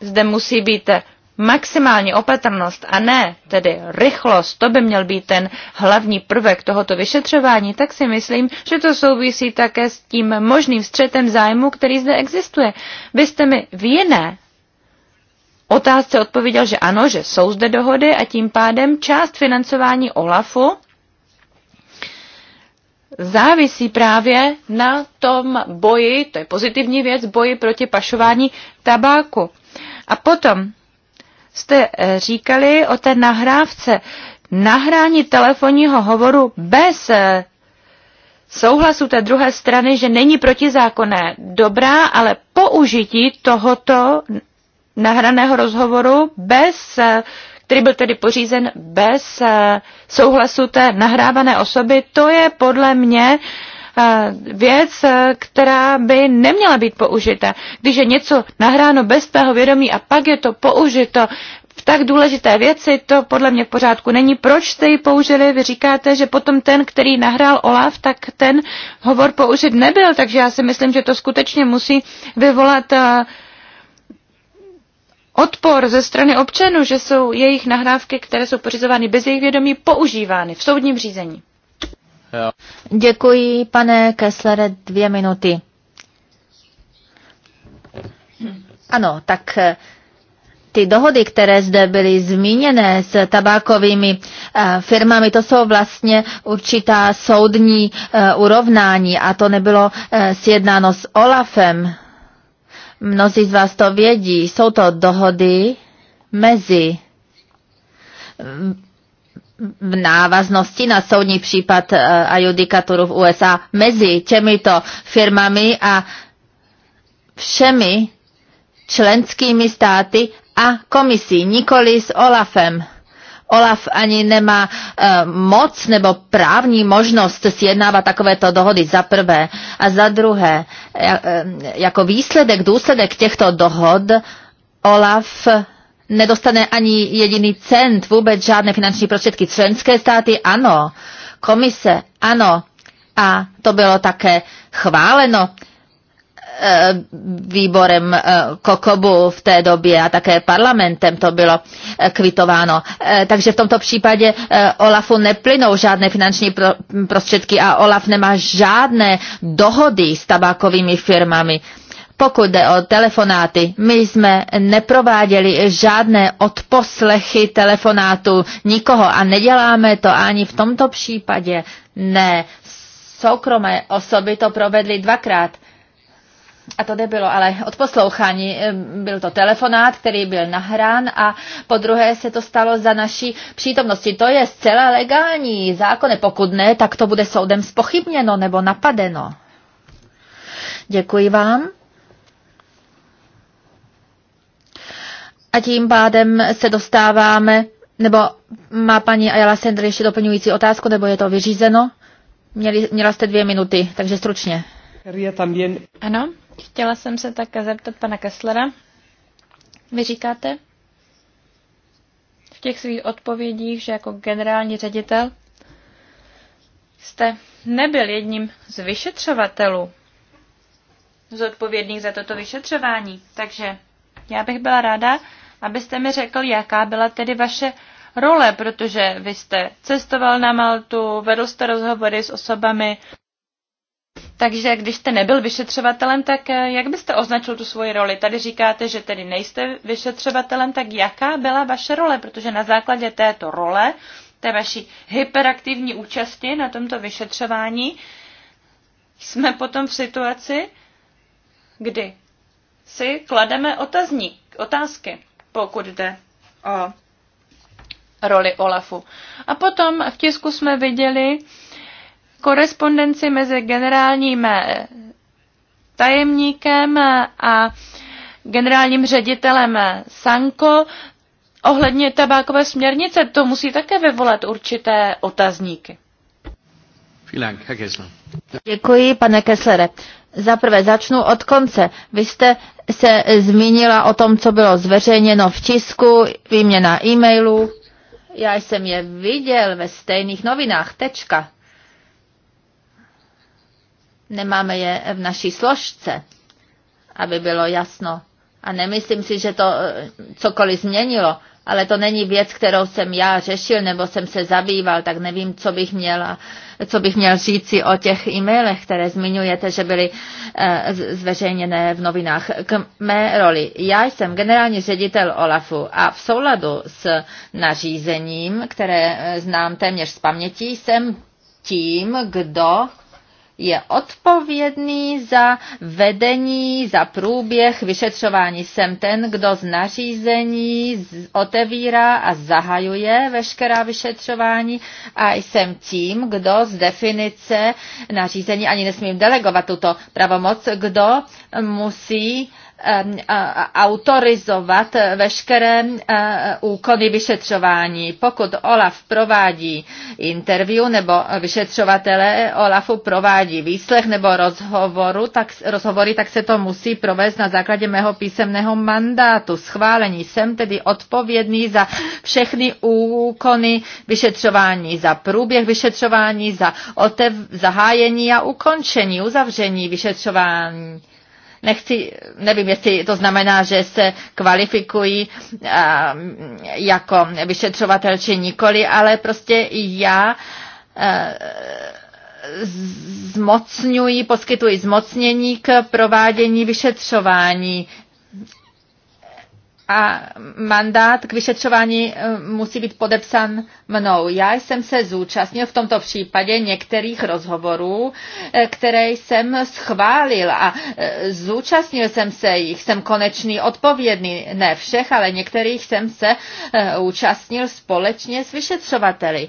zde musí být maximální opatrnost a ne tedy rychlost, to by měl být ten hlavní prvek tohoto vyšetřování, tak si myslím, že to souvisí také s tím možným střetem zájmu, který zde existuje. Vy jste mi v jiné otázce odpověděl, že ano, že jsou zde dohody a tím pádem část financování OLAFu závisí právě na tom boji, to je pozitivní věc, boji proti pašování tabáku. A potom jste eh, říkali o té nahrávce, nahrání telefonního hovoru bez eh, souhlasu té druhé strany, že není protizákonné. Dobrá, ale použití tohoto nahraného rozhovoru bez eh, který byl tedy pořízen bez souhlasu té nahrávané osoby, to je podle mě Eh, věc, eh, která by neměla být použita. Když je něco nahráno bez tvého vědomí a pak je to použito v tak důležité věci, to podle mě v pořádku není. Proč jste ji použili? Vy říkáte, že potom ten, který nahrál Olaf, tak ten hovor použit nebyl, takže já si myslím, že to skutečně musí vyvolat eh, odpor ze strany občanů, že jsou jejich nahrávky, které jsou pořizovány bez jejich vědomí, používány v soudním řízení. Děkuji, pane Kesslere, dvě minuty. Ano, tak eh, ty dohody, které zde byly zmíněné s tabákovými eh, firmami, to jsou vlastně určitá soudní eh, urovnání a to nebylo sjednáno s Olafem. Mnozí z vás to vědí. Jsou to dohody mezi v návaznosti na soudní případ eh, a judikaturu v USA mezi těmito firmami a všemi členskými státy a komisí, nikoli s OLAFem. Olaf ani nemá e, moc nebo právní možnost sjednávat takovéto dohody za prvé a za druhé. E, e, jako výsledek, důsledek těchto dohod Olaf nedostane ani jediný cent, vůbec žádné finanční prostředky. Členské státy ano, komise ano a to bylo také chváleno eh, výborem eh, Kokobu v té době a také parlamentem to bylo eh, kvitováno. Takže v tomto případě Olafu neplynou žádné finanční prostředky a Olaf nemá žádné dohody s tabákovými firmami. Pokud jde o telefonáty, my jsme neprováděli žádné odposlechy telefonátu nikoho a neděláme to ani v tomto případě. Ne, soukromé osoby to provedly dvakrát. A to nebylo ale poslouchání Byl to telefonát, který byl nahrán a po druhé se to stalo za naší přítomnosti. To je zcela legální zákone. Pokud ne, tak to bude soudem spochybněno nebo napadeno. Děkuji vám. A tím pádem se dostáváme, nebo má paní Ayala Sender ještě doplňující otázku, nebo je to vyřízeno? Měli, měla jste dvě minuty, takže stručně. Ano, chtěla jsem se také zeptat pana Kesslera. Vy říkáte v těch svých odpovědích, že jako generální ředitel jste nebyl jedním z vyšetřovatelů zodpovědných za toto vyšetřování. Takže já bych byla ráda, abyste mi řekl, jaká byla tedy vaše role, protože vy jste cestoval na Maltu, vedl jste rozhovory s osobami, takže když jste nebyl vyšetřovatelem, tak eh, jak byste označil tu svoji roli? Tady říkáte, že tedy nejste vyšetřovatelem, tak jaká byla vaše role? Protože na základě této role, té vaší hyperaktivní účasti na tomto vyšetřování, jsme potom v situaci, kdy si klademe otazník, otázky pokud jde o roli Olafu. A potom v tisku jsme viděli korespondenci mezi generálním eh, tajemníkem eh, a generálním ředitelem eh, Sanko ohledně tabákové směrnice. To musí také vyvolat určité otazníky. Děkuji, pane Kesslere. Zaprvé začnu od konce. Vy jste se zmínila o tom, co bylo zveřejněno v tisku, výměna e-mailů. Já jsem je viděl ve stejných novinách, tečka. Nemáme je v naší složce, aby bylo jasno. A nemyslím si, že to eh, cokoliv změnilo, ale to není věc, kterou jsem já řešil nebo jsem se zabýval, tak nevím, co bych měla co bych měl říci o těch e-mailech, které zmiňujete, že byly eh, zveřejněné v novinách. K mé roli. Já jsem generální ředitel OLAFu a v souladu s nařízením, které eh, znám téměř z paměti, jsem tím, kdo je odpovědný za vedení, za průběh vyšetřování. Jsem ten, kdo z nařízení otevírá a zahajuje veškerá vyšetřování a jsem tím, kdo z definice nařízení, ani nesmím delegovat tuto pravomoc, kdo musí uh, Um, autorizovat veškeré uh, úkony vyšetřování. Pokud OLAF provádí interview nebo vyšetřovatele OLAFu provádí výslech nebo rozhovoru, tak, rozhovory, tak se to musí provést na základě mého písemného mandátu. Schválení jsem tedy odpovědný za všechny úkony vyšetřování, za průběh vyšetřování, za otev, zahájení a ukončení, uzavření vyšetřování nechci, nevím, jestli to znamená, že se kvalifikují jako vyšetřovatel či nikoli, ale prostě já zmocňuji, poskytuji zmocnění k provádění vyšetřování a mandát k vyšetřování eh, musí být podepsan mnou. Já jsem se zúčastnil v tomto případě některých rozhovorů, eh, které jsem schválil a eh, zúčastnil jsem se jich. Jsem konečný odpovědný, ne všech, ale některých jsem se účastnil společně s vyšetřovateli.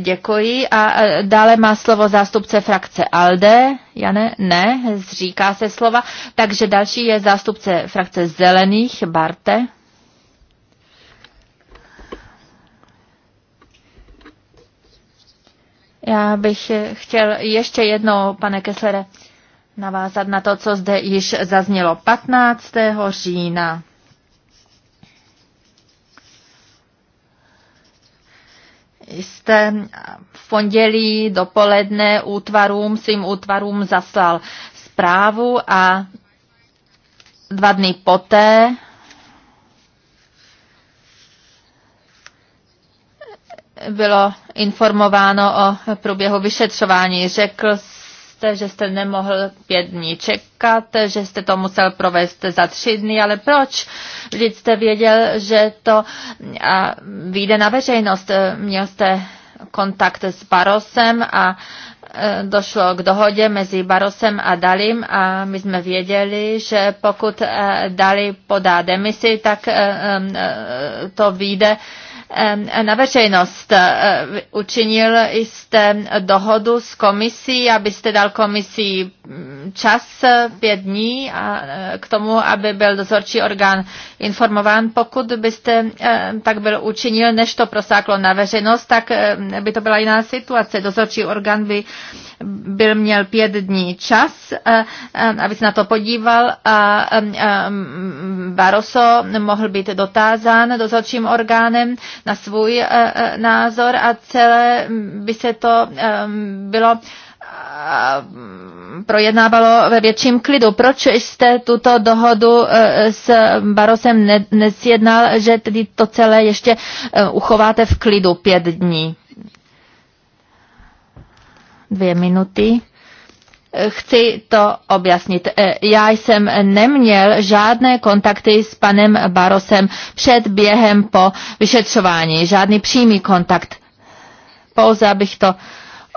Děkuji. A e, dále má slovo zástupce frakce ALDE. Jane? Ne, zříká se slova. Takže další je zástupce frakce Zelených, Barte. Já bych chtěl ještě jednou, pane Kesslere, navázat na to, co zde již zaznělo 15. října. jste v pondělí dopoledne útvarům, svým útvarům zaslal zprávu a dva dny poté bylo informováno o průběhu vyšetřování. Řekl jste, že jste nemohl pět dní čekat, že jste to musel provést za tři dny, ale proč? Vždyť jste věděl, že to vyjde na veřejnost. Měl jste kontakt s Barosem a e, došlo k dohodě mezi Barosem a Dalim a my jsme věděli, že pokud e, Dali podá demisi, tak e, to vyjde na veřejnost. Eh, učinil jste dohodu s komisí, abyste dal komisí mm, čas pět dní a eh, k tomu, aby byl dozorčí orgán informován. Pokud byste eh, tak byl učinil, než to prosáklo na veřejnost, tak by to byla jiná situace. Dozorčí orgán by byl měl pět dní čas, eh, eh, aby se na to podíval a eh, Baroso mohl být dotázán dozorčím orgánem na svůj názor a celé by se to bylo projednávalo ve větším klidu. Proč jste tuto dohodu s Barosem nesjednal, že tedy to celé ještě uchováte v klidu pět dní? dvě minuty. Chci to objasnit. E, já jsem neměl žádné kontakty s panem Barosem před, během, po vyšetřování. Žádný přímý kontakt. Pouze abych to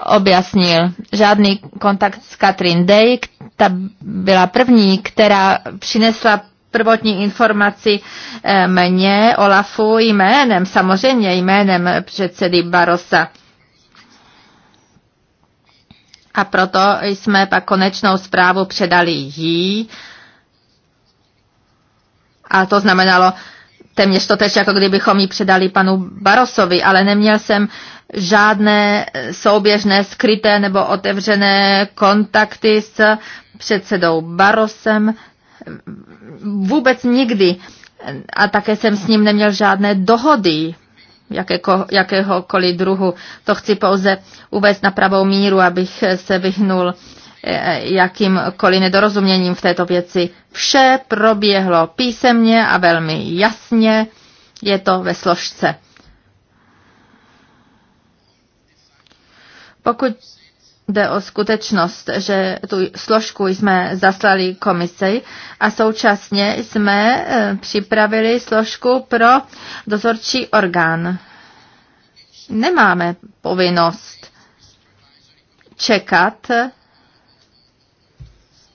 objasnil. Žádný kontakt s Katrin Day, ta byla první, která přinesla prvotní informaci e, mně, Olafu, jménem, samozřejmě jménem předsedy Barosa a proto jsme pak konečnou zprávu předali jí. A to znamenalo téměř to tež, jako kdybychom ji předali panu Barosovi, ale neměl jsem žádné souběžné, skryté nebo otevřené kontakty s předsedou Barosem. Vůbec nikdy. A také jsem s ním neměl žádné dohody jakéko, jakéhokoliv druhu. To chci pouze uvést na pravou míru, abych se vyhnul eh, jakýmkoliv nedorozuměním v této věci. Vše proběhlo písemně a velmi jasně, je to ve složce. Pokud jde o skutečnost, že tu složku jsme zaslali komisi a současně jsme e, připravili složku pro dozorčí orgán. Nemáme povinnost čekat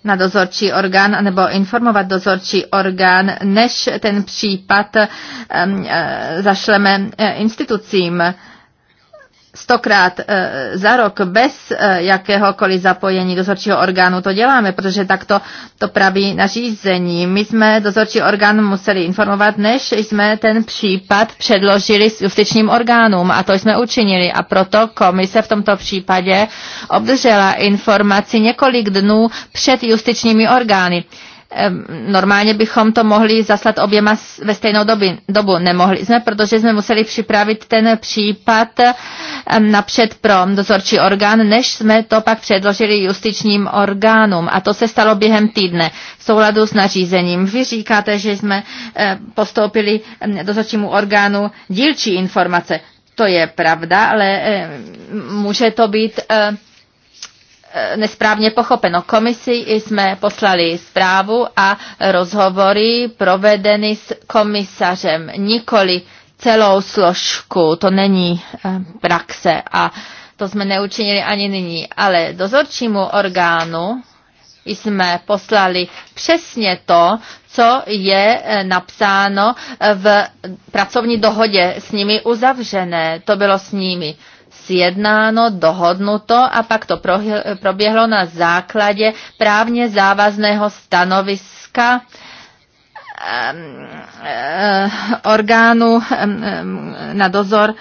na dozorčí orgán nebo informovat dozorčí orgán, než ten případ e, zašleme e, institucím stokrát eh, za rok bez eh, jakéhokoliv zapojení dozorčího orgánu to děláme, protože takto to praví nařízení. My jsme dozorčí orgán museli informovat, než jsme ten případ předložili s justičním orgánům a to jsme učinili a proto komise v tomto případě obdržela informaci několik dnů před justičními orgány normálně bychom to mohli zaslat oběma ve stejnou dobu. dobu. Nemohli jsme, protože jsme museli připravit ten případ napřed pro dozorčí orgán, než jsme to pak předložili justičním orgánům. A to se stalo během týdne v souladu s nařízením. Vy říkáte, že jsme eh, postoupili dozorčímu orgánu dílčí informace. To je pravda, ale eh, může to být eh, E, nesprávně pochopeno. Komisi jsme poslali zprávu a rozhovory provedeny s komisařem, nikoli celou složku, to není e, praxe a to jsme neučinili ani nyní, ale dozorčímu orgánu jsme poslali přesně to, co je e, napsáno v pracovní dohodě s nimi uzavřené. To bylo s nimi sjednáno, dohodnuto a pak to proběhlo na základě právně závazného stanoviska ehm, eh, orgánu ehm, ehm, na dozor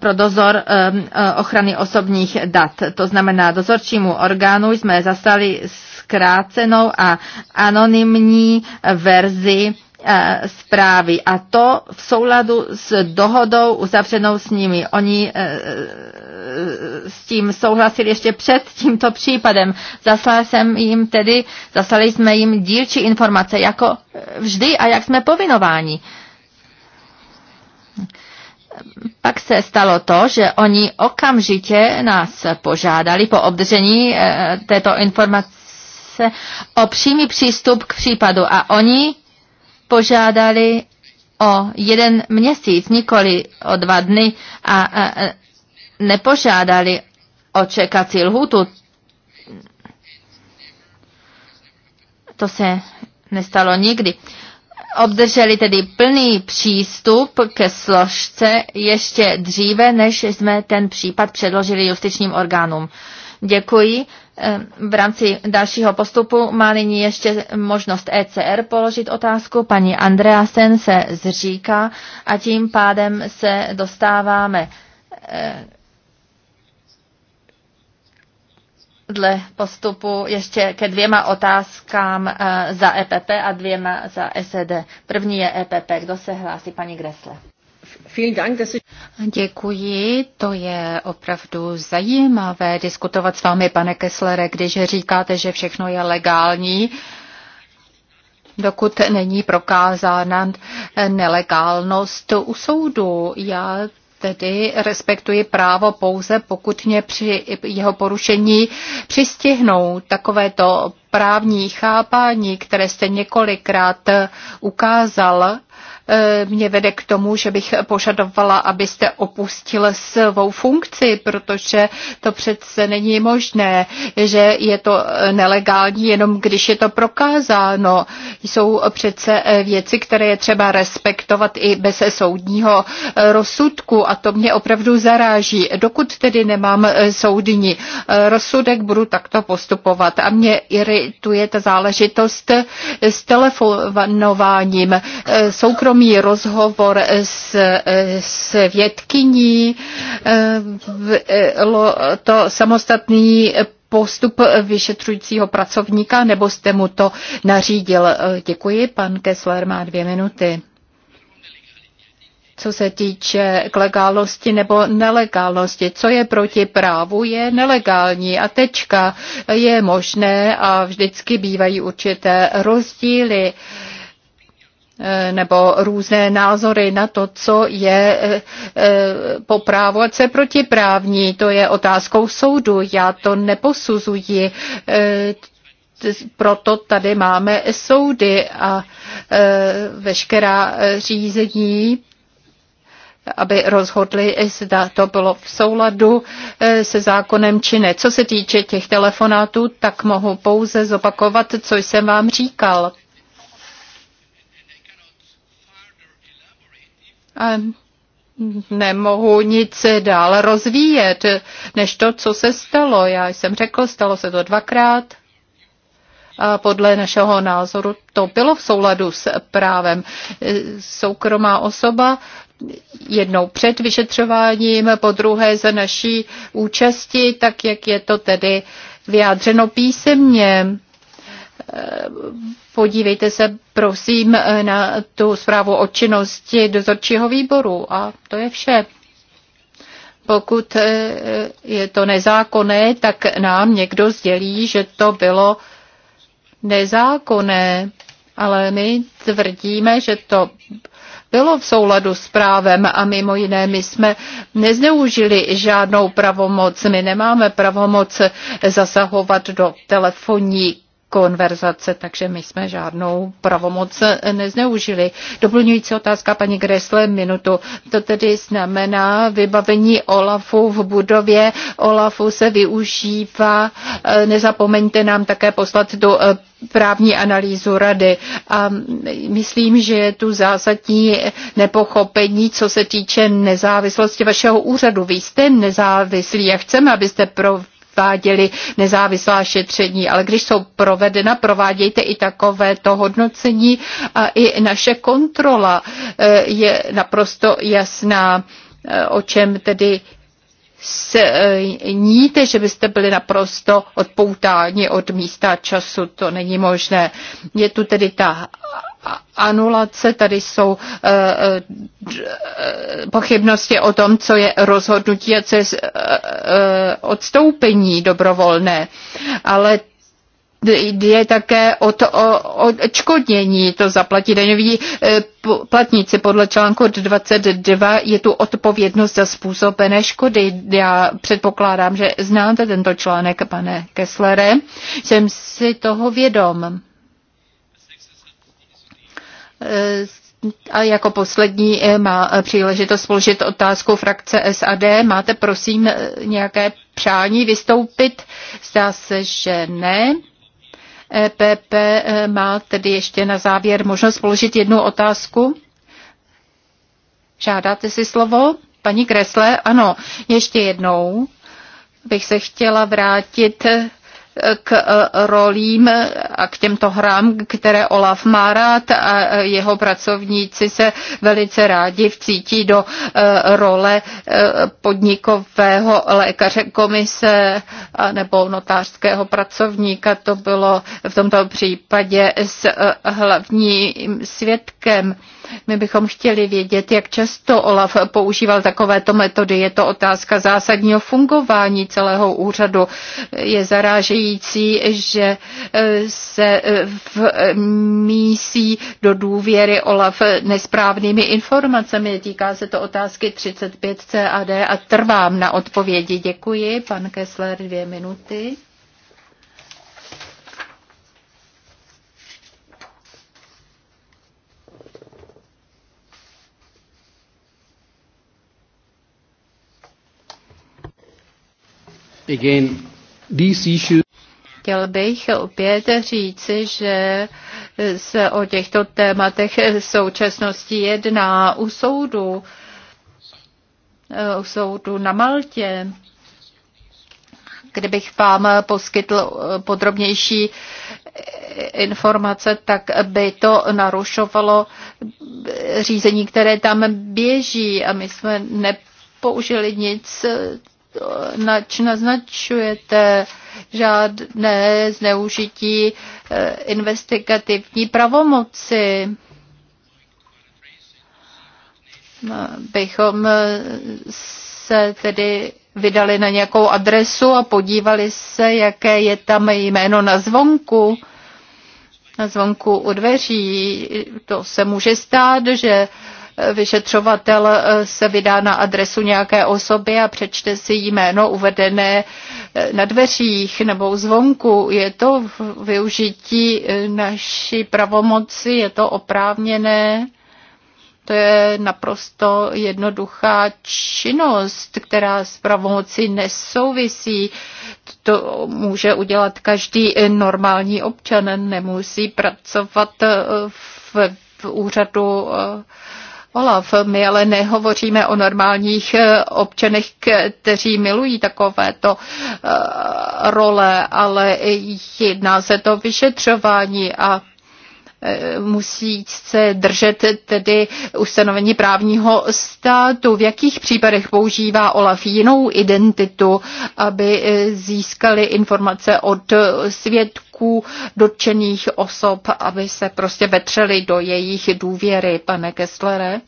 pro dozor eh, ochrany osobních dat. To znamená, dozorčímu orgánu jsme zastali zkrácenou a anonymní verzi Eh, zprávy a to v souladu s dohodou uzavřenou s nimi. Oni eh, eh, s tím souhlasili ještě před tímto případem. Zaslali jsem jim tedy, zaslali jsme jim dílčí informace, jako vždy a jak jsme povinováni. Pak se stalo to, že oni okamžitě nás požádali po obdržení této informace o přímý přístup k případu a oni požádali o jeden měsíc, nikoli o dva dny a, a nepožádali o čekací lhutu. To se nestalo nikdy. Obdrželi tedy plný přístup ke složce ještě dříve, než jsme ten případ předložili justičním orgánům. Děkuji. Eh, v rámci dalšího postupu má nyní ještě možnost ECR položit otázku. Paní Andreasen se zříká a tím pádem se dostáváme eh, dle postupu ještě ke dvěma otázkám eh, za EPP a dvěma za SED. První je EPP. Kdo se hlásí? Paní Gresle. Děkuji, to je opravdu zajímavé diskutovat s vámi, pane Kesslere, když říkáte, že všechno je legální, dokud není prokázána nelegálnost u soudu. Já tedy respektuji právo pouze, pokud mě při jeho porušení přistihnou takovéto právní chápání, které jste několikrát ukázal, Eh, mě vede k tomu, že bych požadovala, abyste opustil svou funkci, protože to přece není možné, že je to eh, nelegální jenom když je to prokázáno. Jsou přece eh, věci, které je třeba respektovat i bez soudního rozsudku a to mě opravdu zaráží. Dokud tedy nemám soudní rozsudek, budu takto postupovat. A mě irituje ta záležitost s telefonováním soukromí soukromý rozhovor s, s vědkyní. to samostatný postup vyšetřujícího pracovníka, nebo jste mu to nařídil? Děkuji, pan Kessler má dvě minuty co se týče k legálnosti nebo nelegálnosti. Co je proti právu, je nelegální a tečka je možné a vždycky bývají určité rozdíly. Uh, Eh, nebo různé názory na to, co je eh, eh, po právu a co je protiprávní. To je otázkou soudu. Já to neposuzuji proto tady máme soudy a veškerá řízení, aby rozhodli, zda to bylo v souladu se zákonem či ne. Co se týče těch telefonátů, tak mohu pouze zopakovat, co jsem vám říkal. a nemohu nic dál rozvíjet, než to, co se stalo. Já jsem řekl, stalo se to dvakrát. A podle našeho názoru to bylo v souladu s právem. Soukromá osoba jednou před vyšetřováním, po druhé za naší účasti, tak jak je to tedy vyjádřeno písemně podívejte se prosím na tu zprávu o činnosti dozorčího výboru a to je vše. Pokud eh, je to nezákonné, tak nám někdo sdělí, že to bylo nezákonné, ale my tvrdíme, že to bylo v souladu s právem a mimo jiné my jsme nezneužili žádnou pravomoc. My nemáme pravomoc zasahovat do telefonní konverzace, takže my jsme žádnou pravomoc nezneužili. Doplňující otázka paní Gresle minutu. To tedy znamená vybavení OLAFu v budově. OLAFu se využívá. Eh, nezapomeňte nám také poslat do eh, právní analýzu rady. A myslím, že je tu zásadní nepochopení, co se týče nezávislosti vašeho úřadu. Vy jste nezávislí a chceme, abyste pro prováděli nezávislá šetření, ale když jsou provedena, provádějte i takovéto hodnocení a i naše kontrola eh, je naprosto jasná, eh, o čem tedy sníte, eh, že byste byli naprosto odpoutáni od místa času. To není možné. Je tu tedy ta anulace, tady jsou eh, eh, pochybnosti o tom, co je rozhodnutí a co je eh, odstoupení dobrovolné. Ale je také o čkodnění, to zaplatí daňoví platníci. Podle článku 22 je tu odpovědnost za způsobené škody. Já předpokládám, že znáte tento článek, pane Kesslere. Jsem si toho vědom. Eh, a jako poslední eh, má eh, příležitost složit otázku frakce SAD. Máte prosím nějaké přání vystoupit? Zdá se, že ne. EPP má tedy ještě na závěr možnost položit jednu otázku. Žádáte si slovo? Paní Kresle, ano, ještě jednou bych se chtěla vrátit k eh, rolím a k těmto hrám, které Olaf má rád a eh, jeho pracovníci se velice rádi vcítí do eh, role podnikového lékaře komise nebo notářského pracovníka. To bylo v tomto případě s hlavním svědkem. My bychom chtěli vědět, jak často Olaf používal takovéto metody. Je to otázka zásadního fungování celého úřadu. Je zarážející, že eh, se eh, v eh, mísí do důvěry Olaf nesprávnými informacemi. Týká se to otázky 35 CAD a trvám na odpovědi. Děkuji. Pan Kessler, dvě minuty. Again, these issues chtěl bych opět říci, že se o těchto tématech v současnosti jedná u soudu, u soudu na Maltě. Kdybych vám poskytl podrobnější informace, tak by to narušovalo řízení, které tam běží a my jsme nepoužili nic, nač, naznačujete žádné zneužití eh, investigativní pravomoci. No, bychom eh, se tedy vydali na nějakou adresu a podívali se, jaké je tam jméno na zvonku. Na zvonku u dveří to se může stát, že uh, vyšetřovatel eh, se vydá na adresu nějaké osoby a přečte si jméno uvedené eh, na dveřích nebo zvonku. Je to využití eh, naší pravomoci, je to oprávněné. To je naprosto jednoduchá činnost, která s pravomocí nesouvisí. To může udělat každý normální občan, nemusí pracovat v, v úřadu Olaf. My ale nehovoříme o normálních eh, občanech, kteří milují takovéto eh, role, ale jedná se to vyšetřování a musí se držet tedy ustanovení právního státu. V jakých případech používá OLAF jinou identitu, aby získali informace od svědků dotčených osob, aby se prostě vetřeli do jejich důvěry, pane Kesslere?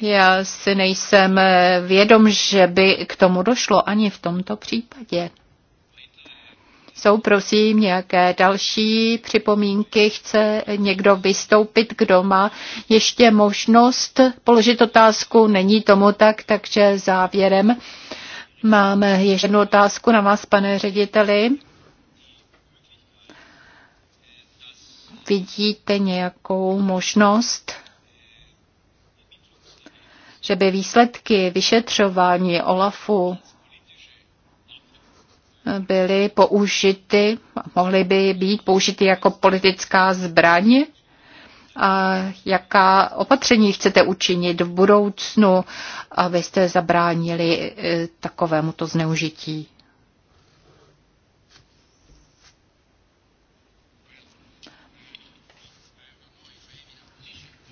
Já si nejsem vědom, že by k tomu došlo ani v tomto případě. Jsou prosím nějaké další připomínky? Chce někdo vystoupit, kdo má ještě možnost položit otázku? Není tomu tak, takže závěrem máme ještě jednu otázku na vás, pane řediteli. Vidíte nějakou možnost? že by výsledky vyšetřování OLAFu byly použity, mohly by být použity jako politická zbraň? A jaká opatření chcete učinit v budoucnu, abyste zabránili e, takovémuto zneužití?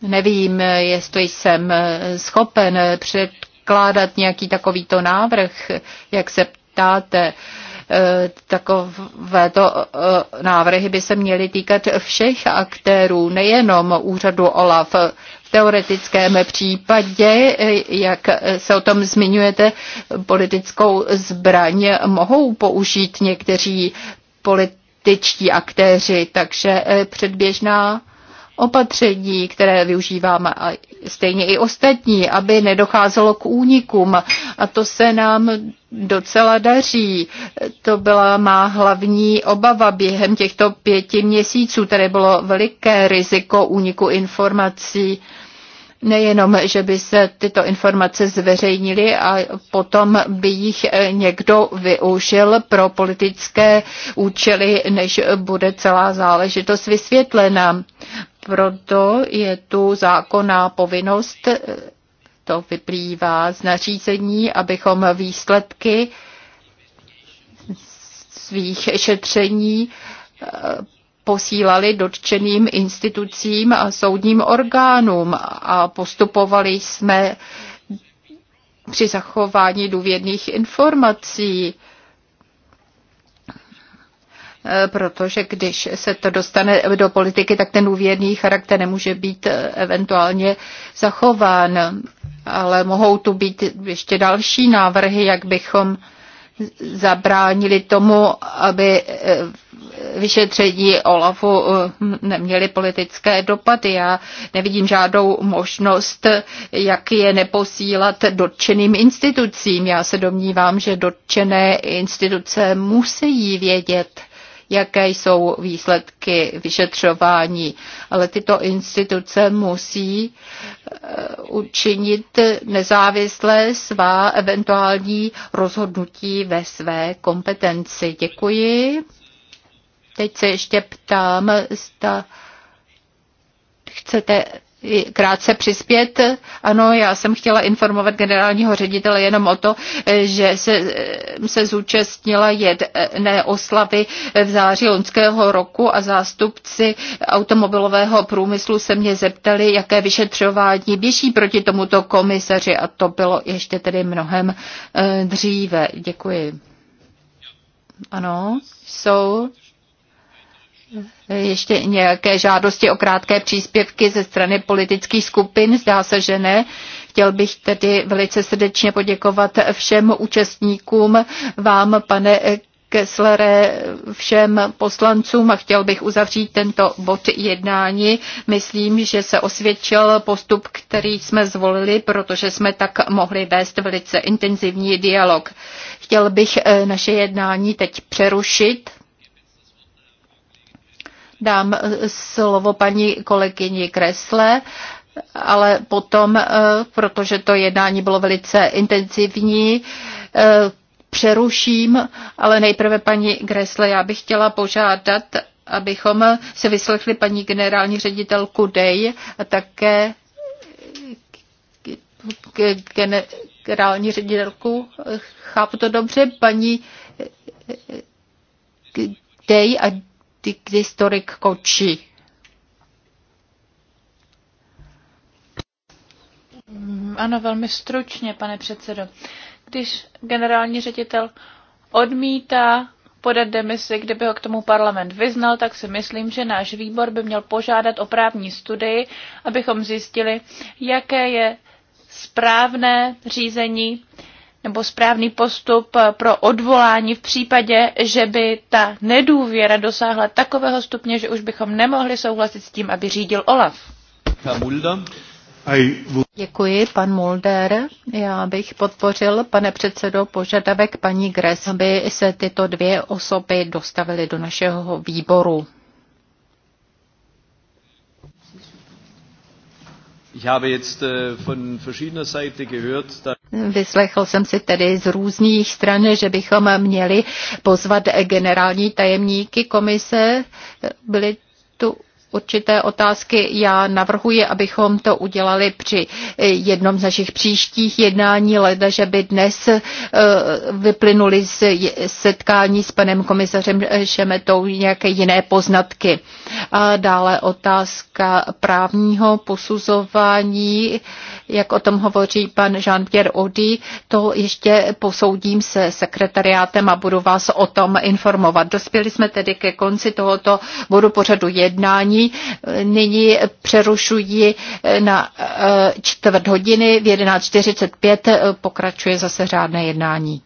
Nevím, jestli jsem schopen předkládat nějaký takovýto návrh, jak se ptáte. Uh, Takovéto eh, návrhy by se měly týkat všech aktérů, nejenom úřadu OLAF. V teoretickém případě, eh, jak se o tom zmiňujete, politickou zbraň mohou použít někteří političtí aktéři, takže eh, předběžná opatření, které využíváme a stejně i ostatní, aby nedocházelo k únikům. A to se nám docela daří. To byla má hlavní obava během těchto pěti měsíců. Tady bylo veliké riziko úniku informací. Nejenom, že by se tyto informace zveřejnily a potom by jich někdo využil pro politické účely, než bude celá záležitost vysvětlena proto je tu zákonná povinnost, to vyplývá z nařízení, abychom výsledky svých šetření eh, posílali dotčeným institucím a soudním orgánům a postupovali jsme při zachování důvěrných informací. Eh, protože když se to dostane do politiky, tak ten důvěrný charakter nemůže být eh, eventuálně zachován. Ale mohou tu být ještě další návrhy, jak bychom zabránili tomu, aby eh, vyšetření Olafu neměly politické dopady. Já nevidím žádnou možnost, jak je neposílat dotčeným institucím. Já se domnívám, že dotčené instituce musí vědět, jaké jsou výsledky vyšetřování. Ale tyto instituce musí eh, učinit nezávislé svá eventuální rozhodnutí ve své kompetenci. Děkuji. Teď se ještě ptám, zda chcete krátce přispět. Ano, já jsem chtěla informovat generálního ředitele jenom o to, eh, že se, eh, se zúčastnila jedné oslavy v září loňského roku a zástupci automobilového průmyslu se mě zeptali, jaké vyšetřování běží proti tomuto komisaři a to bylo ještě tedy mnohem eh, dříve. Děkuji. Ano, jsou ještě nějaké žádosti o krátké příspěvky ze strany politických skupin? Zdá se, že ne. Chtěl bych tedy velice srdečně poděkovat všem účastníkům, vám, pane Kesslere, všem poslancům a chtěl bych uzavřít tento bod jednání. Myslím, že se osvědčil postup, který jsme zvolili, protože jsme tak mohli vést velice intenzivní dialog. Chtěl bych eh, naše jednání teď přerušit dám eh, slovo paní kolegyni Kresle, ale potom, eh, protože to jednání bylo velice intenzivní, eh, přeruším, ale nejprve paní Gresle, já bych chtěla požádat, abychom se vyslechli paní generální ředitelku Dej a také generální ředitelku, chápu to dobře, paní Dej a historik Koči. Mm, ano, velmi stručně, pane předsedo. Když generální ředitel odmítá podat demisi, kdyby ho k tomu parlament vyznal, tak si myslím, že náš výbor by měl požádat o právní studii, abychom zjistili, jaké je správné řízení nebo správný postup eh, pro odvolání v případě, že by ta nedůvěra dosáhla takového stupně, že už bychom nemohli souhlasit s tím, aby řídil Olaf. Děkuji, pan Mulder. Já bych podpořil, pane předsedo, požadavek paní Gres, aby se tyto dvě osoby dostavily do našeho výboru. Äh, Vyslechl jsem si tedy z různých stran, že bychom měli pozvat generální tajemníky komise. Byli tu určité otázky. Já navrhuji, abychom to udělali při eh, jednom z našich příštích jednání, leda, že by dnes eh, vyplynuli z setkání s panem komisařem eh, Šemetou nějaké jiné poznatky. A dále otázka právního posuzování, jak o tom hovoří pan Jean-Pierre Audi, to ještě posoudím se sekretariátem a budu vás o tom informovat. Dospěli jsme tedy ke konci tohoto bodu pořadu jednání jednání. Nyní přerušuji na eh, čtvrt hodiny. V 11.45 eh, pokračuje zase řádné jednání.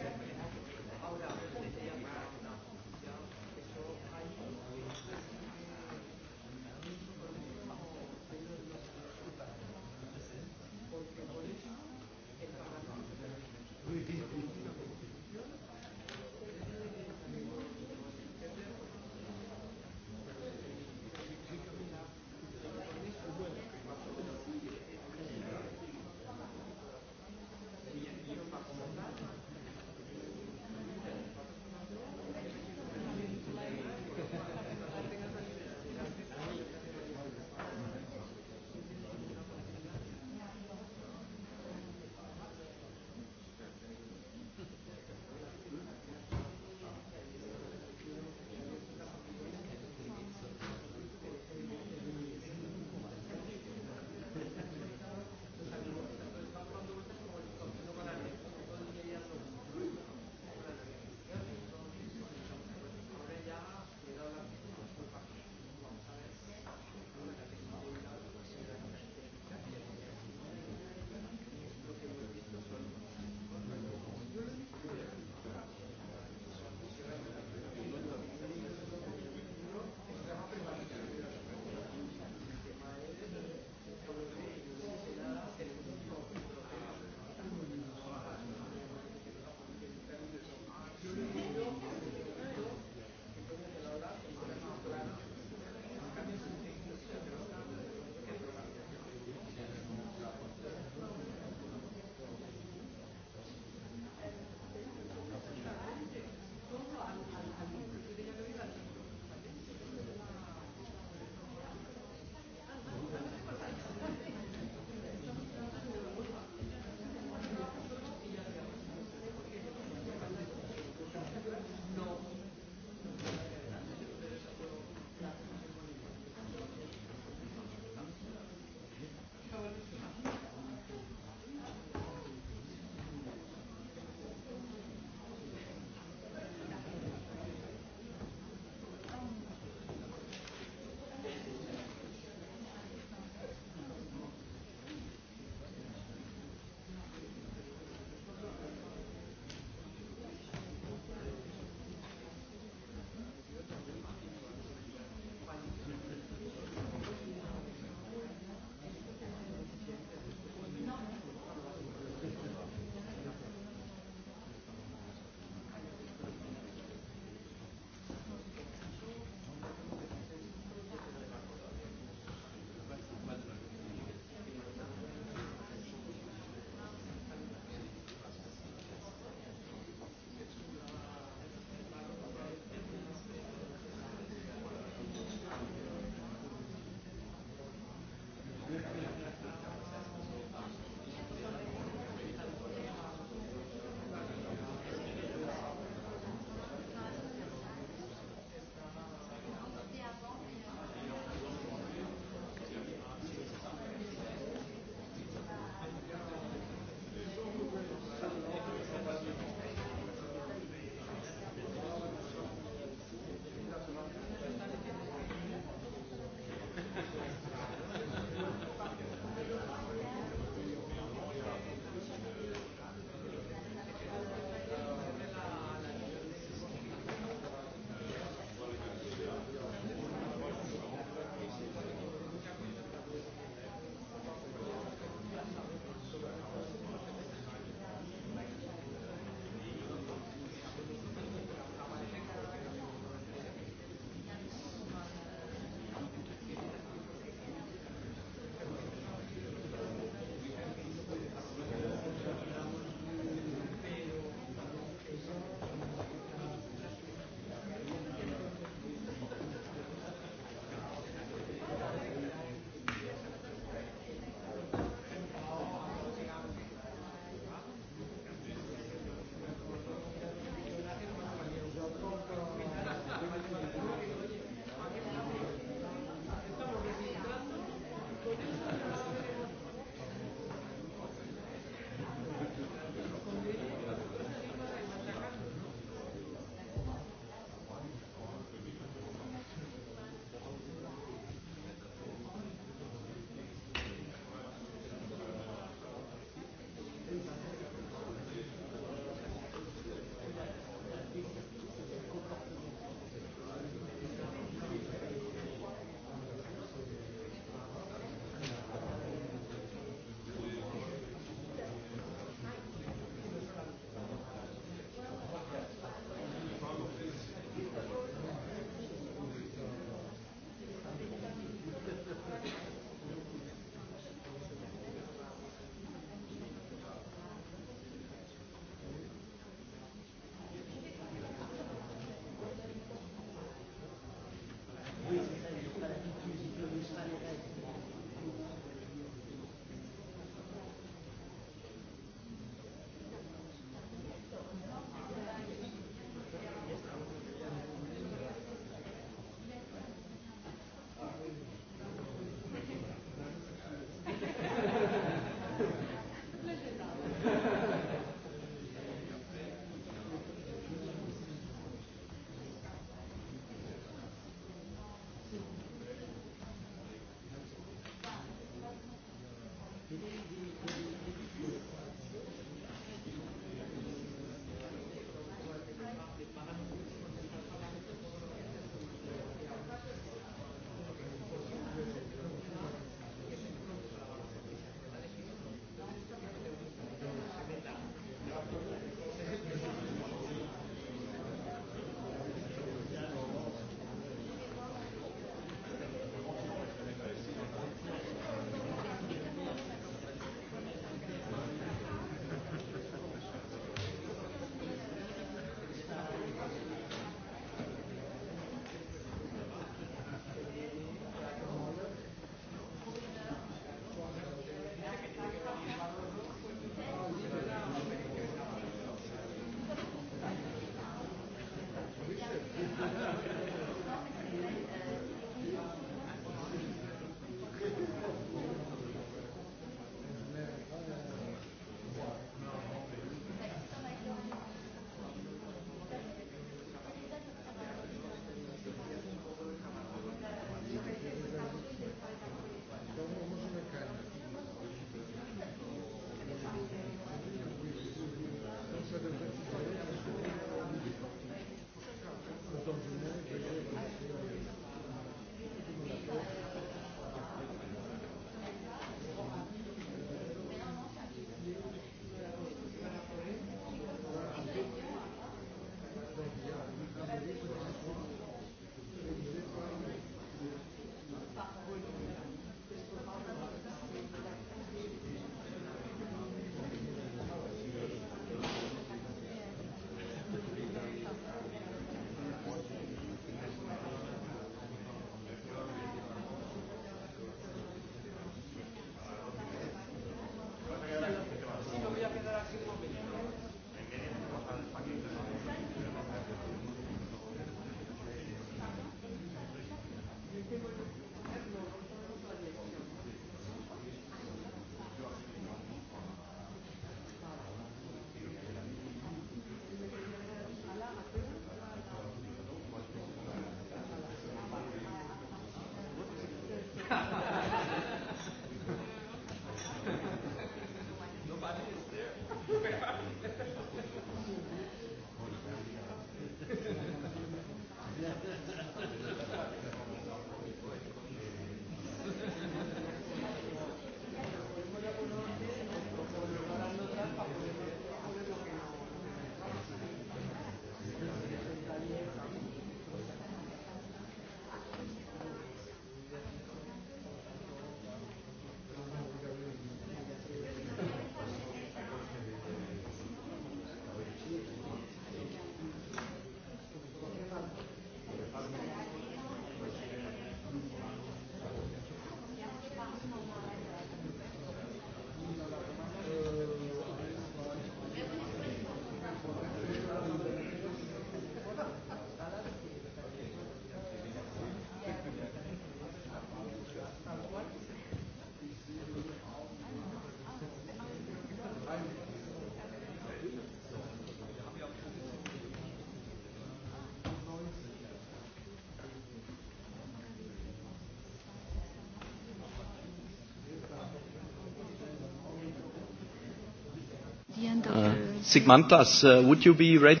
Sigmantas, uh, would you be ready?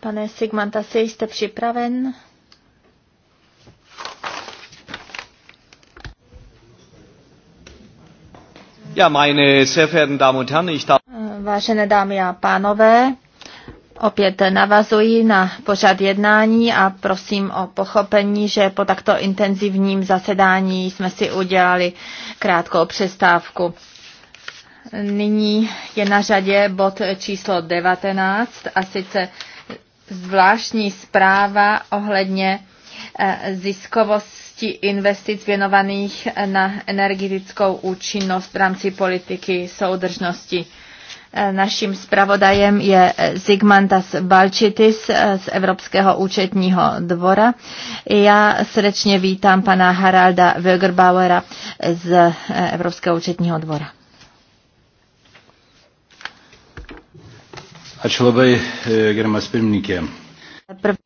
Pane Sigmantas, jste připraven? Ja, meine sehr verehrten Damen und Herren, ich darf... Vážené dámy a pánové, opět navazuji na pořad jednání a prosím o pochopení, že po takto intenzivním zasedání jsme si udělali krátkou přestávku. Nyní je na řadě bod číslo 19 a sice zvláštní zpráva ohledně eh, ziskovosti investic věnovaných na energetickou účinnost v rámci politiky soudržnosti. Eh, naším zpravodajem je eh, Zigmantas Balčitis z Evropského účetního dvora. Já srdečně vítám pana Haralda Wögerbauera z Evropského účetního dvora. E,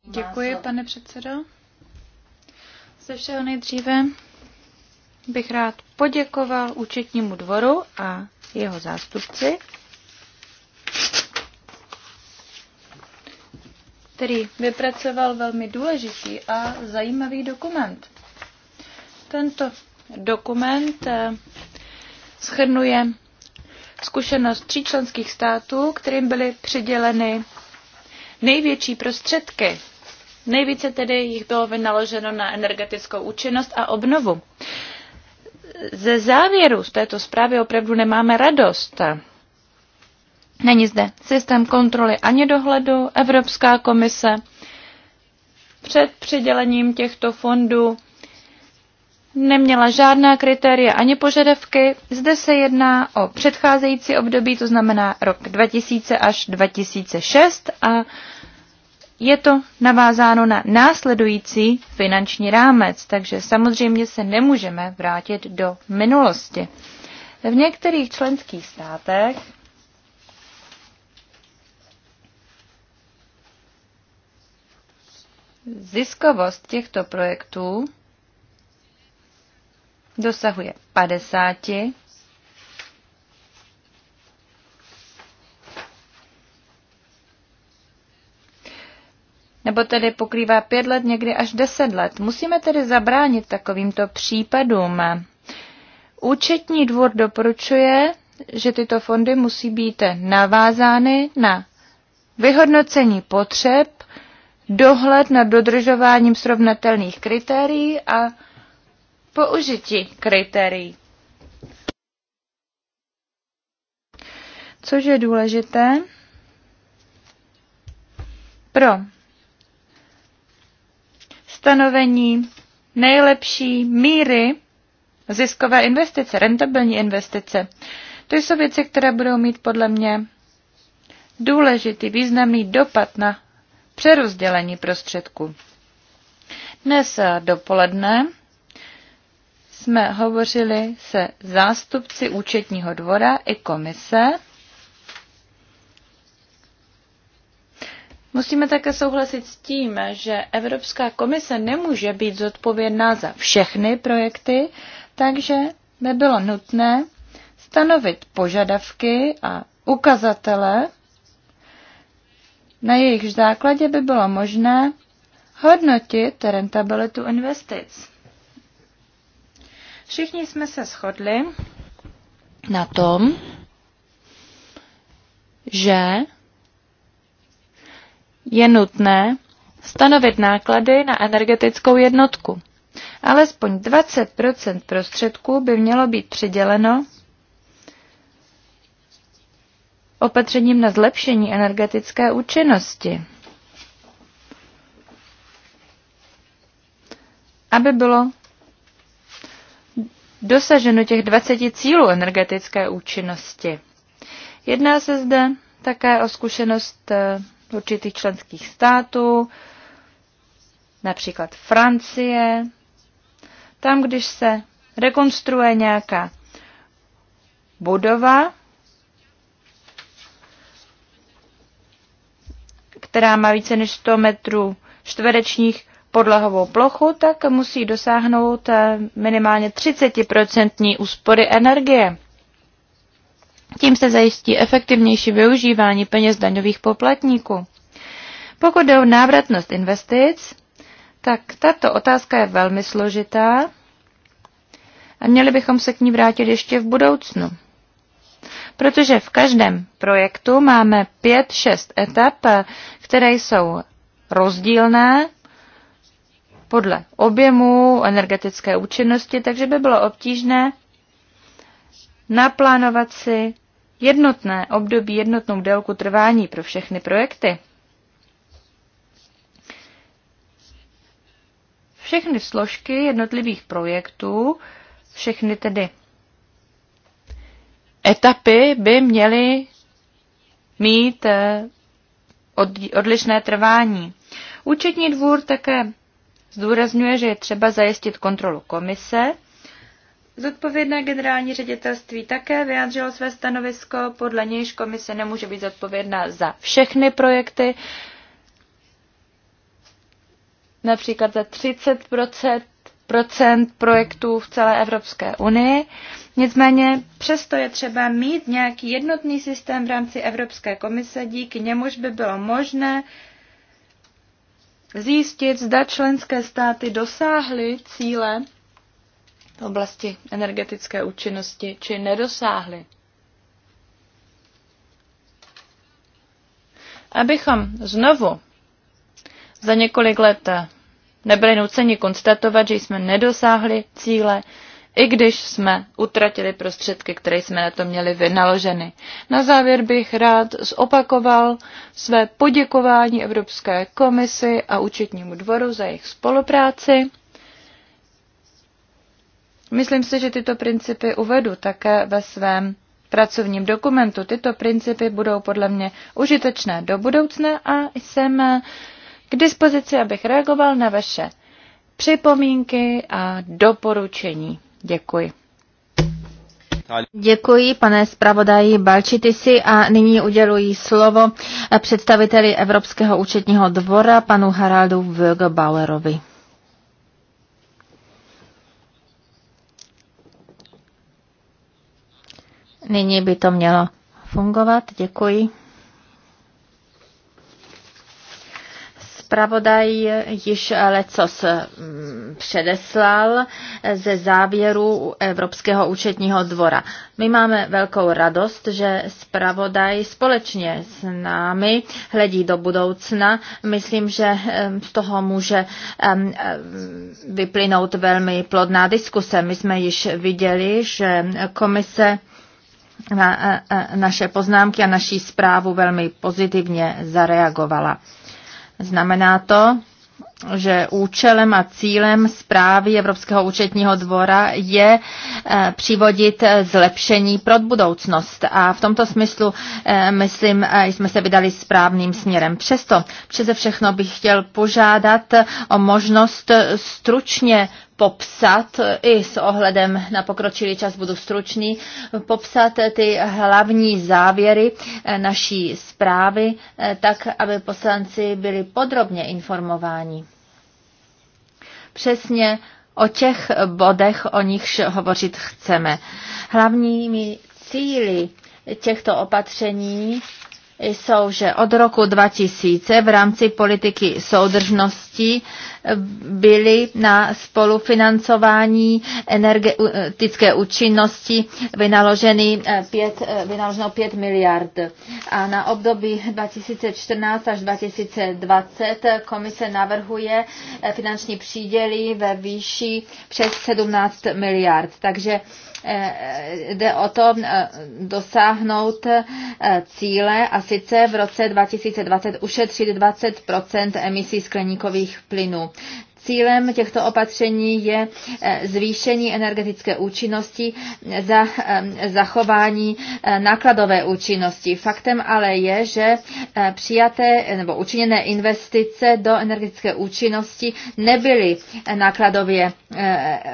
Děkuji, pane předsedo. Ze všeho nejdříve bych rád poděkoval účetnímu dvoru a jeho zástupci, který vypracoval velmi důležitý a zajímavý dokument. Tento dokument e, schrnuje zkušenost tří členských států, kterým byly přiděleny největší prostředky. Nejvíce tedy jich bylo vynaloženo na energetickou účinnost a obnovu. Ze závěru z této zprávy opravdu nemáme radost. Není zde systém kontroly ani dohledu. Evropská komise před přidělením těchto fondů neměla žádná kritéria ani požadavky. Zde se jedná o předcházející období, to znamená rok 2000 až 2006 a je to navázáno na následující finanční rámec, takže samozřejmě se nemůžeme vrátit do minulosti. V některých členských státech ziskovost těchto projektů dosahuje 50 nebo tedy pokrývá pět let, někdy až deset let. Musíme tedy zabránit takovýmto případům. Účetní dvůr doporučuje, že tyto fondy musí být navázány na vyhodnocení potřeb, dohled nad dodržováním srovnatelných kritérií a použití kritérií. Což je důležité pro stanovení nejlepší míry ziskové investice, rentabilní investice. To jsou věci, které budou mít podle mě důležitý, významný dopad na přerozdělení prostředků. Dnes dopoledne jsme hovořili se zástupci účetního dvora i komise. Musíme také souhlasit s tím, že Evropská komise nemůže být zodpovědná za všechny projekty, takže by bylo nutné stanovit požadavky a ukazatele, na jejich základě by bylo možné hodnotit rentabilitu investic. Všichni jsme se shodli na tom, že je nutné stanovit náklady na energetickou jednotku. Alespoň 20 prostředků by mělo být přiděleno opatřením na zlepšení energetické účinnosti, aby bylo dosaženo těch 20 cílů energetické účinnosti. Jedná se zde také o zkušenost eh, určitých členských států, například Francie. Tam, když se rekonstruuje nějaká budova, která má více než 100 metrů čtverečních, podlahovou plochu, tak musí dosáhnout eh, minimálně 30% úspory energie. Tím se zajistí efektivnější využívání peněz daňových poplatníků. Pokud jde o návratnost investic, tak tato otázka je velmi složitá a měli bychom se k ní vrátit ještě v budoucnu. Protože v každém projektu máme 5-6 etap, eh, které jsou rozdílné podle objemu energetické účinnosti, takže by bylo obtížné naplánovat si jednotné období, jednotnou délku trvání pro všechny projekty. Všechny složky jednotlivých projektů, všechny tedy etapy by měly mít eh, odlišné trvání. Účetní dvůr také zdůrazňuje, že je třeba zajistit kontrolu komise. Zodpovědné generální ředitelství také vyjádřilo své stanovisko, podle nějž komise nemůže být zodpovědná za všechny projekty, například za 30 procent projektů v celé Evropské unii. Nicméně přesto je třeba mít nějaký jednotný systém v rámci Evropské komise, díky němuž by bylo možné zjistit, zda členské státy dosáhly cíle v oblasti energetické účinnosti či nedosáhly. Abychom znovu za několik let nebyli nuceni konstatovat, že jsme nedosáhli cíle, i když jsme utratili prostředky, které jsme na to měli vynaloženy. Na závěr bych rád zopakoval své poděkování Evropské komisi a účetnímu dvoru za jejich spolupráci. Myslím si, že tyto principy uvedu také ve svém pracovním dokumentu. Tyto principy budou podle mě užitečné do budoucna a jsem eh, k dispozici, abych reagoval na vaše připomínky a doporučení. Děkuji. Děkuji, pane zpravodaji Balčitisi a nyní uděluji slovo představiteli Evropského účetního dvora panu Haraldu Vögebauerovi. Nyní by to mělo fungovat. Děkuji. Spravodaj již lecos mm, předeslal ze závěru Evropského účetního dvora. My máme velkou radost, že spravodaj společně s námi hledí do budoucna. Myslím, že z toho může vyplynout velmi plodná diskuse. My jsme již viděli, že komise na e, e, naše poznámky a naší zprávu velmi pozitivně zareagovala. Znamená to, že účelem a cílem zprávy Evropského účetního dvora je eh, přivodit zlepšení pro budoucnost. A v tomto smyslu, eh, myslím, eh, jsme se vydali správným směrem. Přesto přeze všechno bych chtěl požádat o možnost stručně popsat i s ohledem na pokročilý čas, budu stručný, popsat ty hlavní závěry eh, naší zprávy, eh, tak, aby poslanci byli podrobně informováni. Přesně o těch bodech, o nichž hovořit chceme. Hlavními cíly těchto opatření jsou, že od roku 2000 v rámci politiky soudržnosti byly na spolufinancování energetické účinnosti vynaloženy 5, eh, eh, vynaloženo 5 miliard. A na období 2014 až 2020 komise navrhuje eh, finanční příděly ve výši přes 17 miliard. Takže jde o to eh, dosáhnout eh, cíle a sice v roce 2020 ušetřit 20 emisí skleníkových plynů. Cílem těchto opatření je eh, zvýšení energetické účinnosti za eh, zachování eh, nákladové účinnosti. Faktem ale je, že přijaté nebo učiněné investice do energetické účinnosti nebyly nákladově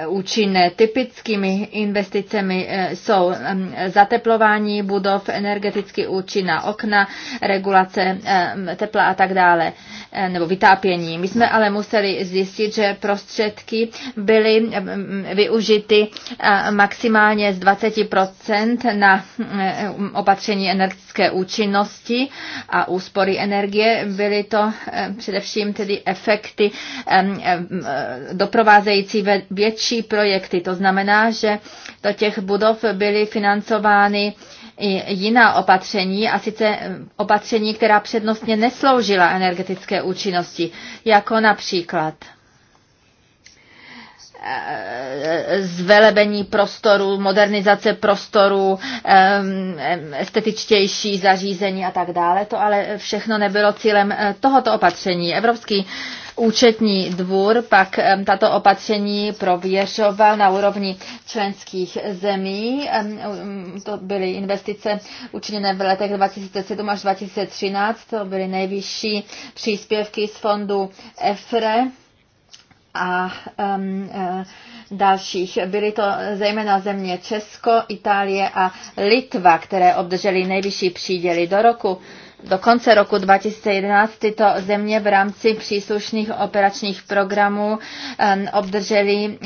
účinné. Typickými investicemi jsou mm, zateplování budov, energeticky účinná okna, regulace tepla a tak dále, nebo vytápění. My jsme ale museli zjistit, zjistit, že prostředky byly využity eh, maximálně z 20 na eh, opatření energetické účinnosti a úspory energie. Byly to eh, především tedy efekty doprovázející větší projekty. To znamená, že do těch budov byly financovány i jiná opatření, a sice opatření, která přednostně nesloužila energetické účinnosti, jako například Eh, eh, zvelebení prostoru, modernizace prostoru, estetičtější zařízení a tak dále. To ale všechno nebylo cílem eh, tohoto opatření. Evropský účetní dvůr pak tato opatření prověřoval na úrovni členských zemí. To byly investice učiněné v letech 2007 až 2013. To byly nejvyšší příspěvky z fondu EFRE a um, dalších. Byly to zejména země Česko, Itálie a Litva, které obdrželi nejvyšší příděly do roku. Do konce roku 2011 tyto země v rámci příslušných operačních programů um, obdržely um,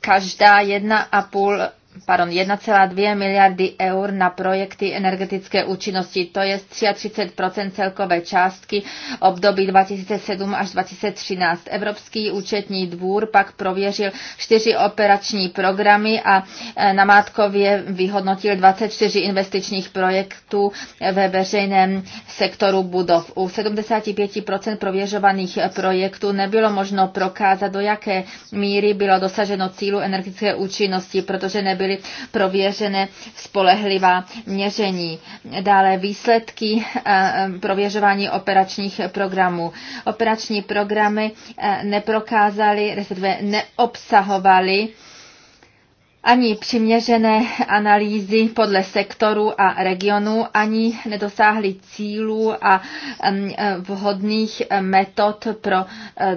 každá 1,5 pardon, 1,2 miliardy eur na projekty energetické účinnosti. To je 33 celkové částky období 2007 až 2013. Evropský účetní dvůr pak prověřil čtyři operační programy a e, na Mátkově vyhodnotil 24 investičních projektů ve veřejném sektoru budov. U 75 prověřovaných projektů nebylo možno prokázat, do jaké míry bylo dosaženo cílu energetické účinnosti, protože nebylo byly prověřené spolehlivá měření. Dále výsledky eh, eh, prověřování operačních programů. Operační programy eh, neprokázaly, respektive neobsahovaly ani přiměřené analýzy podle sektoru a regionu, ani nedosáhly cílů a vhodných metod pro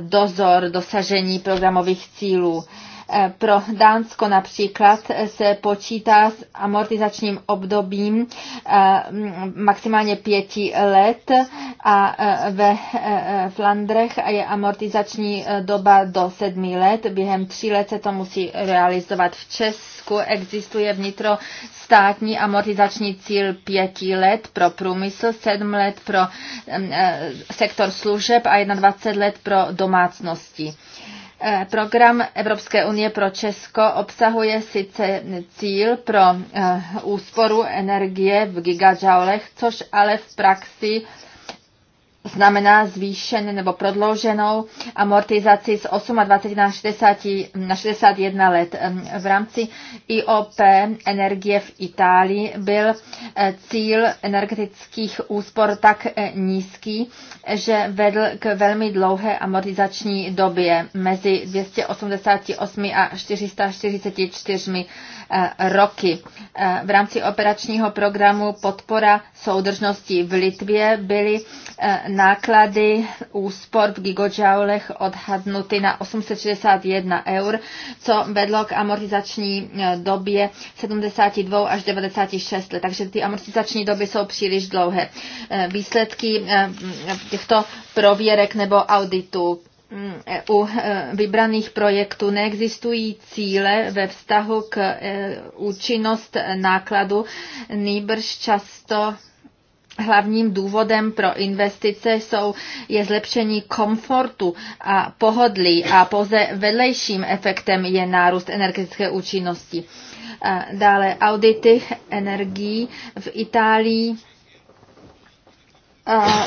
dozor dosažení programových cílů. Pro Dánsko například se počítá s amortizačním obdobím eh, maximálně pěti let a eh, ve eh, Flandrech je amortizační doba do sedmi let. Během tří let se to musí realizovat. V Česku existuje vnitro státní amortizační cíl pěti let pro průmysl, sedm let pro sektor služeb a 21 let pro domácnosti. Eh, program Evropské unie pro Česko obsahuje sice cíl pro eh, úsporu energie v gigajoulech, což ale v praxi znamená zvýšen nebo prodlouženou amortizaci z 28 na, 60, na 61 let. V rámci IOP energie v Itálii byl eh, cíl energetických úspor tak eh, nízký, že vedl k velmi dlouhé amortizační době mezi 288 a 444 eh, roky. V rámci operačního programu podpora soudržnosti v Litvě byly náklady úspor v gigajoulech odhadnuty na 861 eur, co vedlo k amortizační e, době 72 až 96 let. Takže ty amortizační doby jsou příliš dlouhé. E, výsledky e, těchto prověrek nebo auditů u vybraných projektů neexistují cíle ve vztahu k účinnost nákladu, nýbrž často Hlavním důvodem pro investice jsou, je zlepšení komfortu a pohodlí a pouze vedlejším efektem je nárůst energetické účinnosti. Dále audity energií v Itálii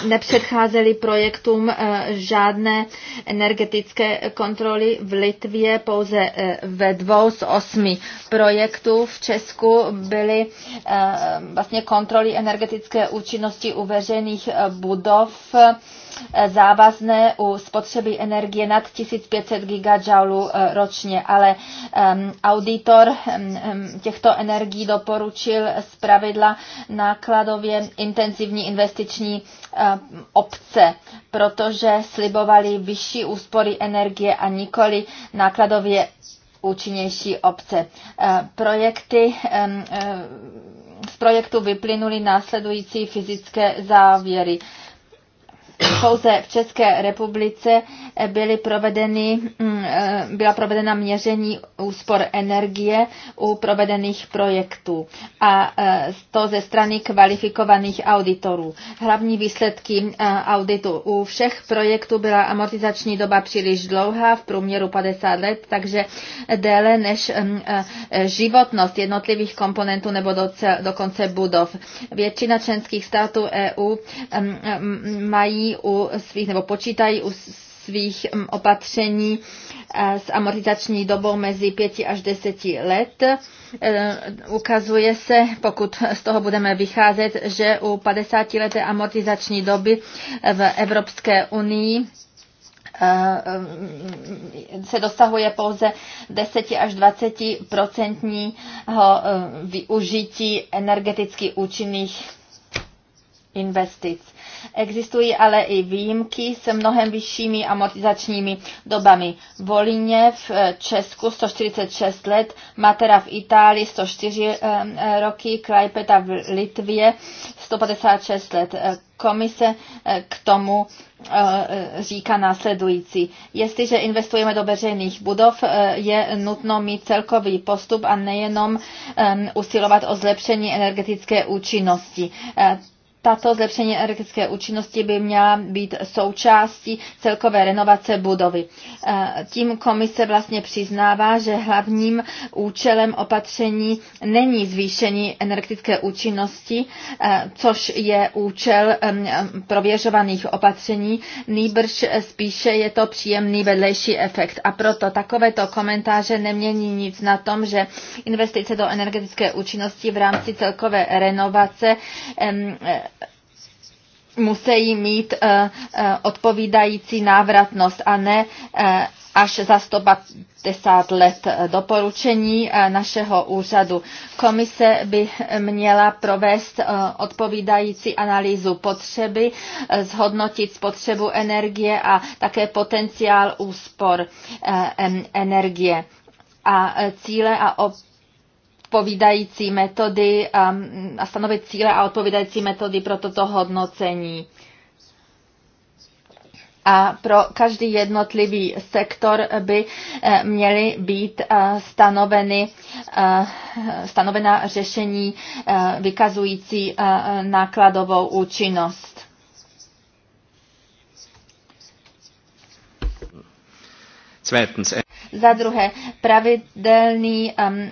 nepředcházely projektům e, žádné energetické kontroly v Litvě, pouze e, ve dvou z osmi projektů v Česku byly e, vlastně kontroly energetické účinnosti u veřejných budov Eh, závazné u spotřeby energie nad 1500 gigajoulů eh, ročně, ale ehm, auditor ehm, ehm, těchto energií doporučil pravidla nákladově intenzivní investiční eh, obce, protože slibovali vyšší úspory energie a nikoli nákladově účinnější obce. Projekty z projektu vyplynuly následující fyzické závěry pouze v České republice byly provedeny, mm, eh, byla provedena měření úspor energie u provedených projektů a eh, to ze strany kvalifikovaných auditorů. Hlavní výsledky eh, auditu u všech projektů byla amortizační doba příliš dlouhá, v průměru 50 let, takže déle než mm, životnost jednotlivých komponentů nebo dokonce budov. Většina členských států EU mm, mají u svých nebo počítají u svých mm, opatření eh, s amortizační dobou mezi 5 až 10 let. Eh, ukazuje se, pokud z toho budeme vycházet, že u 50 leté amortizační doby v Evropské unii eh, mm, se dosahuje pouze 10 až 20 procentního využití energeticky účinných investic. Existují ale i výjimky s mnohem vyššími amortizačními dobami. Volině eh, v Česku 146 let, Matera v Itálii 104 eh, eh, roky, Klajpeta v Litvě 156 let. Komise k tomu říká následující. Jestliže investujeme do veřejných budov, je nutno mít celkový postup a nejenom usilovat o zlepšení energetické účinnosti tato zlepšení energetické účinnosti by měla být součástí celkové renovace budovy. E, tím komise vlastně přiznává, že hlavním účelem opatření není zvýšení energetické účinnosti, e, což je účel e, prověřovaných opatření, nýbrž spíše je to příjemný vedlejší efekt. A proto takovéto komentáře nemění nic na tom, že investice do energetické účinnosti v rámci celkové renovace musí mít eh, eh, odpovídající návratnost a ne eh, až za 150 let. Doporučení našeho úřadu. Komise by měla provést odpovídající analýzu potřeby, zhodnotit spotřebu energie a také potenciál úspor energie a cíle a op odpovídající metody um, a, stanovit cíle a odpovídající metody pro toto hodnocení. A pro každý jednotlivý sektor by eh, měly být eh, stanoveny, eh, stanovena řešení vykazující nákladovou účinnost. Zweitens. Za druhé, pravidelný, um,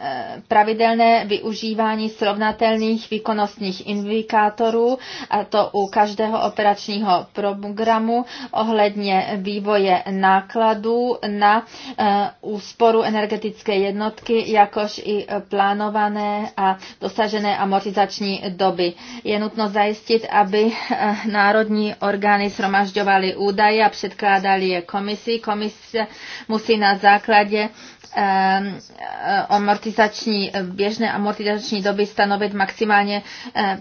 eh, pravidelné využívání srovnatelných výkonnostních indikátorů, a to u každého operačního programu ohledně vývoje nákladů na eh, úsporu energetické jednotky, jakož i plánované a dosažené amortizační doby. Je nutno zajistit, aby eh, národní orgány shromažďovaly údaje a předkládali je komisi. Komise musí na základě Ehm, eh, amortizační, eh, běžné amortizační doby stanovit maximálně eh,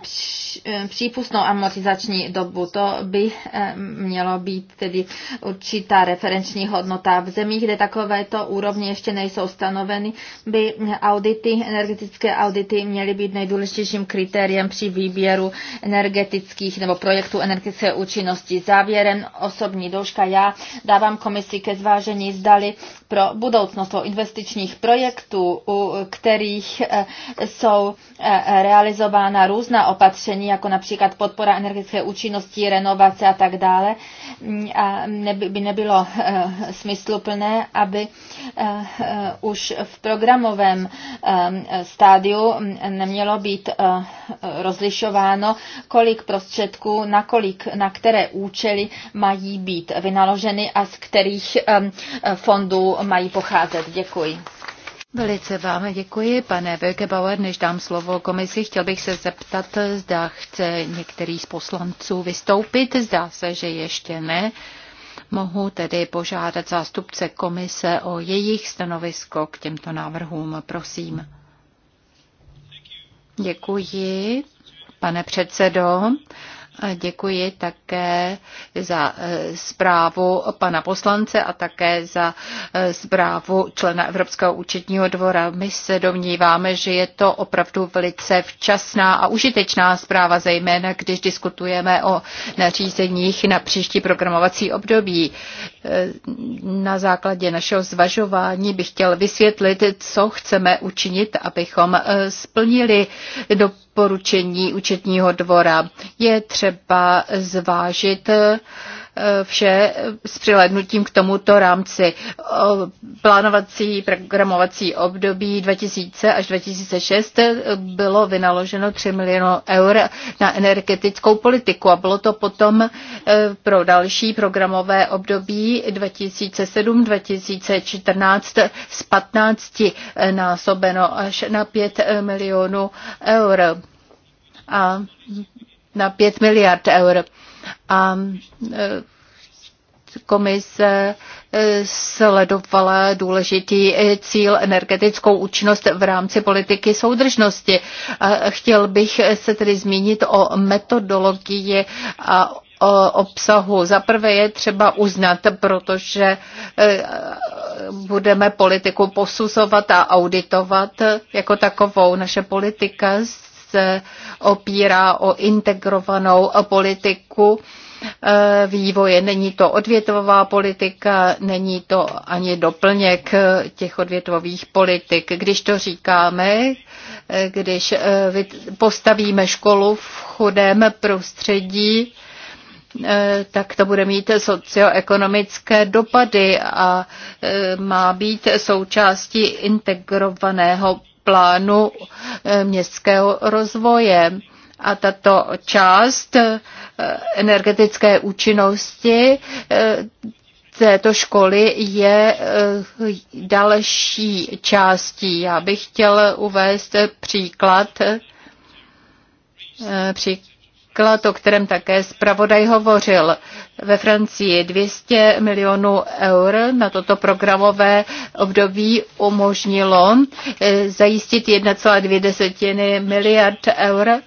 přípustnou amortizační dobu. To by ehm, mělo být tedy určitá referenční hodnota. V zemích, kde takovéto úrovně ještě nejsou stanoveny, by audity, energetické audity měly být nejdůležitějším kritériem při výběru energetických nebo projektů energetické účinnosti. Závěrem osobní douška já dávám komisi ke zvážení, zdali pro budoucnost, o investičních projektů, u kterých eh, jsou eh, realizována různá opatření, jako například podpora energetické účinnosti, renovace a tak dále. Mm, a by nebylo eh, smysluplné, aby už v programovém stádiu mm, nemělo být rozlišováno, kolik prostředků, na, kolik, na které účely mají být vynaloženy a z kterých fondů mají pocházet. Děkuji. Velice vám děkuji, pane Wilkebauer. Než dám slovo komisi, chtěl bych se zeptat, zda chce některý z poslanců vystoupit. Zdá se, že ještě ne. Mohu tedy požádat zástupce komise o jejich stanovisko k těmto návrhům, prosím. Děkuji, pane předsedo. Děkuji také za eh, zprávu pana poslance a také za eh, zprávu člena Evropského účetního dvora. My se domníváme, že je to opravdu velice včasná a užitečná zpráva, zejména když diskutujeme o nařízeních na příští programovací období na základě našeho zvažování bych chtěl vysvětlit, co chceme učinit, abychom eh, splnili doporučení účetního dvora. Je třeba zvážit, eh, Eh, vše s přilednutím k tomuto rámci. Plánovací programovací období 2000 až 2006 bylo vynaloženo 3 miliony eur na energetickou politiku a bylo to potom eh, pro další programové období 2007-2014 z 15 eh, násobeno až na 5 milionů eur a na 5 miliard eur a e, komise e, sledovala důležitý e, cíl energetickou účinnost v rámci politiky soudržnosti. Chtěl bych se tedy zmínit o metodologii a o obsahu. Za prvé je třeba uznat, protože budeme politiku posuzovat a auditovat jako takovou. Naše politika se opírá o integrovanou politiku eh, vývoje. Není to odvětvová politika, není to ani doplněk eh, těch odvětvových politik. Když to říkáme, eh, když postavíme školu v chudém prostředí, tak to bude mít socioekonomické dopady a má být součástí integrovaného plánu eh, městského rozvoje. A tato část eh, energetické účinnosti eh, této školy je další částí. Já bych chtěl uvést příklad, příklad příklad, o kterém také zpravodaj hovořil. Ve Francii 200 milionů eur na toto programové období umožnilo eh, zajistit 1,2 miliard eur eh,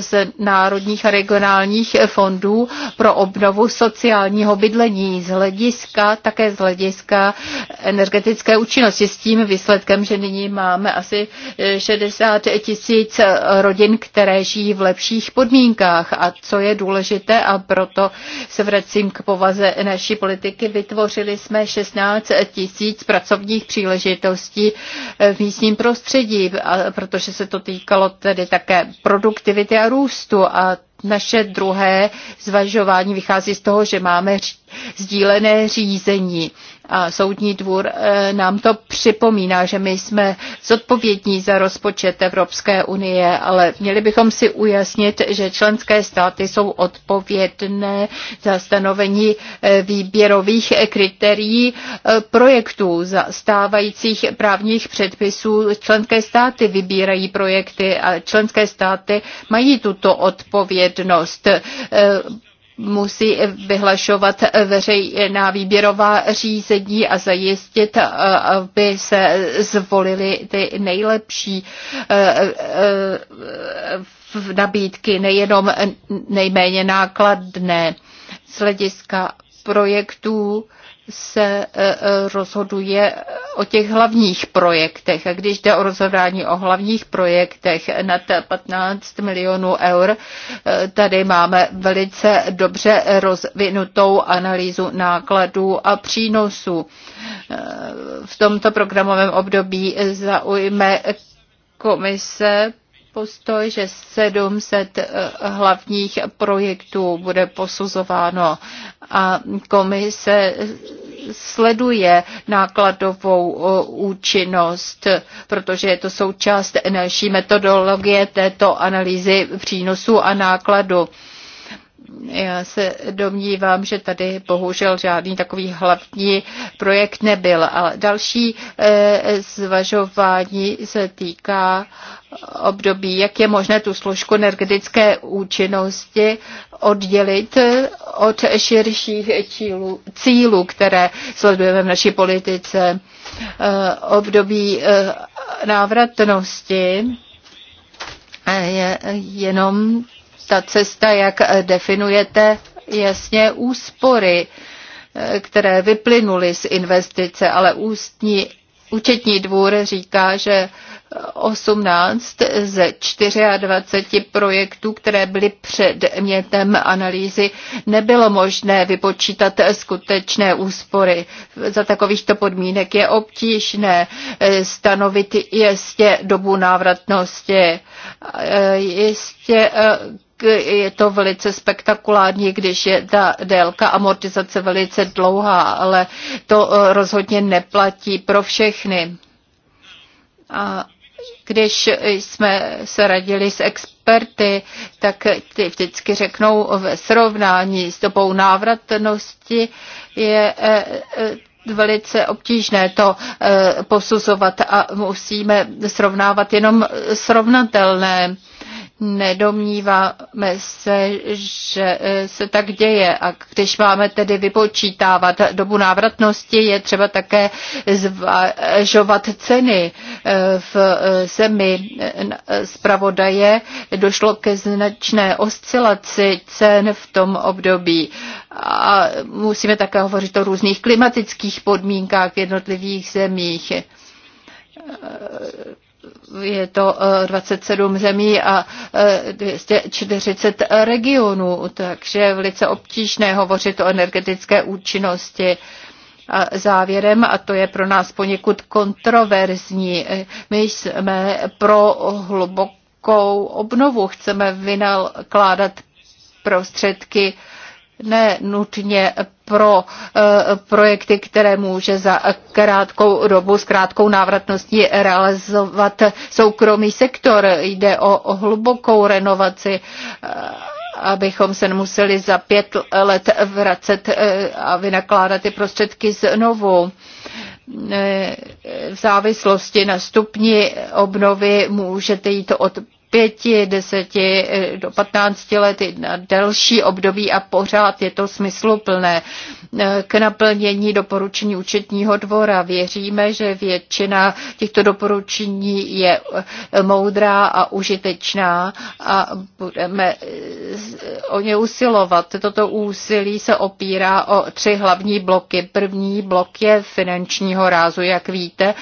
z národních a regionálních fondů pro obnovu sociálního bydlení z hlediska, také z hlediska energetické účinnosti s tím výsledkem, že nyní máme asi 60 tisíc rodin, které žijí v lepších podmínkách a co je důležité a proto se vracím k povaze naší politiky, vytvořili jsme 16 tisíc pracovních příležitostí v místním prostředí, protože se to týkalo tedy také také produktivity a růstu a naše druhé zvažování vychází z toho, že máme sdílené řízení. A soudní dvůr eh, nám to připomíná, že my jsme zodpovědní za rozpočet Evropské unie, ale měli bychom si ujasnit, že členské státy jsou odpovědné za stanovení eh, výběrových eh, kritérií projektů za stávajících právních předpisů. Členské státy vybírají projekty a členské státy mají tuto odpovědnost musí vyhlašovat veřejná výběrová řízení a zajistit, aby se zvolili ty nejlepší eh, eh, nabídky, nejenom nejméně nákladné. Z hlediska projektů se e, e, rozhoduje o těch hlavních projektech. A když jde o rozhodání o hlavních projektech nad 15 milionů eur, e, tady máme velice dobře rozvinutou analýzu nákladů a přínosů. V tomto programovém období zaujme komise postoj, že 700 eh, hlavních projektů bude posuzováno a komise sleduje nákladovou eh, účinnost, protože je to součást naší metodologie této analýzy přínosu a nákladu. Já se domnívám, že tady bohužel žádný takový hlavní projekt nebyl. A další eh, zvažování se týká období, jak je možné tu složku energetické účinnosti oddělit eh, od širších cílů, cílů které sledujeme v naší politice. Eh, období návratnosti je jenom ta cesta, jak eh, definujete jasně úspory, eh, které vyplynuly z investice, ale ústní Účetní dvůr říká, že 18 ze 24 projektů, které byly předmětem analýzy, nebylo možné vypočítat skutečné úspory. Za takovýchto podmínek je obtížné eh, stanovit jistě dobu návratnosti. Jistě je to velice spektakulární, když je ta délka amortizace velice dlouhá, ale to eh, rozhodně neplatí pro všechny. A když jsme se radili s experty, tak ty vždycky řeknou ve srovnání s dobou návratnosti je eh, eh, velice obtížné to posuzovat a musíme srovnávat jenom srovnatelné Nedomníváme se, že e, se tak děje. A když máme tedy vypočítávat dobu návratnosti, je třeba také zvažovat ceny e, v e, zemi zpravodaje. Došlo ke značné oscilaci cen v tom období. A musíme také hovořit o různých klimatických podmínkách v jednotlivých zemích je to 27 eh, zemí a 240 eh, regionů, takže je velice obtížné hovořit o energetické účinnosti. A závěrem, a to je pro nás poněkud kontroverzní, eh, my jsme pro hlubokou obnovu, chceme vynakládat prostředky ne nutně pro eh, projekty, které může za krátkou dobu s krátkou návratností realizovat soukromý sektor. Jde o hlubokou renovaci eh, abychom se nemuseli za pět let vracet eh, a vynakládat ty prostředky znovu. V závislosti na stupni obnovy můžete jít od pěti, deseti eh, do patnácti let na delší období a pořád je to smysluplné. Eh, k naplnění doporučení účetního dvora věříme, že většina těchto doporučení je eh, moudrá a užitečná a budeme o ně usilovat. Toto úsilí se opírá o tři hlavní bloky. První blok je finančního rázu. Jak víte,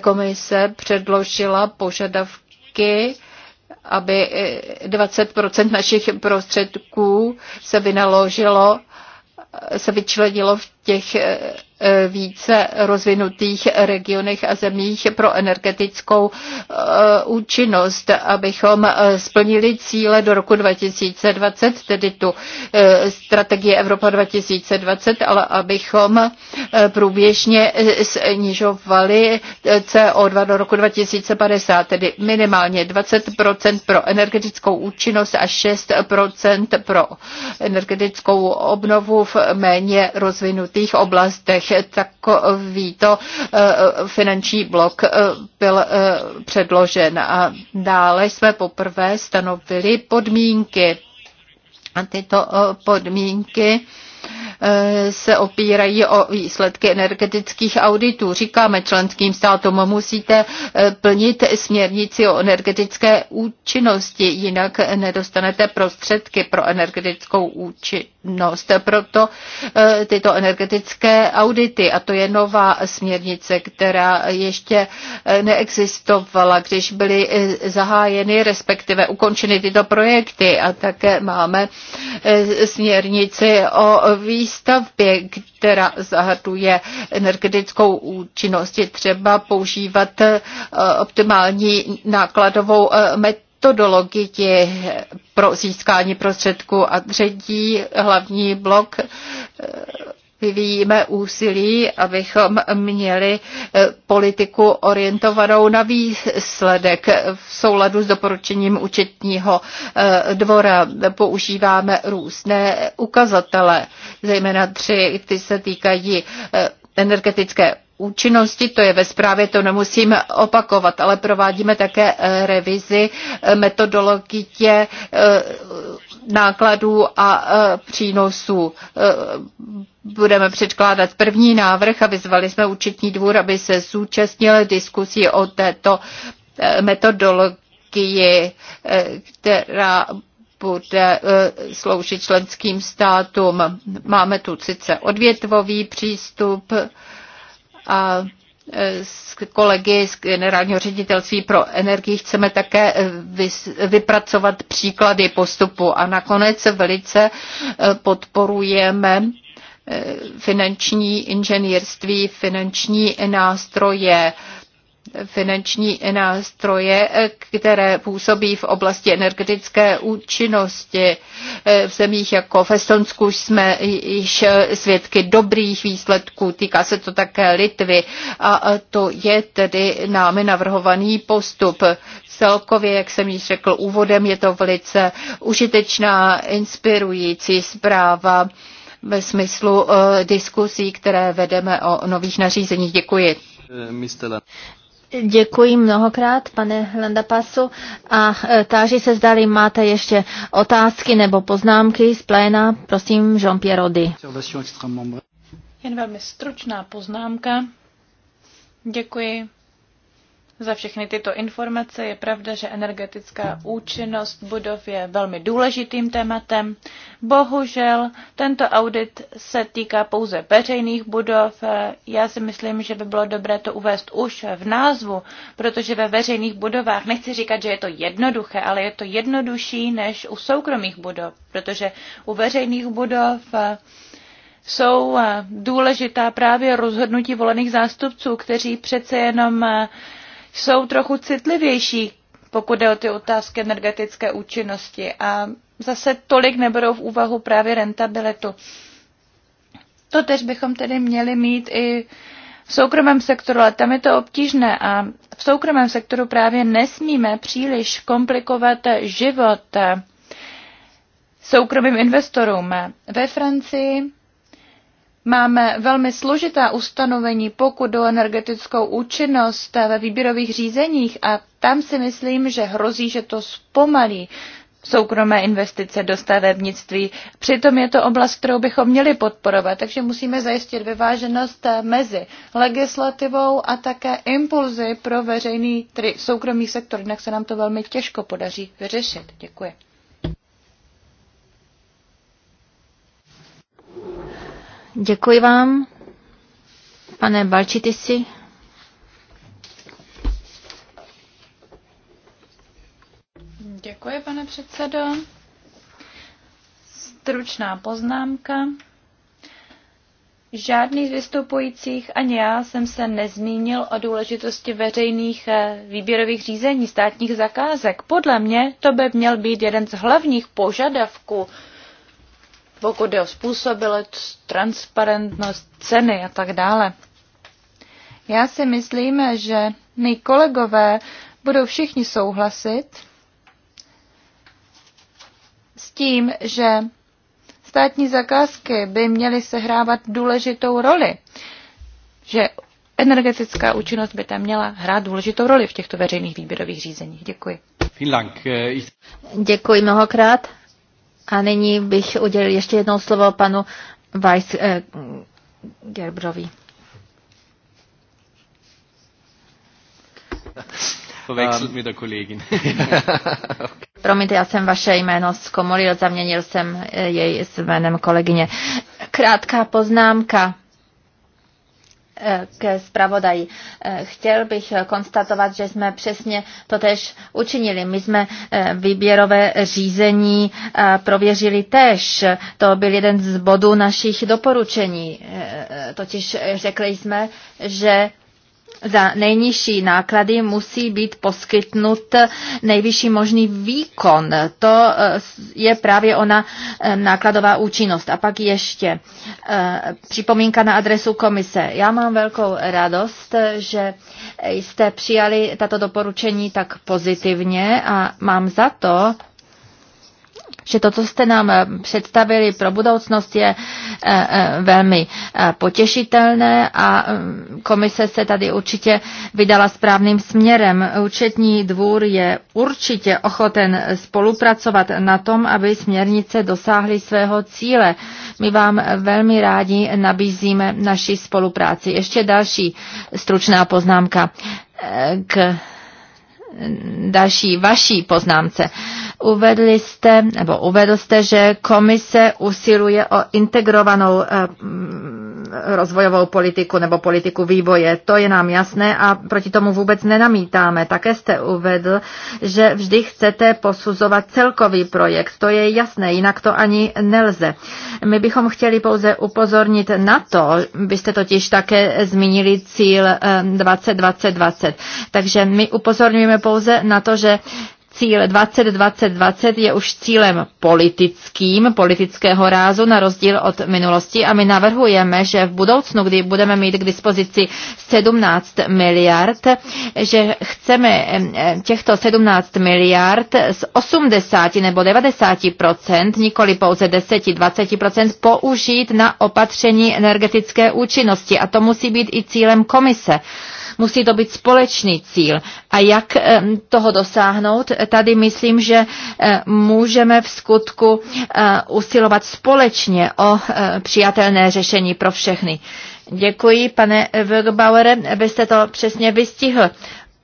komise předložila požadavky aby 20 eh, našich prostředků se vynaložilo, eh, se vyčlenilo v těch eh, E, více rozvinutých regionech a zemích pro energetickou e, účinnost, abychom e, splnili cíle do roku 2020, tedy tu strategii Evropa 2020, ale abychom průběžně snižovali CO2 do roku 2050, tedy minimálně 20% pro energetickou účinnost a 6% pro energetickou obnovu v méně rozvinutých oblastech. Takový takovýto eh, finanční blok eh, byl eh, předložen. A dále jsme poprvé stanovili podmínky. A tyto podmínky Eh, se opírají o výsledky energetických auditů. Říkáme členským státům, musíte eh, plnit směrnici o energetické účinnosti, jinak nedostanete prostředky pro energetickou účinnost. Proto eh, tyto energetické audity, a to je nová směrnice, která ještě neexistovala, když byly zahájeny, respektive ukončeny tyto projekty. A také máme směrnici o výstavbě, která zahrnuje energetickou účinnost. Je třeba používat eh, optimální nákladovou metodu eh, metodologii pro získání prostředků a třetí hlavní blok eh, vyvíjíme úsilí, abychom měli eh, politiku orientovanou na výsledek v souladu s doporučením účetního eh, dvora. Používáme různé ukazatele, zejména tři, ty se týkají eh, energetické účinnosti, to je ve zprávě, to nemusím opakovat, ale provádíme také revizi metodologie nákladů a přínosů budeme předkládat první návrh a vyzvali jsme účetní dvůr, aby se zúčastnil diskusí o této eh, metodologii, eh, která bude eh, sloužit členským státům. Máme tu sice odvětvový přístup a s kolegy z generálního ředitelství pro energii chceme také vypracovat příklady postupu a nakonec velice podporujeme Eh, finanční inženýrství, finanční nástroje, finanční nástroje, eh, které působí v oblasti energetické účinnosti. Eh, v zemích jako v Estonsku jsme již svědky dobrých výsledků, týká se to také Litvy a to je tedy námi navrhovaný postup. Celkově, jak jsem již řekl úvodem, je to velice užitečná, inspirující zpráva ve smyslu eh, diskusí, které vedeme o nových nařízeních. Děkuji. Děkuji mnohokrát, pane Landapasu. A eh, táži se, zdali máte ještě otázky nebo poznámky z pléna. Prosím, Jean-Pierre Rody. Jen velmi stručná poznámka. Děkuji za všechny tyto informace. Je pravda, že energetická účinnost budov je velmi důležitým tématem. Bohužel tento audit se týká pouze veřejných budov. Já si myslím, že by bylo dobré to uvést už v názvu, protože ve veřejných budovách, nechci říkat, že je to jednoduché, ale je to jednodušší než u soukromých budov, protože u veřejných budov eh, jsou eh, důležitá právě rozhodnutí volených zástupců, kteří přece jenom eh, jsou trochu citlivější, pokud jde o ty otázky energetické účinnosti a zase tolik neberou v úvahu právě rentabilitu. To tež bychom tedy měli mít i v soukromém sektoru, ale tam je to obtížné a v soukromém sektoru právě nesmíme příliš komplikovat život soukromým investorům. Ve Francii Máme velmi složitá ustanovení, pokud o energetickou účinnost ve výběrových řízeních a tam si myslím, že hrozí, že to zpomalí soukromé investice do stavebnictví. Přitom je to oblast, kterou bychom měli podporovat, takže musíme zajistit vyváženost mezi legislativou a také impulzy pro veřejný, tedy soukromý sektor, jinak se nám to velmi těžko podaří vyřešit. Děkuji. Děkuji vám, pane Balčitisi. Děkuji, pane předsedo. Stručná poznámka. Žádný z vystupujících ani já jsem se nezmínil o důležitosti veřejných eh, výběrových řízení státních zakázek. Podle mě to by měl být jeden z hlavních požadavků pokud jde o způsobilost, transparentnost, ceny a tak dále. Já si myslím, že my kolegové budou všichni souhlasit s tím, že státní zakázky by měly sehrávat důležitou roli, že energetická účinnost by tam měla hrát důležitou roli v těchto veřejných výběrových řízeních. Děkuji. Děkuji mnohokrát. A nyní bych udělil ještě jedno slovo panu Weiss eh, Gerbrovi. Verwechselt ähm. Promiňte, já jsem vaše jméno zkomolil, zaměnil jsem eh, jej s jménem kolegyně. Krátká poznámka ke zpravodaji. Chtěl bych konstatovat, že jsme přesně to tež učinili. My jsme eh, výběrové řízení eh, prověřili tež. To byl jeden z bodů našich doporučení. Eh, totiž řekli jsme, že za nejnižší náklady musí být poskytnut nejvyšší možný výkon. To eh, je právě ona eh, nákladová účinnost. A pak ještě eh, připomínka na adresu komise. Já mám velkou radost, že jste přijali tato doporučení tak pozitivně a mám za to, že to, co jste nám eh, představili pro budoucnost, je eh, eh, velmi potěšitelné a mm, komise se tady určitě vydala správným směrem. Účetní dvůr je určitě ochoten spolupracovat na tom, aby směrnice dosáhly svého cíle. My vám velmi rádi nabízíme naši spolupráci. Ještě další stručná poznámka k další vaší poznámce. Uvedli jste, nebo uvedl jste, že komise usiluje o integrovanou eh, mm, rozvojovou politiku nebo politiku vývoje. To je nám jasné a proti tomu vůbec nenamítáme. Také jste uvedl, že vždy chcete posuzovat celkový projekt. To je jasné, jinak to ani nelze. My bychom chtěli pouze upozornit na to, byste totiž také zmínili cíl 2020-2020. Eh, Takže my upozorňujeme pouze na to, že Cíl 2020 je už cílem politickým, politického rázu na rozdíl od minulosti a my navrhujeme, že v budoucnu, kdy budeme mít k dispozici 17 miliard, že chceme těchto 17 miliard z 80 nebo 90 nikoli pouze 10-20 použít na opatření energetické účinnosti a to musí být i cílem komise. Musí to být společný cíl. A jak toho dosáhnout? Tady myslím, že můžeme v skutku usilovat společně o přijatelné řešení pro všechny. Děkuji, pane Wilkbauer, abyste to přesně vystihl,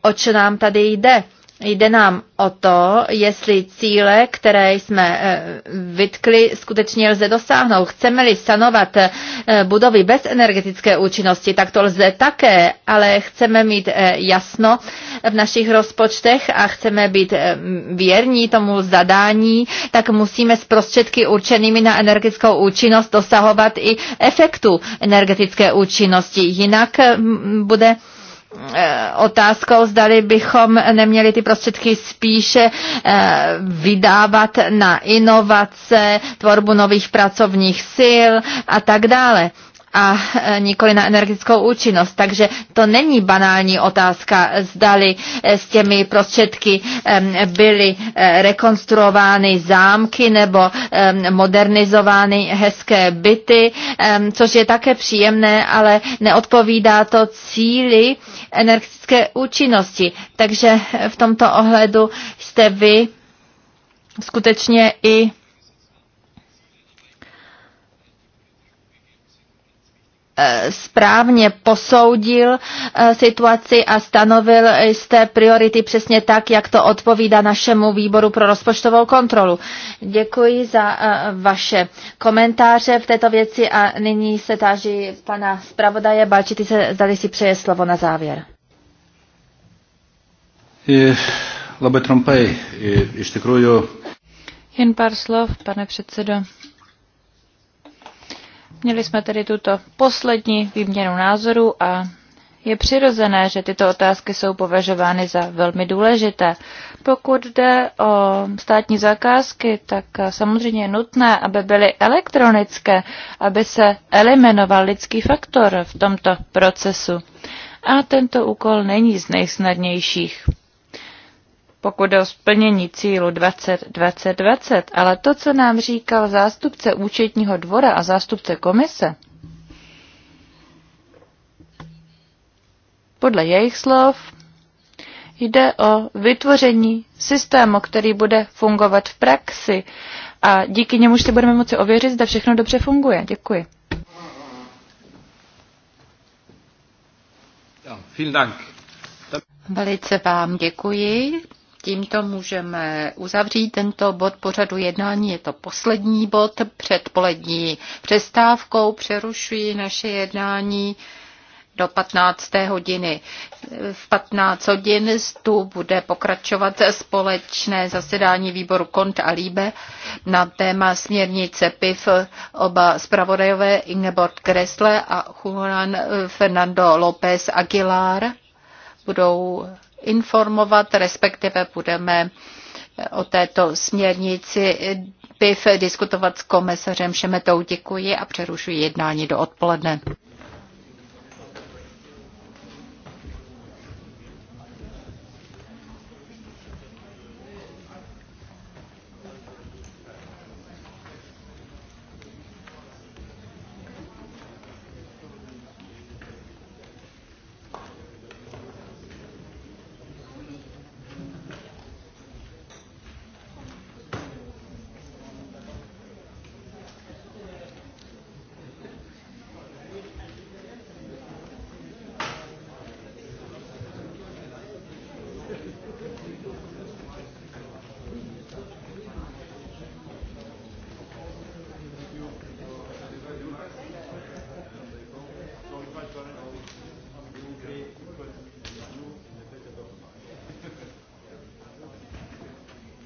o co nám tady jde Jde nám o to, jestli cíle, které jsme eh, vytkli, skutečně lze dosáhnout. Chceme-li sanovat eh, budovy bez energetické účinnosti, tak to lze také, ale chceme mít eh, jasno v našich rozpočtech a chceme být věrní tomu zadání, tak musíme s prostředky určenými na energetickou účinnost dosahovat i efektu energetické účinnosti. Jinak mm, bude Eh, otázkou, zdali bychom neměli ty prostředky spíše eh, vydávat na inovace, tvorbu nových pracovních sil a tak dále a e, nikoli na energetickou účinnost. Takže to není banální otázka, zdali e, s těmi prostředky e, byly rekonstruovány zámky nebo modernizovány hezké byty, což je také příjemné, ale neodpovídá to cíli energetické účinnosti. Takže v tomto ohledu jste vy skutečně i Eh, správně posoudil eh, situaci a stanovil jste priority přesně tak, jak to odpovídá našemu výboru pro rozpočtovou kontrolu. Děkuji za eh, vaše komentáře v této věci a nyní se táží pana zpravodaje Balčity, zdali si přeje slovo na závěr. Je, labai trumpai, Jen pár slov, pane předsedo. Měli jsme tedy tuto poslední výměnu názorů a je přirozené, že tyto otázky jsou považovány za velmi důležité. Pokud jde o státní zakázky, tak samozřejmě je nutné, aby byly elektronické, aby se eliminoval lidský faktor v tomto procesu. A tento úkol není z nejsnadnějších pokud jde o splnění cílu 2020, 20 20 ale to, co nám říkal zástupce účetního dvora a zástupce komise, podle jejich slov jde o vytvoření systému, který bude fungovat v praxi a díky němuž si budeme moci ověřit, zda všechno dobře funguje. Děkuji. Velice vám děkuji tímto můžeme uzavřít tento bod pořadu jednání. Je to poslední bod před polední přestávkou. Přerušuji naše jednání do 15. hodiny. V 15 hodin tu bude pokračovat společné zasedání výboru Kont a Líbe na téma směrnice PIF oba zpravodajové Ingeborg Kresle a Juan Fernando López Aguilar budou informovat, respektive budeme o této směrnici PIF diskutovat s komisařem Šemetou. Děkuji a přerušuji jednání do odpoledne.